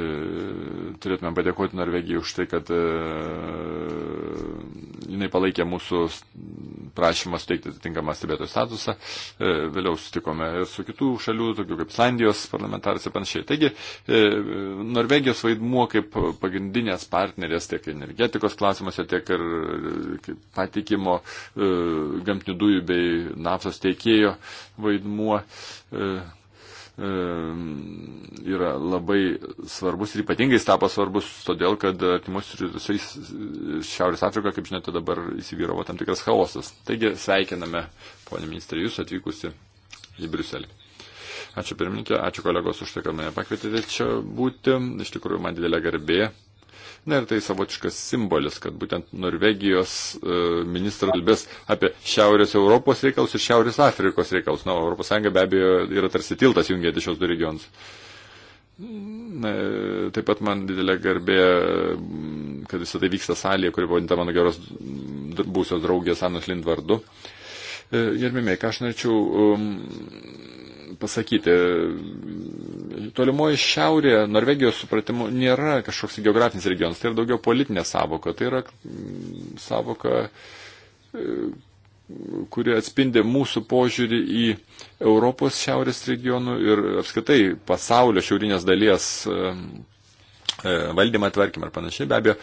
turėtume padėkoti Norvegijai už tai, kad e, jinai palaikė mūsų prašymą suteikti atitinkamą stebėtojų statusą. E, vėliau sutikome ir su kitų šalių, tokių kaip Islandijos parlamentaras ir panašiai. Taigi, Norvegijos vaidmuo kaip pagrindinės partnerės tiek energetikos klausimuose, tiek ir patikimo gamtinių dujų bei naftos teikėjo vaidmuo E, yra labai svarbus ir ypatingai tapo svarbus todėl, kad artimus rytais Šiaurės Afrika, kaip žinote, dabar įsivyravo tam tikras chaosas. Taigi sveikiname, ponė ministrė, jūs atvykusi į Briuselį. Ačiū pirmininkė, ačiū kolegos už tai, kad mane pakvietėte čia būti. Iš tikrųjų, man didelė garbė Na ir tai savotiškas simbolis, kad būtent Norvegijos e, ministras kalbės apie Šiaurės Europos reikalus ir Šiaurės Afrikos reikalus. Na, Europos Sąjunga be abejo yra tarsi tiltas jungianti šios du regionus. Na, e, taip pat man didelė garbė, kad visą tai vyksta salėje, kuri vadinta mano geros būsios draugės Anos Lind vardu. E, Gerbimiai, ką aš norėčiau um, pasakyti, tolimoji šiaurė, Norvegijos supratimu, nėra kažkoks geografinis regionas, tai yra daugiau politinė savoka, tai yra mm, savoka, e, kuri atspindi mūsų požiūrį į Europos šiaurės regionų ir apskaitai pasaulio šiaurinės dalies e, e, valdymą, tvarkymą ir panašiai. Be abejo,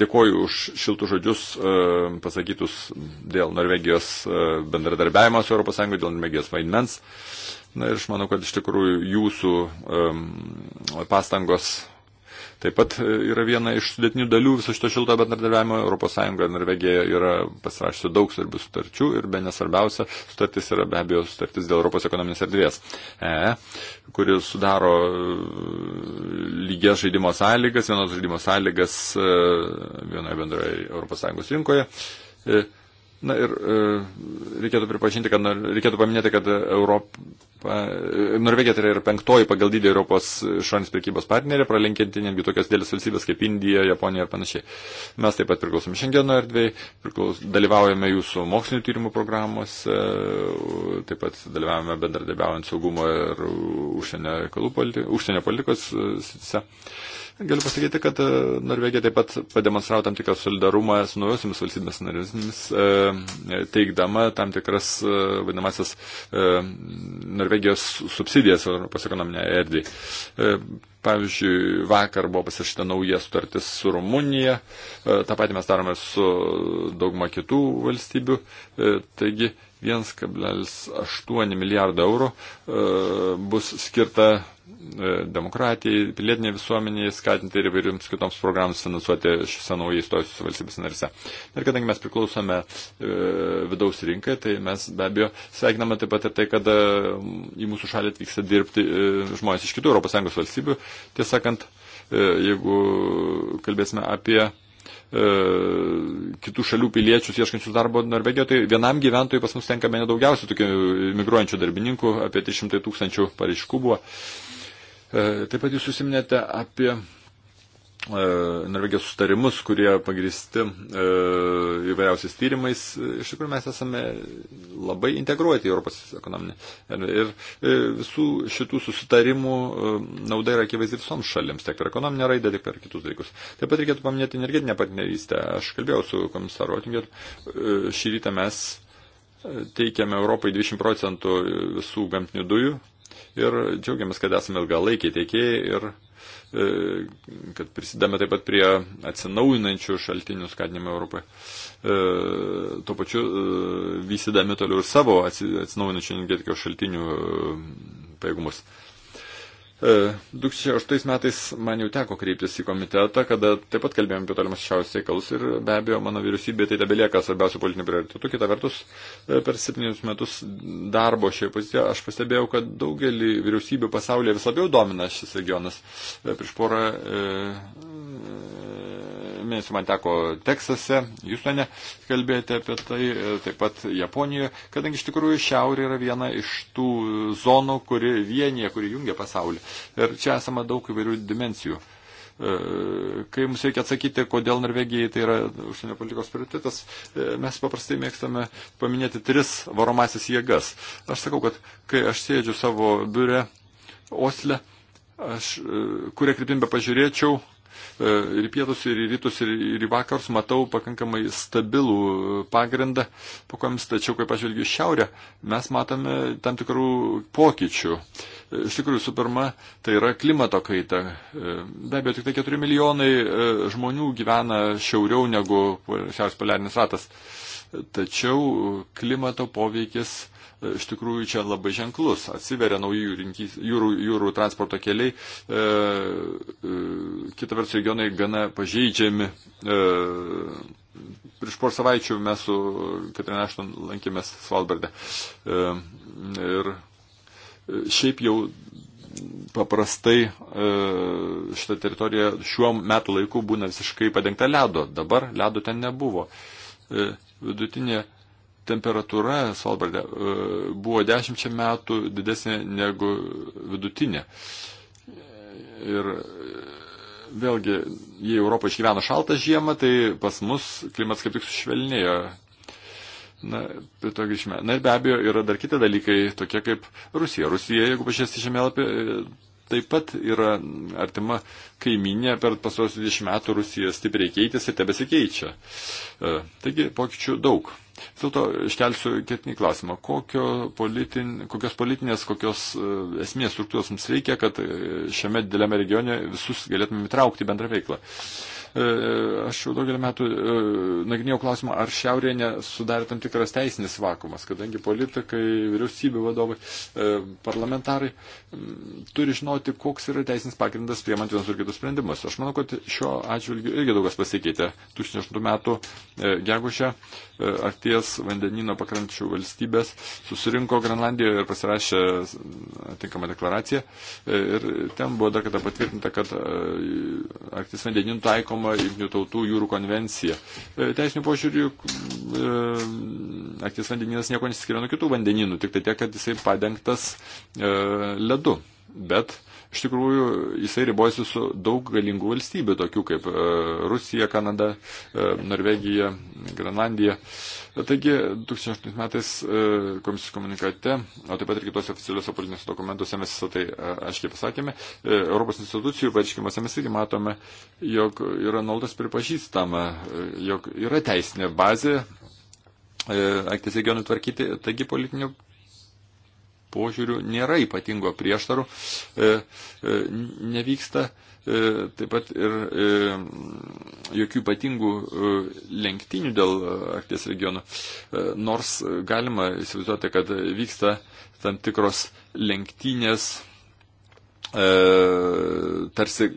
dėkoju už šiltų žodžius pasakytus dėl Norvegijos bendradarbiavimo su ES, dėl Norvegijos vaidmens. Na ir aš manau, kad iš tikrųjų jūsų um, pastangos taip pat e, yra viena iš sudėtinių dalių viso šito šilto bendradarbiavimo. ES Norvegija yra pasirašusi daug svarbių sutarčių ir be nesvarbiausia sutartis yra be abejo sutartis dėl Europos ekonominės erdvės, e, kuri sudaro e, lygias žaidimo sąlygas, vienos žaidimo sąlygas e, vienoje bendroje ES rinkoje. E, Na ir e, reikėtų pripažinti, kad reikėtų paminėti, kad Europa, e, Norvegija tai yra ir penktoji pagal dydį Europos šonis prekybos partnerė, pralenkinti netgi tokias dėlės valstybės kaip Indija, Japonija ir panašiai. Mes taip pat priklausom šiandieno erdvėjai, priklaus, dalyvaujame jūsų mokslinio tyrimų programuose, e, taip pat dalyvaujame bendradarbiaujant saugumo ir užsienio, politi, užsienio politikos srityse. Uh, Galiu pasakyti, kad e, Norvegija taip pat pademonstravo tam tikrą solidarumą su naujosiamis valstybės narėmis, e, teikdama tam tikras e, vadinamasis Norvegijos subsidijas Europos ekonominė erdvė. Pavyzdžiui, vakar buvo pasirašyta nauja sutartis su Rumunija, tą patį mes darome su dauguma kitų valstybių. Taigi, 1,8 milijardo eurų e, bus skirta e, demokratijai, pilietinė visuomenė, skatinti ir įvairiams kitoms programams finansuoti šiose naujai stojusios valstybės narise. Ir kadangi mes priklausome e, vidaus rinkai, tai mes be abejo sveikiname taip pat ir tai, kad į mūsų šalį atvyksta dirbti žmonės iš kitų ES valstybių. Tiesąkant, jeigu kalbėsime apie E, kitų šalių piliečius ieškančius darbo Norvegijoje, tai vienam gyventojui pas mus tenka bene daugiausiai tokių migruojančių darbininkų, apie 300 tūkstančių pareiškų buvo. E, taip pat jūs susiminėte apie E, Norvegijos sustarimus, kurie pagristi e, įvairiausiais tyrimais, iš tikrųjų mes esame labai integruoti į Europos ekonominį. Ir e, visų šitų susitarimų nauda yra akivaizdi visoms šalims, tiek per ekonominę raidą, tiek per kitus dalykus. Taip pat reikėtų paminėti energetinę partnerystę. Aš kalbėjau su komisaru Otingeriu, šį rytą mes teikiame Europai 20 procentų visų gamtinių dujų ir džiaugiamės, kad esame ilgalaikiai tiekėjai ir E, kad prisidame taip pat prie atsinaujinančių šaltinių skatinimo Europoje. E, tuo pačiu e, vystydami toliau ir savo atsinaujinančių energetikos šaltinių pajėgumus. E, 2008 e, metais man jau teko kreiptis į komitetą, kada taip pat kalbėjom apie tolimas šiaurės reikalus ir be abejo mano vyriausybė tai tebelieka svarbiausių politinių prioritetų. Kita vertus, e, per septynius metus darbo šioje pozicijoje aš pastebėjau, kad daugelį vyriausybių pasaulyje vis labiau domina šis regionas. E, prieš porą e, mėnesį man teko Teksase, Jūstone kalbėti apie tai, e, taip pat Japonijoje, kadangi iš tikrųjų šiaurė yra viena iš tų zonų, kuri vienyje, kuri jungia pasaulį. Ir čia esama daug įvairių dimensijų. E, kai mums reikia atsakyti, kodėl Norvegijai tai yra užsienio politikos prioritetas, e, mes paprastai mėgstame paminėti tris varomasis jėgas. Aš sakau, kad kai aš sėdžiu savo biure Osle, aš, kurie kryptim be pažiūrėčiau, E, ir pietus, ir į rytus, ir, ir į vakarus matau pakankamai stabilų e, pagrindą, po kuriam stačiau, kaip aš žvelgiu, šiaurę, mes matome tam tikrų pokyčių. E, iš tikrųjų, su pirma, tai yra klimato kaita. Be abejo, tik tai 4 milijonai žmonių gyvena šiauriau negu šiaurės poliarinis ratas. Tačiau klimato poveikis E, iš tikrųjų čia labai ženklus. Atsiveria naujų rinkys, jūrų, jūrų transporto keliai, e, e, kita vertus regionai gana pažeidžiami. E, Prieš porą savaičių mes su Katrina Ašton lankėmės Svalbardė. E, ir e, šiaip jau paprastai e, šitą teritoriją šiuo metu laiku būna visiškai padengta ledo. Dabar ledo ten nebuvo. Vidutinė temperatūra Svalbardė e, buvo dešimčia metų didesnė negu vidutinė. Ir e, vėlgi, jei Europa išgyveno šaltą žiemą, tai pas mus klimatas kaip tik sušvelnėjo. Na, prie to grįžime. Na ir be abejo, yra dar kiti dalykai, tokie kaip Rusija. Rusija, jeigu pažiūrėsite žemėlapį, e, taip pat yra artima kaiminė, per pasosius 20 metų Rusija stipriai keitėsi ir tebesikeičia. Taigi, pokyčių daug. Vis dėlto iškelsiu ketinį klausimą. Kokio politin, kokios politinės, kokios e, esminės struktūros mums reikia, kad e, šiame dideliame regione visus galėtume įtraukti bendrą veiklą? Uh, E, aš jau daugelį metų e, nagrinėjau klausimą, ar šiaurėje nesudarė tam tikras teisinis vakumas, kadangi politikai, vyriausybių vadovai, e, parlamentarai turi žinoti, koks yra teisinis pagrindas priemant vienus ir kitus sprendimus. Aš manau, kad šiuo atžvilgiu irgi daugas pasikeitė. 2008 metų gegužę Arkties vandenino pakrančių valstybės susirinko Grenlandijoje ir pasirašė atinkamą deklaraciją. Ir ten buvo dar kartą patvirtinta, kad Arkties vandenino taikoma vadinama Junktinių tautų jūrų konvencija. E, teisinių požiūrių e, Arkties vandenynas nieko nesiskiria nuo kitų vandeninų, tik tai tiek, kad jisai padengtas e, ledu. Bet iš tikrųjų jisai ribojasi su daug galingų valstybių, tokių kaip Rusija, Kanada, Norvegija, Grenlandija. E, Taigi 2008 metais e, komisijos komunikate, o taip pat ir kitose oficialiuose politinėse dokumentuose mes visą tai e, aiškiai pasakėme, e, Europos institucijų pareiškimuose mes irgi matome, jog yra nuoltas pripažįstama, jog yra teisinė bazė aktis regionų tvarkyti, taigi politinių požiūrių nėra ypatingo prieštarų, nevyksta. E, E, taip pat ir e, jokių ypatingų e, lenktynių dėl Arkties regiono. Nors galima įsivaizduoti, kad vyksta tam tikros lenktynės tarsi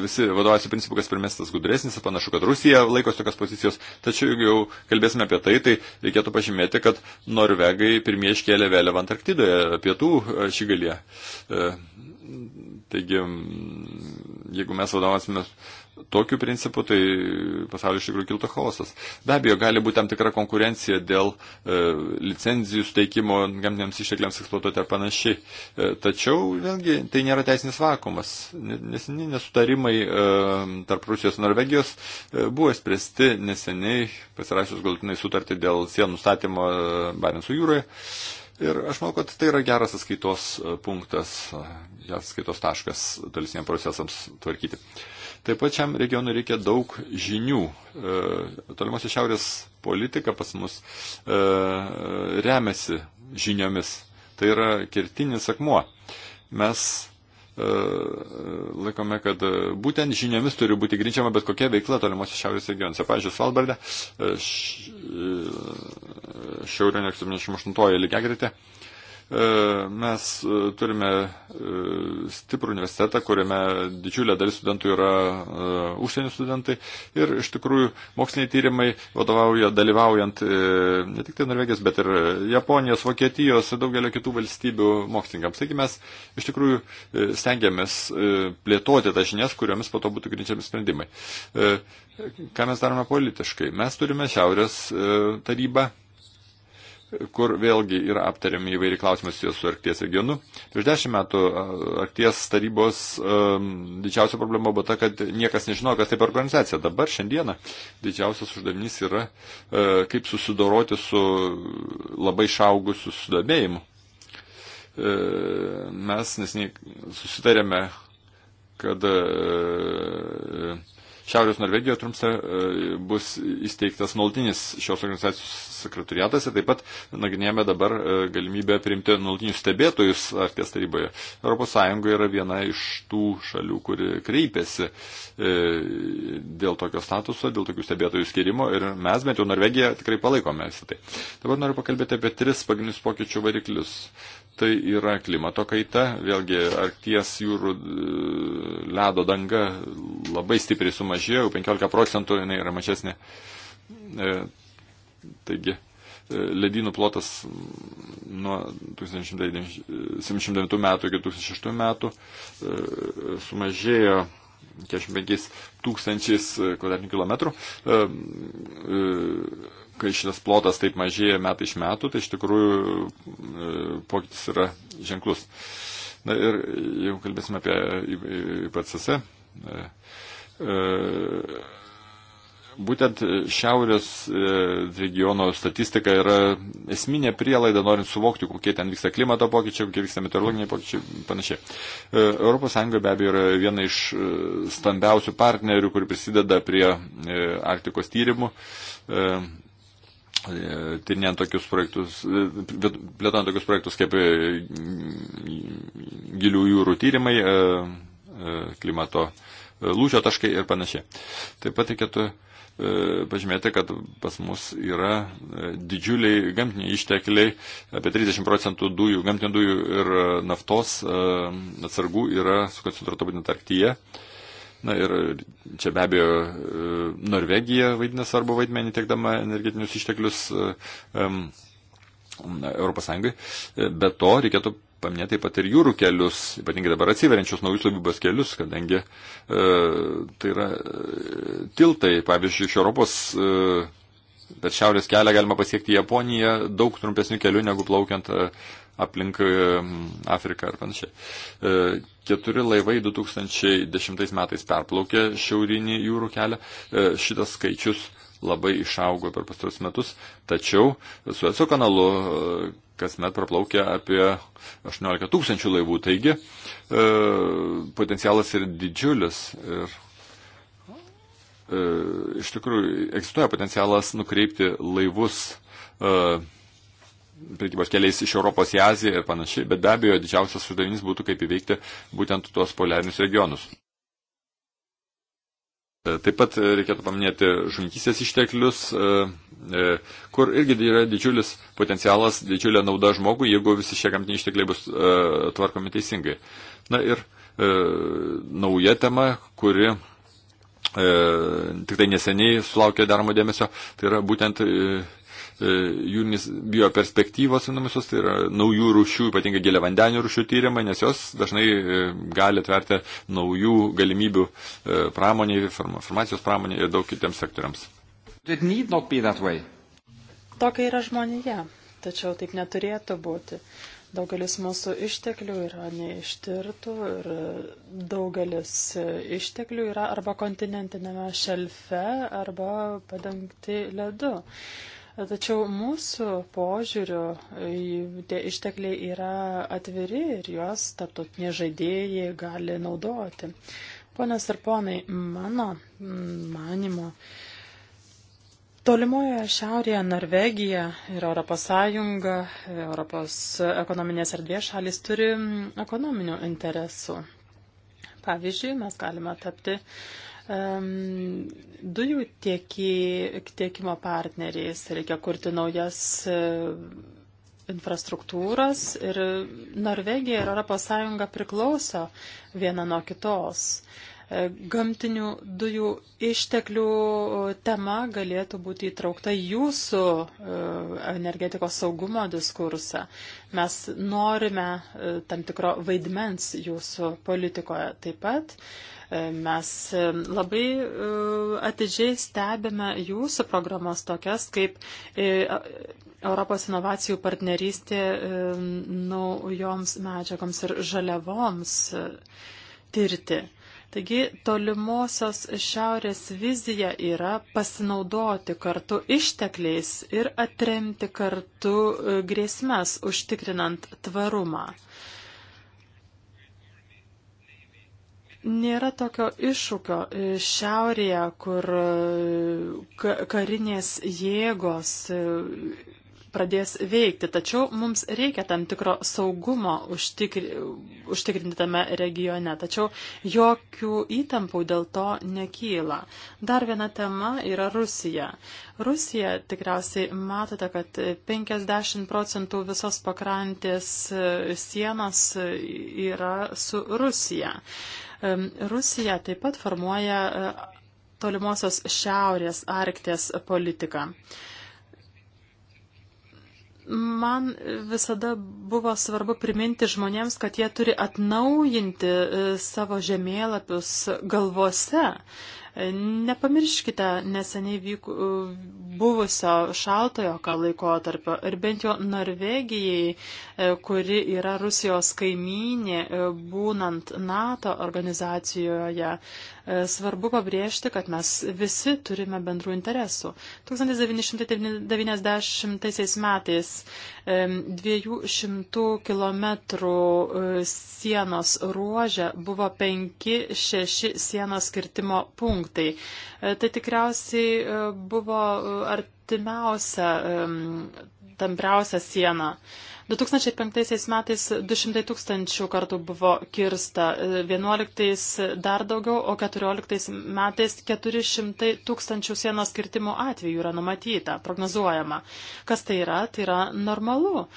visi vadovaujasi principu, kas pirmesnis gudresnis, panašu, kad Rusija laikosi tokios pozicijos, tačiau jeigu jau kalbėsime apie tai, tai reikėtų pažymėti, kad norvegai pirmieji iškėlė vėliavą Antarktidoje, pietų šigalyje. Taigi jeigu mes vadovausimės tokiu principu, tai pasaulio iš tikrųjų kiltų chaosas. Be abejo, gali būti tam tikra konkurencija dėl e, licenzijų steikimo gamtiniams ištekliams eksploatuoti ar panašiai. E, tačiau, vėlgi, tai nėra teisinis vakumas. Neseniai nesutarimai e, tarp Rusijos ir Norvegijos e, buvo spręsti neseniai pasirašius galutinai sutartį dėl sienų statymo e, Barensų jūroje. E, Ir aš manau, kad tai yra geras atskaitos e, punktas, e, atskaitos taškas tolesniems procesams tvarkyti. Taip pat šiam regionui reikia daug žinių. E, Tolimuose šiaurės politika pas mus e, remiasi žiniomis. Tai yra kertinis akmuo. Mes E, laikome, kad e, būtent žiniomis turi būti grindžiama bet kokia veikla tolimuose šiaurės regionuose. Pavyzdžiui, Svalbardė, e, šiaurinio 78 lygiagretė, E, mes e, turime e, stiprų universitetą, kuriame didžiulė dalis studentų yra užsienio studentai ir iš tikrųjų moksliniai tyrimai vadovauja dalyvaujant ne tik tai Norvegijos, bet ir Japonijos, Vokietijos ir daugelio kitų valstybių mokslininkams. Taigi mes iš tikrųjų stengiamės plėtoti tas žinias, kuriomis po to būtų grinčiami sprendimai. Ką mes darome politiškai? Mes turime Šiaurės tarybą kur vėlgi yra aptariami įvairi klausimai susijęs su Arkties regionu. Prieš dešimt metų Arkties tarybos um, didžiausia problema buvo ta, kad niekas nežinojo, kas tai per organizacija. Dabar šiandieną didžiausias uždavinys yra, uh, kaip susidoroti su labai šaugusiu sudomėjimu. Uh, mes nesiniai susitarėme, kad uh, Šiaurės Norvegijoje Trumse bus įsteigtas nuolatinis šios organizacijos sekretoriatas ir taip pat nagrinėjame dabar e, galimybę priimti nuolatinius stebėtojus Arkties taryboje. ES yra viena iš tų šalių, kuri kreipėsi e, dėl tokio statuso, dėl tokių stebėtojų skirimo ir mes bent jau Norvegiją tikrai palaikome visą tai. Dabar noriu pakalbėti apie tris pagrindinius pokyčių variklius. Tai yra klimato kaita, vėlgi arkties jūrų e, ledo danga labai stipriai sumažėjo, 15 procentų jinai yra mažesnė. E, taigi, e, ledynų plotas nuo 1979 metų iki 2006 metų sumažėjo 45 tūkstančiais kvadratinių kilometrų kai šitas plotas taip mažėja metai iš metų, tai iš tikrųjų e, pokytis yra ženklus. Na ir jeigu kalbėsime apie IPCC, e, e, būtent šiaurės regiono statistika yra esminė prielaida, norint suvokti, kokie ten vyksta klimato pokyčiai, kokie vyksta meteorologiniai pokyčiai ir panašiai. ES be abejo yra viena iš stambiausių partnerių, kuri prisideda prie Arktikos tyrimų tirinėjant tokius projektus, plėtojant tokius projektus kaip e, gilių jūrų tyrimai, e, e, klimato lūžio taškai ir panašiai. Taip pat reikėtų pažymėti, kad pas mus yra didžiuliai gamtiniai ištekliai, apie 30 procentų dujų, gamtinių dujų ir naftos atsargų yra sukoncentruota būtent Arktyje. Na ir čia be abejo e, Norvegija vaidina svarbu vaidmenį tiekdama energetinius išteklius um, Europos Sąjungai. E, be to reikėtų paminėti taip pat ir jūrų kelius, ypatingai dabar atsiveriančius naujus laivybos kelius, kadangi e, tai yra e, tiltai, pavyzdžiui, iš Europos e, per šiaurės kelią galima pasiekti Japoniją daug trumpesnių kelių negu plaukiant e, aplink e, Afriką ar panašiai. E, keturi laivai 2010 metais perplaukė šiaurinį jūrų kelią. E, šitas skaičius labai išaugo per pastarus metus, tačiau Sueco kanalu kasmet praplaukia apie 18 tūkstančių laivų, taigi potencialas yra didžiulis. Ir Iš tikrųjų, egzistuoja potencialas nukreipti laivus prekybos keliais iš Europos į Aziją ir panašiai, bet be abejo didžiausias uždavinys būtų kaip įveikti būtent tuos poliarinius regionus. E, taip pat e, reikėtų paminėti žunkysės išteklius, e, kur irgi yra didžiulis potencialas, didžiulė nauda žmogui, jeigu visi šie gamtiniai ištekliai bus tvarkomi teisingai. Na ir nauja tema, kuri tik tai neseniai sulaukė daromo dėmesio, tai yra būtent E, jūrinis bioperspektyvos vadinamosios, tai yra naujų rūšių, ypatingai gėlėvandenių rūšių tyrimai, nes jos dažnai e, gali atverti naujų galimybių e, pramoniai, farmacijos pramoniai ir daug kitiems sektoriams. Tokia yra žmonija, tačiau taip neturėtų būti. Daugelis mūsų išteklių yra neištirtų ir daugelis išteklių yra arba kontinentinėme šelfe, arba padengti ledu. Tačiau mūsų požiūriu tie ištekliai yra atviri ir juos tarptautiniai žaidėjai gali naudoti. Ponios ir ponai, mano mm, manimo, Tolimoje šiaurėje Norvegija ir ES, Europos ekonominės erdvės šalis turi mm, ekonominių interesų. Pavyzdžiui, mes galime tapti um, dujų tieky, tiekimo partneriais, reikia kurti naujas e, infrastruktūras ir Norvegija ir ES priklauso viena nuo kitos. Uh, E, gamtinių dujų išteklių tema galėtų būti įtraukta jūsų e, energetikos saugumo diskursą. Mes norime e, tam tikro vaidmens jūsų politikoje taip pat. Mes labai atidžiai stebime jūsų programas tokias kaip Europos inovacijų partnerystė naujoms medžiagoms ir žaliavoms tirti. Taigi tolimosios šiaurės vizija yra pasinaudoti kartu ištekliais ir atremti kartu e, grėsmes, užtikrinant tvarumą. Nėra tokio iššūkio e, šiaurėje, kur e, karinės jėgos pradės veikti, tačiau mums reikia tam tikro saugumo užtikri, užtikrinti tame regione, tačiau jokių įtampų dėl to nekyla. Dar viena tema yra Rusija. Rusija tikriausiai matote, kad 50 procentų visos pakrantės e, sienos e, yra su Rusija. Rusija taip pat formuoja e, tolimosios šiaurės Arktės politiką. Man visada buvo svarbu priminti žmonėms, kad jie turi atnaujinti e, savo žemėlapius galvose. E, nepamirškite neseniai vyk, e, buvusio šaltojo laiko tarpio ir bent jau Norvegijai, kuri yra Rusijos kaimynė, būnant NATO organizacijoje, E, svarbu pabrėžti, kad mes visi turime bendrų interesų. 1990 metais 200 e, km e, sienos ruožė buvo 5-6 sienos kirtimo punktai. Tai tikriausiai buvo artimiausia, tampriausia siena. 2005 metais 200 tūkstančių kartų buvo kirsta, 11 dar daugiau, o 14 metais 400 tūkstančių sienos kirtimų atvejų yra numatyta, prognozuojama. Kas tai yra? Tai yra normalu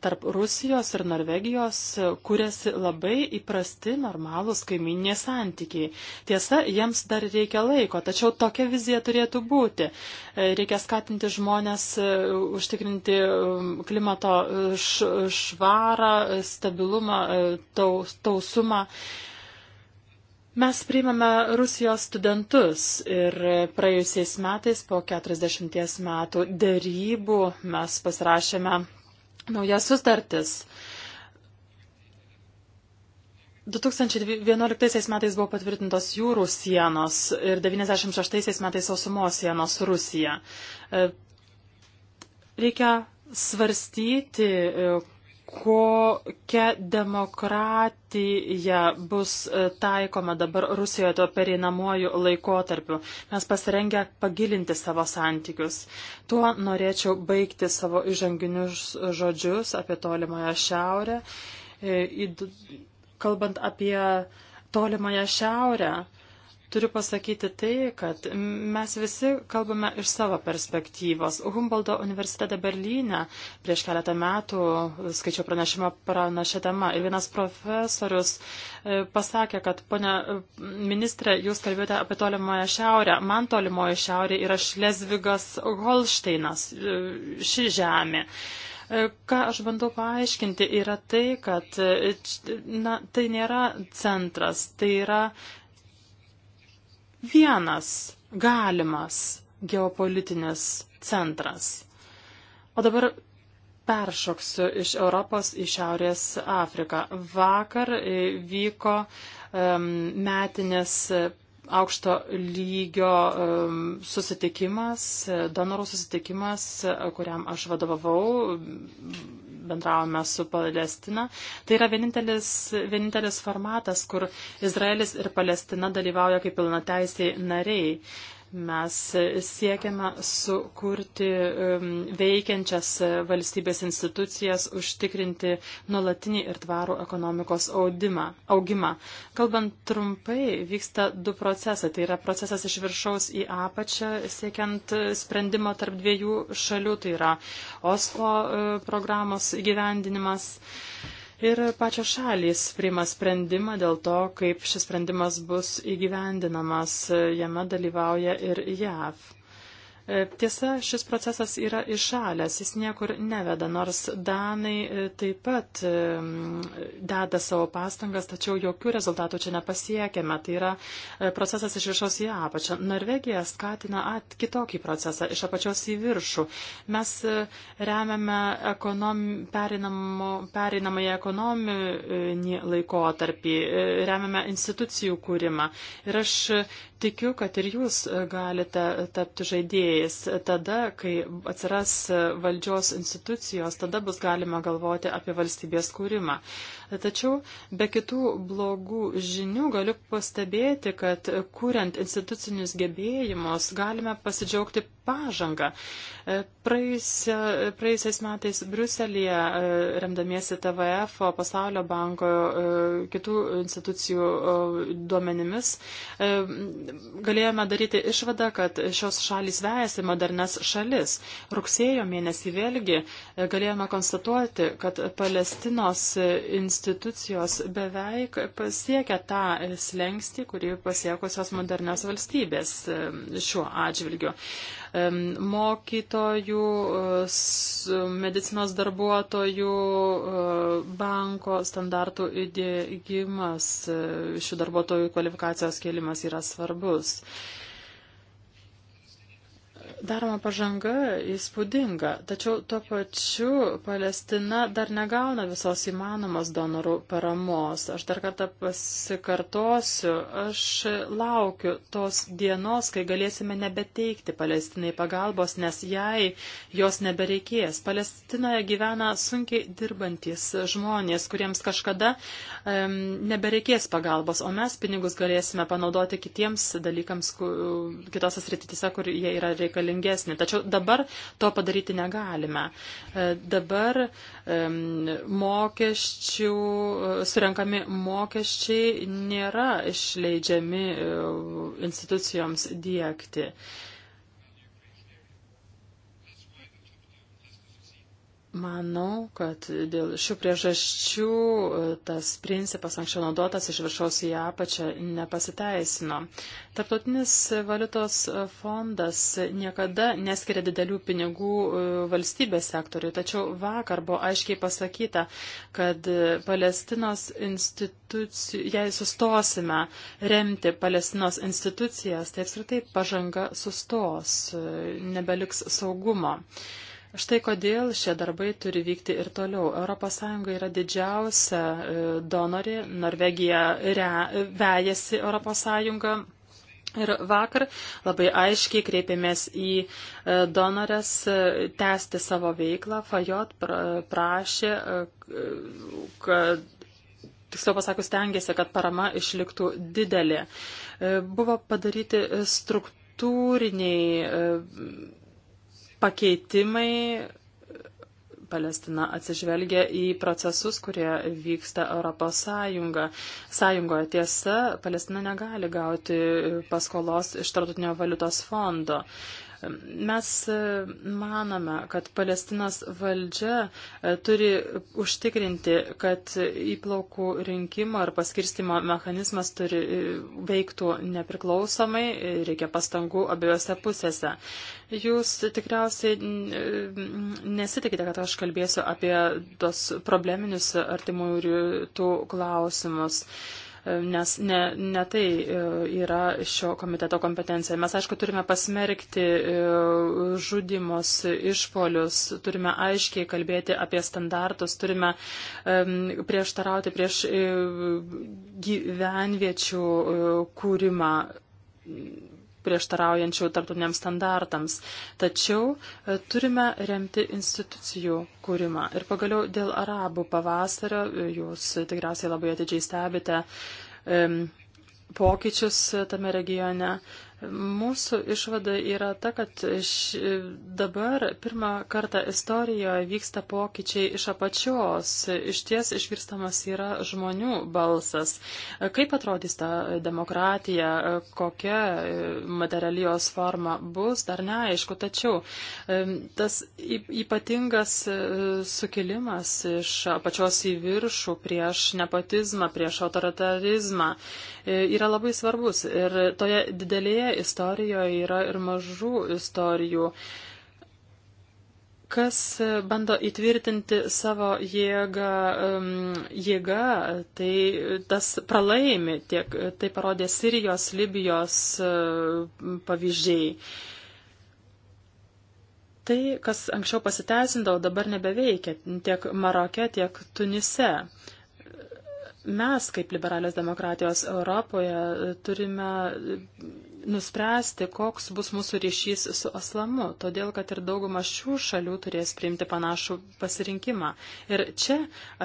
tarp Rusijos ir Norvegijos e, kuriasi labai įprasti normalūs kaiminiai santykiai. Tiesa, jiems dar reikia laiko, tačiau tokia vizija turėtų būti. E, reikia skatinti žmonės e, užtikrinti klimato švarą, stabilumą, tausumą. Mes priimame Rusijos studentus ir praėjusiais metais po 40 metų dėrybų mes pasirašėme naujas sutartis. 2011 metais buvo patvirtintos jūrų sienos ir 96 metais sausumos sienos su Rusija. E, reikia svarstyti, e, kokia demokratija bus e, taikoma dabar Rusijoje tuo pereinamuoju laikotarpiu. Mes pasirengę pagilinti savo santykius. Tuo norėčiau baigti savo įžanginius žodžius apie tolimąją šiaurę. E, kalbant apie tolimąją šiaurę, turiu pasakyti tai, kad mes visi kalbame iš savo perspektyvos. Humboldo universitete Berlyne prieš keletą metų skaičiau pranešimą pranašę temą ir vienas profesorius e, pasakė, kad ponia e, ministrė, jūs kalbėjote apie tolimoje šiaurę. Man tolimoje šiaurė yra Šlezvigas Holšteinas, e, ši žemė. Ką aš bandau paaiškinti yra tai, kad na, tai nėra centras, tai yra vienas galimas geopolitinis centras. O dabar peršoksiu iš Europos į Šiaurės Afriką. Vakar e, vyko um, metinės e, aukšto lygio um, susitikimas, e, donorų susitikimas, kuriam aš vadovavau bendravome su Palestina. Tai yra vienintelis, vienintelis formatas, kur Izraelis ir Palestina dalyvauja kaip pilnateisiai nariai. Mes siekiame sukurti um, veikiančias valstybės institucijas, užtikrinti nulatinį ir tvarų ekonomikos audimą, augimą. Kalbant trumpai, vyksta du procesai. Tai yra procesas iš viršaus į apačią, siekiant sprendimo tarp dviejų šalių. Tai yra Oslo uh, programos gyvendinimas ir pačios šalys priima sprendimą dėl to, kaip šis sprendimas bus įgyvendinamas. Jame dalyvauja ir JAV. E, tiesa, šis procesas yra išalęs, jis niekur neveda, nors Danai e, taip pat e, deda savo pastangas, tačiau jokių rezultatų čia nepasiekėme. Tai yra procesas iš viršaus į apačią. Norvegija skatina at, kitokį procesą, iš apačios į viršų. Mes remiame ekonom, perinamo, perinamąją ekonominį laikotarpį, remiame institucijų kūrimą. Ir aš tikiu, kad ir jūs galite tapti žaidėjai atvejais, tada, kai atsiras valdžios institucijos, tada bus galima galvoti apie valstybės kūrimą. Tačiau be kitų blogų žinių galiu pastebėti, kad kuriant institucinius gebėjimus galime pasidžiaugti pažangą. E, praėjusiais metais Bruselėje, e, remdamiesi TVF, Pasaulio banko, e, kitų institucijų duomenimis, galėjome daryti išvadą, kad šios šalys vejasi modernes šalis. Rugsėjo mėnesį vėlgi galėjome konstatuoti, kad Palestinos institucijos beveik pasiekia tą slengstį, kurį pasiekusios modernios valstybės šiuo atžvilgiu mokytojų, e, medicinos darbuotojų, e, banko standartų įdėgymas, e, šių darbuotojų kvalifikacijos kėlimas yra svarbus. Daroma pažanga įspūdinga, tačiau tuo pačiu Palestina dar negauna visos įmanomos donorų paramos. Aš dar kartą pasikartosiu, aš laukiu tos dienos, kai galėsime nebeteikti Palestinai pagalbos, nes jai jos nebereikės. Palestinoje gyvena sunkiai dirbantis žmonės, kuriems kažkada um, nebereikės pagalbos, o mes pinigus galėsime panaudoti kitiems dalykams, kitose srityse, kur jie yra reikalingi veiksmingesnį. Tačiau dabar to padaryti negalime. E, dabar mokesčių, e, surenkami mokesčiai nėra išleidžiami e, institucijoms dėkti. Manau, kad dėl šių priežasčių e, tas principas anksčiau naudotas iš viršaus į apačią nepasiteisino. Tarptautinis valiutos fondas niekada neskiria didelių pinigų e, valstybės sektoriui, tačiau vakar buvo aiškiai pasakyta, kad Palestinos institucijų, jei sustosime remti Palestinos institucijas, tai apskritai pažanga sustos, e, nebeliks saugumo. Štai kodėl šie darbai turi vykti ir toliau. ES yra didžiausia e, donorė, Norvegija re, vejasi ES. Ir vakar labai aiškiai kreipėmės į e, donorės e, tęsti savo veiklą. Fajot prašė, kad tiksliau pasakius, tengiasi, kad parama išliktų didelė. Buvo padaryti struktūriniai pakeitimai Palestina atsižvelgia į procesus, kurie vyksta Europos Sąjunga. Sąjungoje tiesa, Palestina negali gauti paskolos iš tartutinio valiutos fondo. Mes e, manome, kad Palestinos valdžia e, turi užtikrinti, kad įplaukų rinkimo ar paskirstimo mechanizmas turi e, veiktų nepriklausomai, reikia pastangų abiejose pusėse. Jūs tikriausiai nesitikite, kad aš kalbėsiu apie tos probleminius artimųjų rytų klausimus nes ne, ne tai e, yra šio komiteto kompetencija. Mes, aišku, turime pasmerkti e, žudimus, išpolius, turime aiškiai kalbėti apie standartus, turime prieštarauti prieš e, gyvenviečių kūrimą prieštaraujančių tarptautiniams standartams. Tačiau e, turime remti institucijų kūrimą. Ir pagaliau dėl arabų pavasario, e, jūs tikriausiai labai atidžiai stebite pokyčius tame regione. Mūsų išvada yra ta, kad š, dabar pirmą kartą istorijoje vyksta pokyčiai iš apačios. Iš ties išgirstamas yra žmonių balsas. Kaip atrodys ta demokratija, kokia materialijos forma bus, dar neaišku. Tačiau tas ypatingas e, sukilimas iš apačios į viršų prieš nepatizmą, prieš autoritarizmą e, yra labai svarbus. Ir toje didelėje istorijoje yra ir mažų istorijų kas e, bando įtvirtinti savo jėgą, jėga, tai tas pralaimi, tiek e, tai parodė Sirijos, Libijos e, pavyzdžiai. Tai, kas anksčiau pasiteisindavo, dabar nebeveikia tiek Maroke, tiek Tunise. Mes, kaip liberalės demokratijos Europoje, turime nuspręsti, koks bus mūsų ryšys su aslamu, todėl kad ir dauguma šių šalių turės priimti panašų pasirinkimą. Ir čia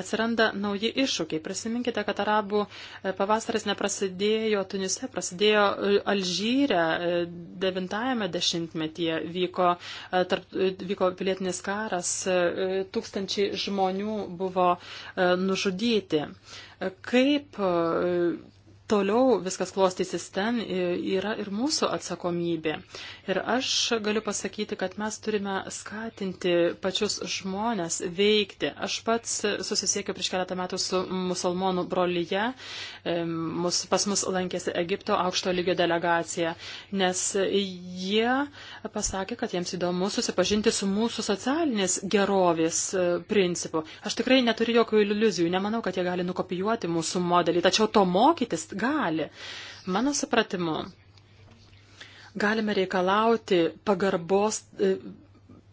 atsiranda nauji iššūkiai. Prisiminkite, kad arabų e, pavasaris neprasidėjo Tunise, prasidėjo e, Alžyre, 90-ame e, dešimtmetyje vyko, tarp, vyko pilietinis karas, tūkstančiai žmonių buvo nužudyti. Kaip toliau viskas klostysis ten, yra ir mūsų atsakomybė. Ir aš galiu pasakyti, kad mes turime skatinti pačius žmonės veikti. Aš pats susisiekiau prieš keletą metų su musulmonų brolyje, mus, pas mus lankėsi Egipto aukšto lygio delegacija, nes jie pasakė, kad jiems įdomu susipažinti su mūsų socialinės gerovės e, principu. Aš tikrai neturiu jokių iliuzijų, nemanau, kad jie gali nukopijuoti mūsų modelį, tačiau to mokytis gali. Mano supratimu, galime reikalauti pagarbos e,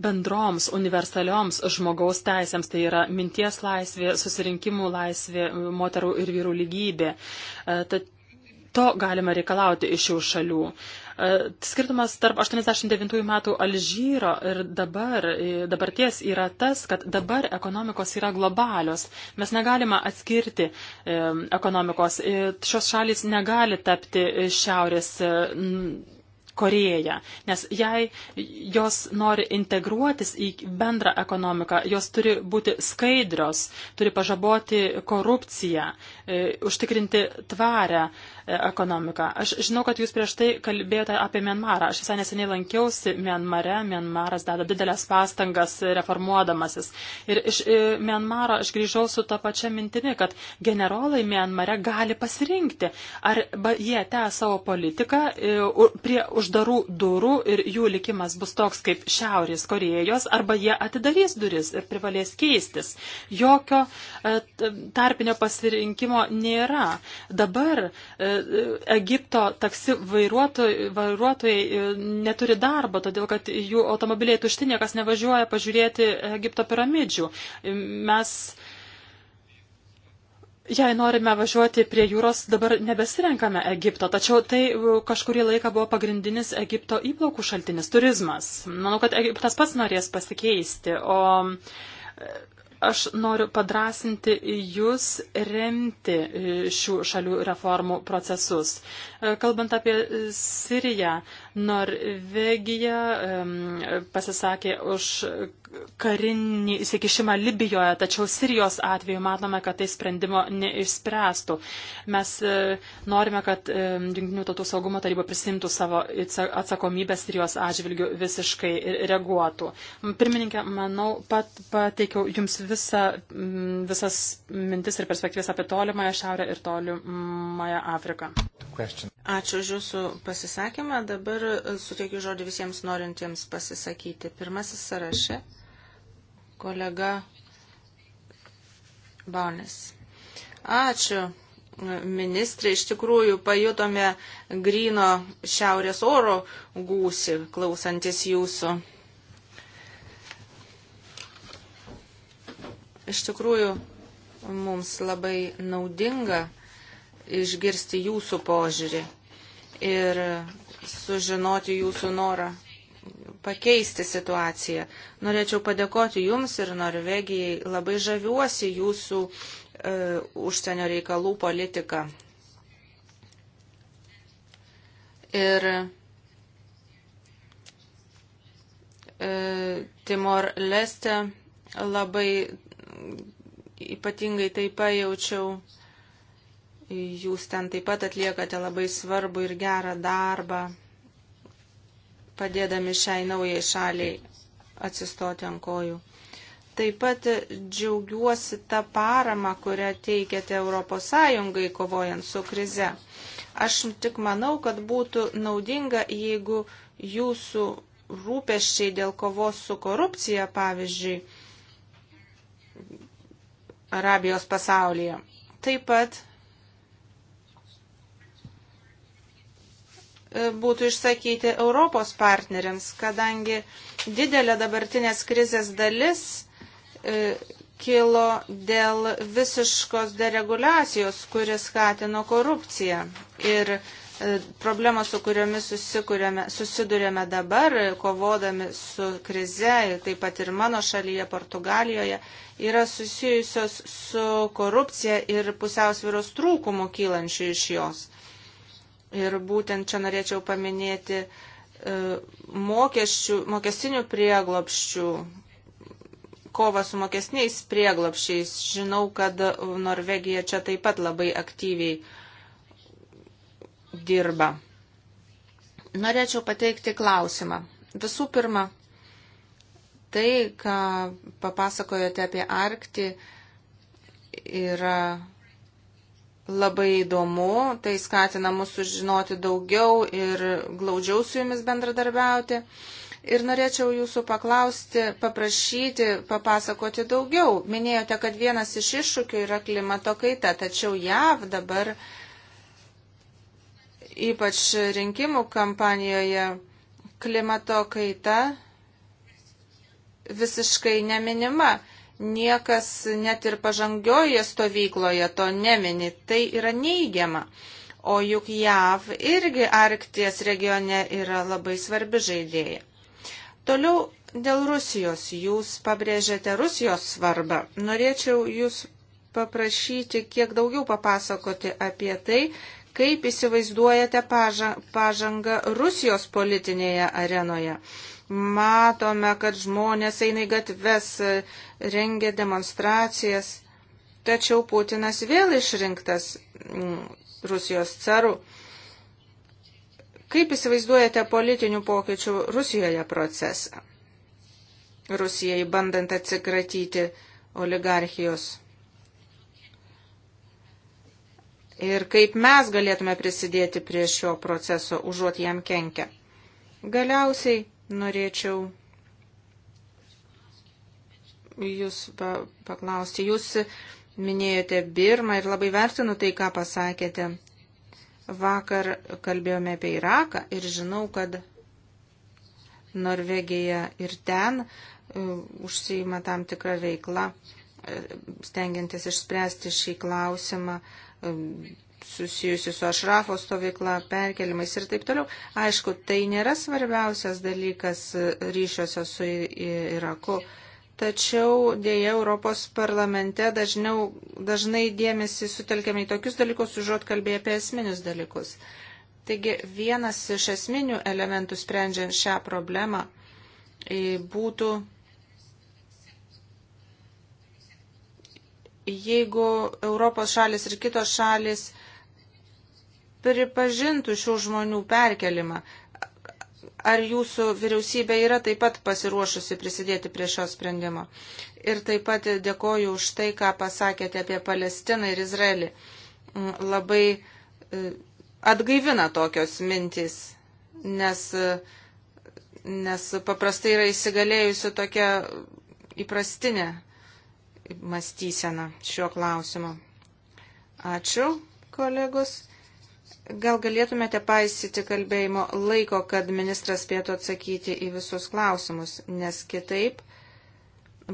bendroms universalioms žmogaus teisėms, tai yra minties laisvė, susirinkimų laisvė, moterų ir vyrų lygybė. E, tad to galima reikalauti iš šių šalių. E, skirtumas tarp 89 metų Alžyro ir dabar, e, dabarties yra tas, kad dabar ekonomikos yra globalios. Mes negalime atskirti e, ekonomikos. Šios šalis negali tapti šiaurės Koreja, nes jei jos nori integruotis į bendrą ekonomiką, jos turi būti skaidrios, turi pažaboti korupciją, užtikrinti tvarę ekonomiką. Aš žinau, kad jūs prieš tai kalbėjote apie Mianmarą. Aš visai neseniai lankiausi Mianmare. Mianmaras deda didelės pastangas reformuodamasis. Ir iš Mianmaro aš grįžau su ta pačia mintimi, kad generolai Mianmare gali pasirinkti, ar jie tęs savo politiką e, prie uždarų durų ir jų likimas bus toks kaip Šiaurės Korejos, arba jie atidarys duris ir privalės keistis. Jokio e, tarpinio pasirinkimo nėra. Dabar e, Egipto taksi vairuotojai, vairuotojai e, neturi darbo, todėl kad jų automobiliai tušti, niekas nevažiuoja pažiūrėti Egipto piramidžių. Mes, jei norime važiuoti prie jūros, dabar nebesirenkame Egipto, tačiau tai e, kažkurį laiką buvo pagrindinis Egipto įplaukų šaltinis - turizmas. Manau, kad Egiptas pats norės pasikeisti, o Aš noriu padrasinti jūs remti e, šių šalių reformų procesus. E, kalbant apie Siriją, Norvegija pasisakė už karinį įsikišimą Libijoje, tačiau Sirijos atveju matome, kad tai sprendimo neišspręstų. Mes e, norime, kad Junktinių tautų saugumo taryba prisimtų savo atsakomybę Sirijos atžvilgių visiškai ir reaguotų. Pirmininkė, manau, pat pateikiau Jums visa, visas mintis ir perspektyvas apie tolimąją šiaurę ir tolimąją Afriką. Ačiū už Jūsų pasisakymą. Dabar suteikiu žodį visiems norintiems pasisakyti. Pirmasis sąraše kolega Baunis. Ačiū, ministrė. Iš tikrųjų, pajutome grino šiaurės oro gūsi, klausantis jūsų. Iš tikrųjų, mums labai naudinga išgirsti jūsų požiūrį. Ir sužinoti jūsų norą pakeisti situaciją. Norėčiau padėkoti Jums ir Norvegijai. Labai žaviuosi Jūsų e, užsienio reikalų politiką. Ir e, Timor Leste labai ypatingai tai pajaučiau. E, Jūs ten taip pat atliekate labai svarbu ir gerą darbą, padėdami šiai naujai šaliai atsistoti ant kojų. Taip pat džiaugiuosi tą paramą, kurią teikiate ES kovojant su krize. Aš tik manau, kad būtų naudinga, jeigu jūsų rūpeščiai dėl kovos su korupcija, pavyzdžiui, Arabijos pasaulyje. Taip pat E, būtų išsakyti Europos partneriams, kadangi didelė dabartinės krizės dalis e, kilo dėl visiškos deregulacijos, kuris skatino korupciją. Ir e, problemos, su kuriomis susidurėme dabar, kovodami su krize, taip pat ir mano šalyje, Portugalijoje, yra susijusios su korupcija ir pusiausvėros trūkumu kylančiu iš jos. Ir būtent čia norėčiau paminėti e, mokesčių, mokestinių prieglopščių, kovą su mokestiniais prieglopščiais. Žinau, kad Norvegija čia taip pat labai aktyviai dirba. Norėčiau pateikti klausimą. Visų pirma, tai, ką papasakojote apie Arktį, yra labai įdomu, tai skatina mus sužinoti daugiau ir glaudžiau su jumis bendradarbiauti. Ir norėčiau jūsų paklausti, paprašyti, papasakoti daugiau. Minėjote, kad vienas iš iššūkių yra klimato kaita, tačiau JAV dabar, ypač rinkimų kampanijoje, klimato kaita visiškai neminima niekas net ir pažangioje stovykloje to nemini. Tai yra neigiama. O juk JAV irgi Arkties regione yra labai svarbi žaidėja. Toliau dėl Rusijos. Jūs pabrėžėte Rusijos svarbą. Norėčiau jūs paprašyti kiek daugiau papasakoti apie tai, kaip įsivaizduojate pažangą Rusijos politinėje arenoje matome, kad žmonės eina į gatves, rengia demonstracijas. Tačiau Putinas vėl išrinktas mm, Rusijos caru. Kaip įsivaizduojate politinių pokyčių Rusijoje procesą? Rusijai bandant atsikratyti oligarchijos. Ir kaip mes galėtume prisidėti prie šio proceso, užuot jam kenkę. Galiausiai norėčiau jūs paklausti. Jūs minėjote Birmą ir labai vertinu tai, ką pasakėte. Vakar kalbėjome apie Iraką ir žinau, kad Norvegija ir ten e, užsijima tam tikrą veiklą, e, stengiantis išspręsti šį klausimą e, susijusi su Ašrafo stovykla, perkelimais ir taip toliau. Aišku, tai nėra svarbiausias dalykas ryšiuose su Iraku. Tačiau dėja Europos parlamente dažniau, dažnai dėmesį sutelkiame į tokius dalykus, užuot kalbėję apie esminius dalykus. Taigi vienas iš esminių elementų sprendžiant šią problemą e, būtų, jeigu Europos šalis ir kitos šalis pripažintų šių žmonių perkelimą. Ar jūsų vyriausybė yra taip pat pasiruošusi prisidėti prie šio sprendimo? Ir taip pat dėkoju už tai, ką pasakėte apie Palestiną ir Izraelį. Mm, labai e, atgaivina tokios mintys, nes, e, nes paprastai yra įsigalėjusi tokia įprastinė mąstysena šiuo klausimu. Ačiū, kolegos. Gal galėtumėte paisyti kalbėjimo laiko, kad ministras spėtų atsakyti į visus klausimus, nes kitaip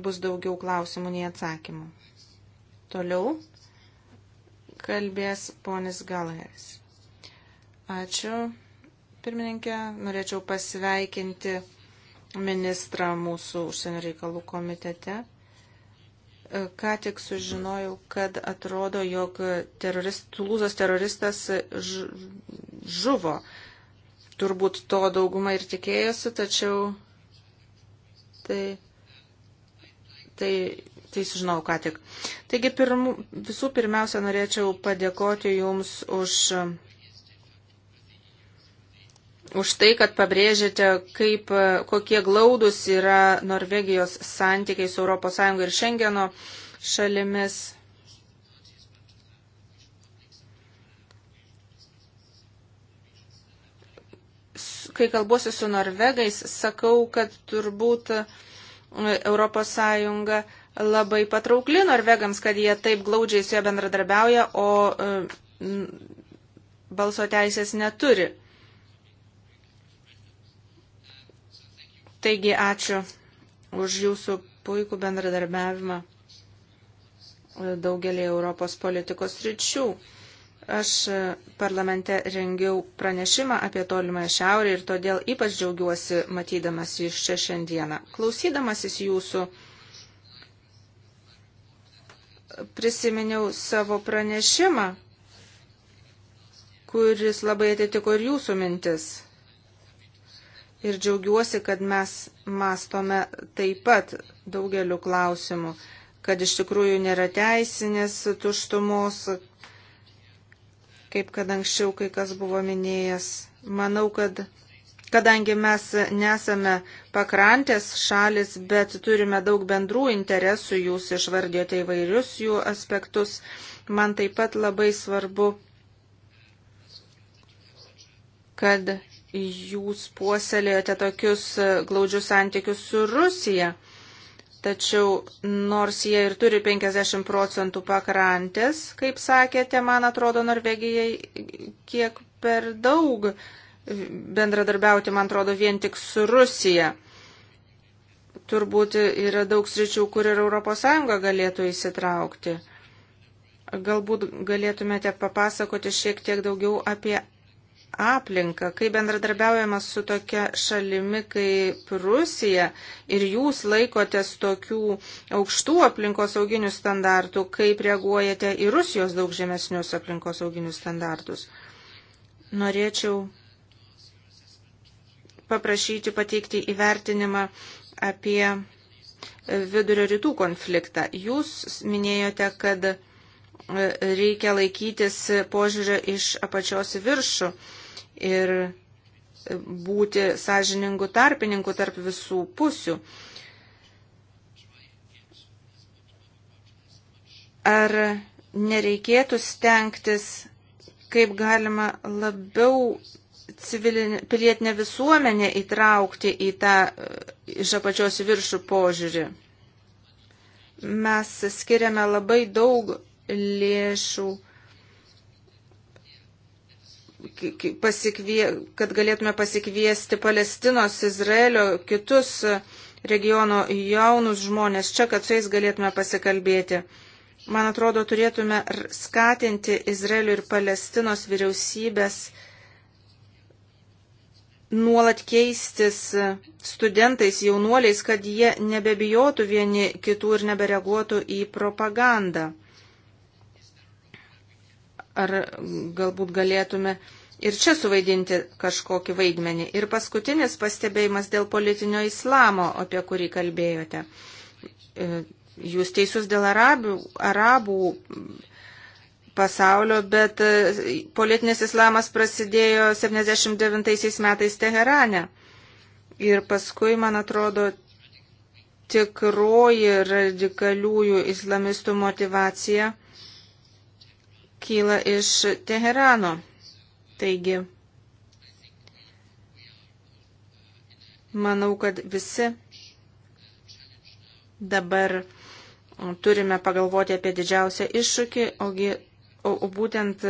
bus daugiau klausimų nei atsakymų. Toliau kalbės ponis Galaheris. Ačiū, pirmininkė. Norėčiau pasveikinti ministrą mūsų užsienio reikalų komitete. Ką tik sužinojau, kad atrodo, jog terorist, Tulūzos teroristas žuvo. Turbūt to dauguma ir tikėjosi, tačiau tai, tai, tai sužinojau ką tik. Taigi pirm, visų pirmiausia norėčiau padėkoti Jums už už tai, kad pabrėžėte, kaip, kokie glaudus yra Norvegijos santykiai su ES ir Šengeno šalimis. Kai kalbuosiu su norvegais, sakau, kad turbūt ES labai patraukli norvegams, kad jie taip glaudžiai su ja bendradarbiauja, o e, balso teisės neturi. Taigi ačiū už jūsų puikų bendradarbiavimą daugelį Europos politikos ryčių. Aš parlamente rengiau pranešimą apie tolimąją šiaurę ir todėl ypač džiaugiuosi matydamas iš čia šiandieną. Klausydamasis jūsų prisiminiau savo pranešimą, kuris labai atitiko ir jūsų mintis ir džiaugiuosi, kad mes mastome taip pat daugeliu klausimų, kad iš tikrųjų nėra teisinės tuštumos, kaip kad anksčiau kai kas buvo minėjęs. Manau, kad kadangi mes nesame pakrantės šalis, bet turime daug bendrų interesų, jūs išvardėte įvairius jų aspektus, man taip pat labai svarbu, kad jūs puoselėjote tokius e, glaudžius santykius su Rusija. Tačiau nors jie ir turi 50 procentų pakrantės, kaip sakėte, man atrodo, Norvegijai kiek per daug bendradarbiauti, man atrodo, vien tik su Rusija. Turbūt yra daug sričių, kur ir ES galėtų įsitraukti. Galbūt galėtumėte papasakoti šiek tiek daugiau apie aplinką, kai bendradarbiaujama su tokia šalimi kaip Rusija ir jūs laikotės tokių aukštų aplinkos auginių standartų, kaip reaguojate į Rusijos daug žemesnius aplinkos auginių standartus. Norėčiau paprašyti pateikti įvertinimą apie vidurio rytų konfliktą. Jūs minėjote, kad e, reikia laikytis požiūrio iš apačios į viršų ir būti sąžiningų tarpininkų tarp visų pusių. Ar nereikėtų stengtis, kaip galima labiau civilinė, pilietinė visuomenė įtraukti į tą iš apačios į viršų požiūrį? Mes skiriame labai daug lėšų pasikvie, kad galėtume pasikviesti Palestinos, Izraelio, kitus regiono jaunus žmonės čia, kad su jais galėtume pasikalbėti. Man atrodo, turėtume skatinti Izraelio ir Palestinos vyriausybės nuolat keistis studentais, jaunuoliais, kad jie nebebijotų vieni kitų ir nebereaguotų į propagandą ar galbūt galėtume ir čia suvaidinti kažkokį vaidmenį. Ir paskutinis pastebėjimas dėl politinio islamo, apie kurį kalbėjote. E, jūs teisus dėl arabių, arabų pasaulio, bet e, politinis islamas prasidėjo 79 metais Teherane. Ir paskui, man atrodo, tikroji radikaliųjų islamistų motivacija kyla iš Teherano. Taigi, manau, kad visi dabar turime pagalvoti apie didžiausią iššūkį, ogi, o, o būtent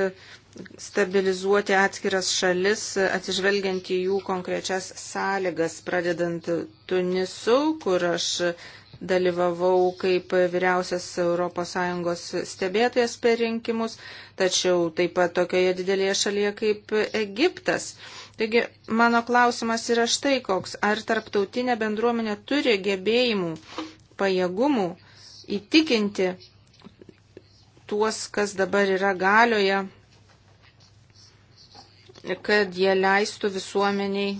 stabilizuoti atskiras šalis, atsižvelgiant į jų konkrečias sąlygas, pradedant Tunisu, kur aš dalyvavau kaip vyriausias ES stebėtojas per rinkimus, tačiau taip pat tokioje didelėje šalyje kaip Egiptas. Taigi mano klausimas yra štai koks. Ar tarptautinė bendruomenė turi gebėjimų, pajėgumų įtikinti tuos, kas dabar yra galioje, kad jie leistų visuomeniai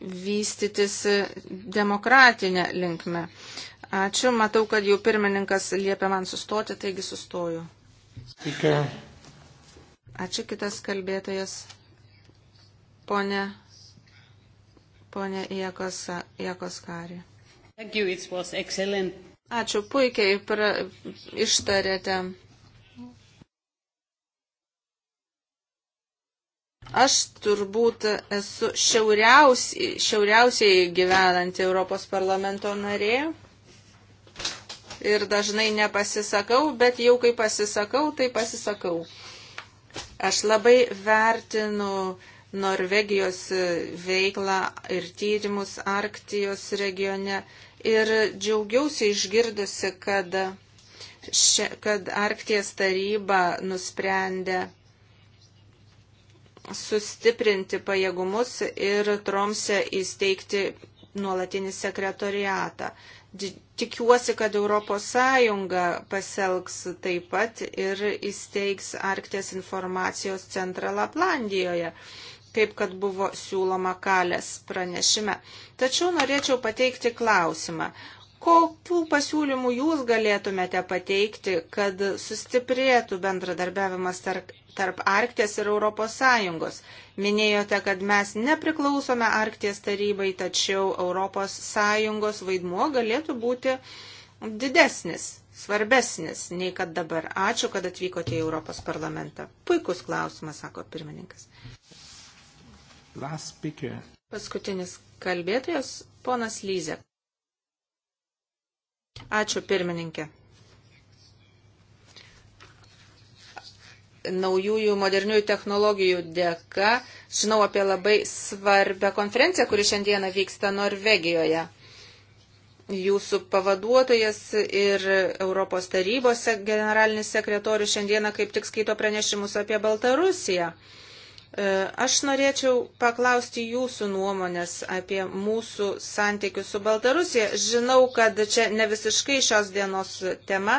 vystytis demokratinę linkmę. Ačiū, matau, kad jau pirmininkas liepia man sustoti, taigi sustoju. Speaker. Ačiū kitas kalbėtojas. Pone, pone Iekos, Iekos Kari. Ačiū, puikiai pra, ištarėte Aš turbūt esu šiauriausiai, šiauriausiai gyvenanti Europos parlamento narė ir dažnai nepasisakau, bet jau kai pasisakau, tai pasisakau. Aš labai vertinu Norvegijos veiklą ir tyrimus Arktijos regione ir džiaugiausi išgirdusi, kad, še, kad Arkties taryba nusprendė sustiprinti pajėgumus ir Tromse įsteigti nuolatinį sekretoriatą. Tikiuosi, kad ES pasielgs taip pat ir įsteigs Arktės informacijos centrą Laplandijoje, kaip kad buvo siūloma kalės pranešime. Tačiau norėčiau pateikti klausimą. Kokių pasiūlymų jūs galėtumėte pateikti, kad sustiprėtų bendradarbiavimas tarp, tarp Arkties ir ES? Minėjote, kad mes nepriklausome Arkties tarybai, tačiau ES vaidmuo galėtų būti didesnis, svarbesnis nei kad dabar. Ačiū, kad atvykote į Europos parlamentą. Puikus klausimas, sako pirmininkas. Paskutinis kalbėtojas, ponas Lyzek. Ačiū pirmininkė. naujųjų moderniųjų technologijų dėka. Žinau apie labai svarbę konferenciją, kuri šiandieną vyksta Norvegijoje. Jūsų pavaduotojas ir Europos tarybos generalinis sekretorius šiandieną kaip tik skaito pranešimus apie Baltarusiją. E, aš norėčiau paklausti jūsų nuomonės apie mūsų santykius su Baltarusija. Žinau, kad čia ne visiškai šios dienos tema,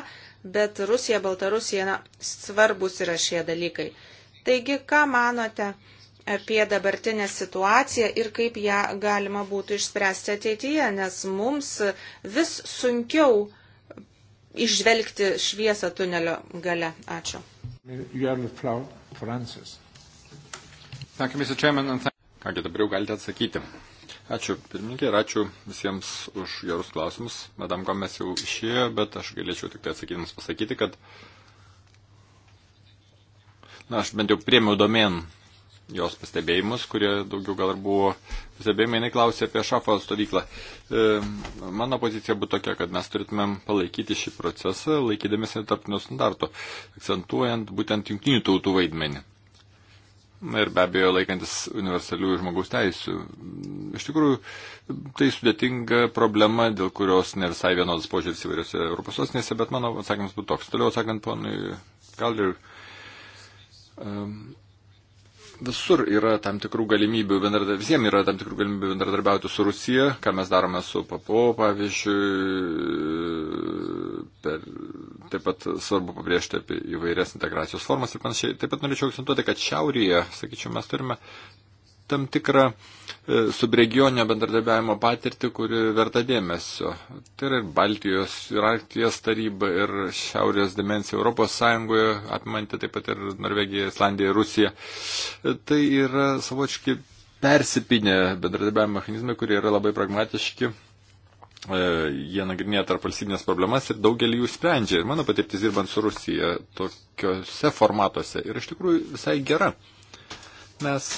bet Rusija, Baltarusija, na, svarbus yra šie dalykai. Taigi, ką manote apie dabartinę situaciją ir kaip ją galima būtų išspręsti ateityje, nes mums vis sunkiau išvelgti šviesą tunelio gale. Ačiū. Francis. Kągi dabar jau galite atsakyti. Ačiū pirmininkė ir ačiū visiems už gerus klausimus. Madam Gomes jau išėjo, bet aš galėčiau tik tai atsakydamas pasakyti, kad na, aš bent jau priemiau domen jos pastebėjimus, kurie daugiau gal ir buvo pastebėjimai, jinai klausė apie šafo stovyklą. E, mano pozicija būtų tokia, kad mes turėtumėm palaikyti šį procesą, laikydamėsi tarptinio standarto, akcentuojant būtent jungtinių tautų vaidmenį ir be abejo laikantis universalių žmogaus teisų. Iš tikrųjų, tai sudėtinga problema, dėl kurios ne visai vienodas požiūris įvairiose Europos sostinėse, bet mano atsakymas būtų toks. Toliau atsakant ponui Kalder, um, visur yra tam tikrų galimybių, visiems yra tam tikrų galimybių bendradarbiauti su Rusija, ką mes darome su PAPO, pavyzdžiui, per, taip pat svarbu pabrėžti apie įvairias integracijos formas ir panašiai. Taip pat norėčiau akcentuoti, kad šiaurėje, sakyčiau, mes turime tam tikrą e, subregionio bendradarbiavimo patirtį, kuri verta dėmesio. Tai yra ir Baltijos, ir Arkties taryba, ir Šiaurės dimensija Europos Sąjungoje, apimanti taip pat ir Norvegija, Islandija, Rusija. E, tai yra savočiai persipinę bendradarbiavimo mechanizmai, kurie yra labai pragmatiški E, jie nagrinėja tarp valstybinės problemas ir daugelį jų sprendžia. Ir mano patirtis dirbant su Rusija tokiuose formatuose yra iš tikrųjų visai gera. Mes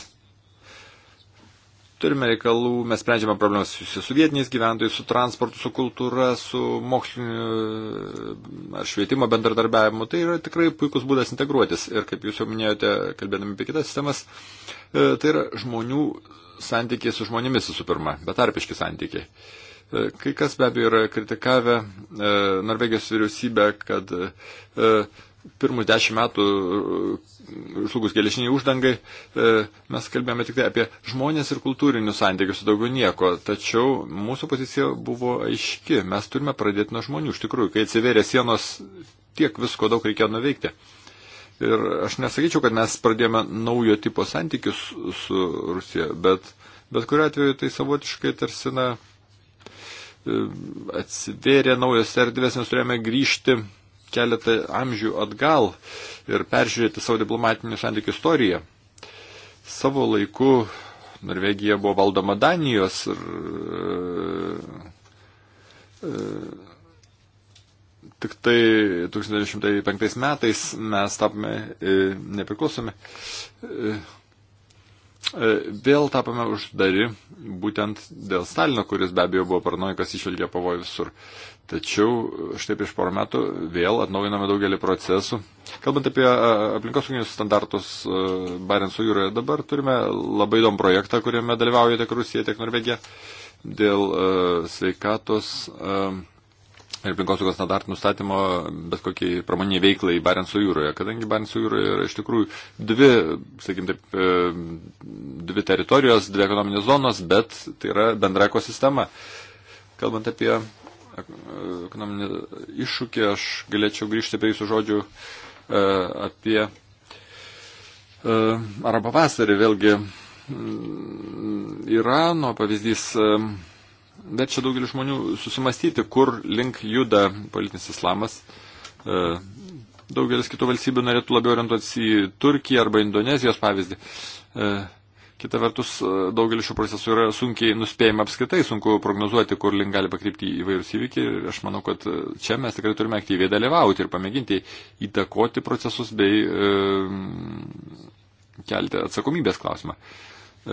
turime reikalų, mes sprendžiame problemas susijusias su vietiniais gyventojais, su transportu, su kultūra, su moksliniu e, ar švietimo bendradarbiavimu. Tai yra tikrai puikus būdas integruotis. Ir kaip jūs jau minėjote, kalbėdami apie kitas sistemas, e, tai yra žmonių santykiai su žmonėmis visų pirma, betarpiški santykiai. Uh, Kai kas be abejo yra kritikavę e, Norvegijos vyriausybę, kad e, pirmus dešimt metų e, žlugus geležiniai uždangai mes kalbėjome tik tai apie žmonės ir kultūrinius santykius, daugiau nieko. Tačiau mūsų pozicija buvo aiški. Mes turime pradėti nuo žmonių. Iš tikrųjų, kai atsiverė sienos, tiek visko daug reikėjo nuveikti. Ir aš nesakyčiau, kad mes pradėjome naujo tipo santykius su Rusija, bet, bet kuriu atveju tai savotiškai tarsi na, E, atsivėrė naujos erdvės, mes turėjome grįžti keletą amžių atgal ir peržiūrėti savo diplomatinių santykių istoriją. Savo laiku Norvegija buvo valdoma Danijos ir e, e tik tai 1905 metais mes tapome e, nepriklausomi. E, E, vėl tapome uždari būtent dėl Stalino, kuris be abejo buvo paranojikas išvelgė pavojų visur. Tačiau štai prieš porą metų vėl atnaujiname daugelį procesų. Kalbant apie aplinkosauginius standartus e, Barentsų jūroje, dabar turime labai įdomų projektą, kuriame dalyvauja tiek Rusija, tiek Norvegija dėl e, sveikatos. Uh, ir aplinkosaugos standartų nustatymo bet kokiai pramoniai veiklai Barentsų jūroje, kadangi Barentsų jūroje yra iš tikrųjų dvi, sakykim taip, e, dvi teritorijos, dvi ekonominės zonos, bet tai yra bendra ekosistema. Kalbant apie e, ekonominį iššūkį, aš galėčiau grįžti prie jūsų žodžių e, apie arabo vasarį vėlgi Irano pavyzdys verčia daugelį žmonių susimastyti, kur link juda politinis islamas. E, daugelis kitų valstybių norėtų labiau orientuotis į Turkiją arba Indonezijos pavyzdį. E, kita vertus, e, daugelis šių procesų yra sunkiai nuspėjama apskritai, sunku prognozuoti, kur link gali pakrypti įvairūs įvykiai. Ir aš manau, kad čia mes tikrai turime aktyviai dalyvauti ir pamėginti įtakoti procesus bei e, kelti atsakomybės klausimą. E, E,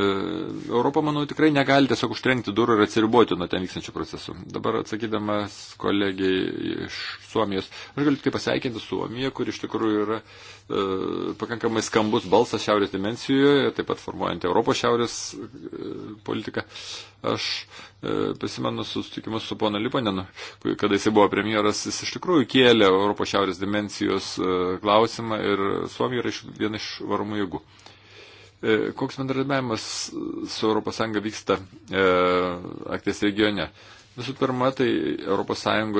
Europą, manau, tikrai negali tiesiog užtrenkti durų ir atsiriboti nuo ten vykstančių procesų. Dabar atsakydamas kolegiai iš Suomijos, aš galiu tik pasveikinti Suomiją, kur iš tikrųjų yra e, pakankamai skambus balsas šiaurės dimensijoje, taip pat formuojant Europos šiaurės e, politiką. Aš e, prisimenu susitikimus su pono Lipanenu, kada jisai buvo premjeras, jis iš tikrųjų kėlė Europos šiaurės dimensijos e, klausimą ir Suomija yra iš, viena iš varomų jėgų. E, koks bendradarbiavimas su ES vyksta e, Aktės regione? Visų pirma, tai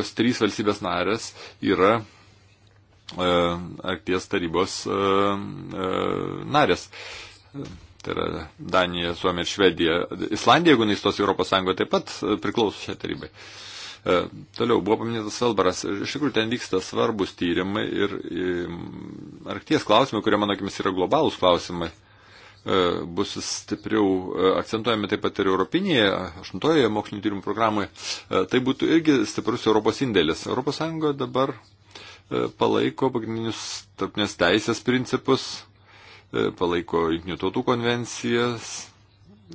ES trys valstybės narės yra e, Arkties tarybos narės. Tai yra Danija, Suomija ir Švedija. Islandija, jeigu neįstos Europos Sąjungoje, taip pat priklauso šiai tarybai. Toliau buvo paminėtas Velbaras. Iš tikrųjų, ten vyksta svarbus tyrimai ir arkties klausimai, kurie, mano akimis, yra globalūs klausimai. E, bus stipriau e, akcentuojami taip pat ir Europinėje, aštuntoje mokslinio tyrimų programoje. E, tai būtų irgi stiprus Europos indėlis. ES dabar palaiko pagrindinius tarpinės teisės principus, palaiko Junktinių tautų konvencijas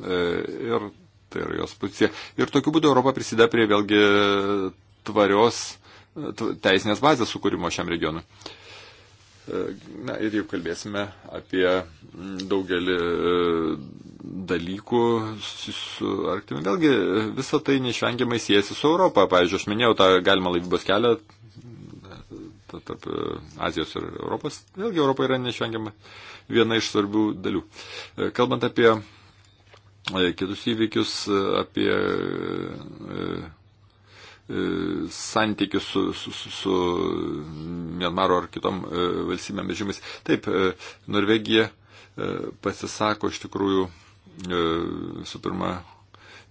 ir tai yra jos pozicija. Ir tokiu būdu Europa prisideda prie vėlgi tvarios teisinės bazės sukūrimo šiam regionui. Uh, E, na ir jau kalbėsime apie mm, daugelį e, dalykų su Arktimu. Vėlgi, visą tai neišvengiamai siejasi su Europą. Pavyzdžiui, aš minėjau tą galimą laivybos kelią e, tarp Azijos ir Europos. Vėlgi, Europa yra neišvengiama viena iš svarbių dalių. Kalbant apie kitus įvykius, apie E, santykių su, su, su, su Mianmaro ar kitom e, valstybėm vežimis. Taip, e, Norvegija pasisako iš tikrųjų visų pirma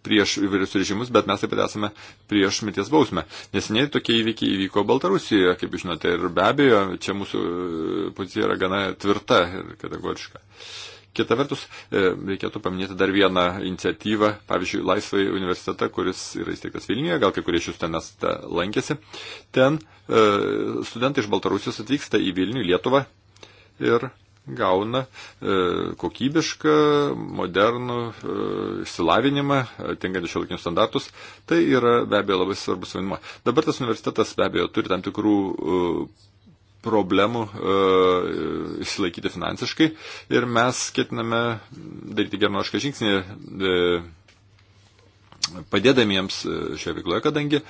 prieš įvairius režimus, bet mes taip pat esame prieš mirties bausmę. Neseniai tokie įvykiai įvyko Baltarusijoje, kaip žinote, ir be abejo, čia mūsų pozicija yra gana tvirta ir kategoriška. Uh, Kita vertus, e, reikėtų paminėti dar vieną iniciatyvą, pavyzdžiui, Laisvai universitetą, kuris yra įsteigtas Vilniuje, gal kai kurie iš jūs ten esate lankėsi. Ten e, studentai iš Baltarusijos atvyksta į Vilnių, Lietuvą ir gauna e, kokybišką, modernų e, išsilavinimą, tinkantį šiolakinius standartus. Tai yra be abejo labai svarbus vaidmuo. Dabar tas universitetas be abejo turi tam tikrų e, problemų e, išsilaikyti finansiškai ir mes ketiname daryti gernošką žingsnį e, padėdami jiems e, šioje veikloje, kadangi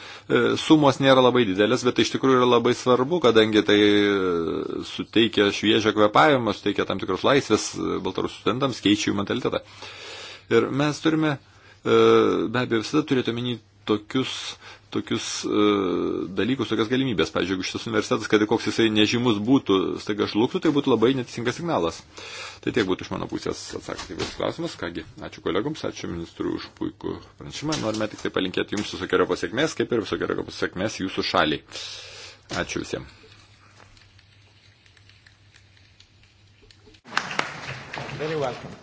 sumos nėra labai didelės, bet tai iš tikrųjų yra labai svarbu, kadangi tai suteikia šviežią kvepavimą, suteikia tam tikros laisvės baltarusių studentams, keičia jų mentalitetą. Ir mes turime be abejo visada turėti omeny tokius tokius e, dalykus, tokias galimybės. Pavyzdžiui, jeigu šis universitetas, kad ir koks jisai nežymus būtų, staiga žlugtų, tai būtų labai neteisingas signalas. Tai tiek būtų iš mano pusės atsakyti visus klausimus. Kągi, ačiū kolegoms, ačiū ministrui už puikų pranešimą. Norime tik tai palinkėti jums visokiojo pasiekmės, kaip ir visokiojo pasiekmės jūsų šaliai. Ačiū visiems. Very welcome.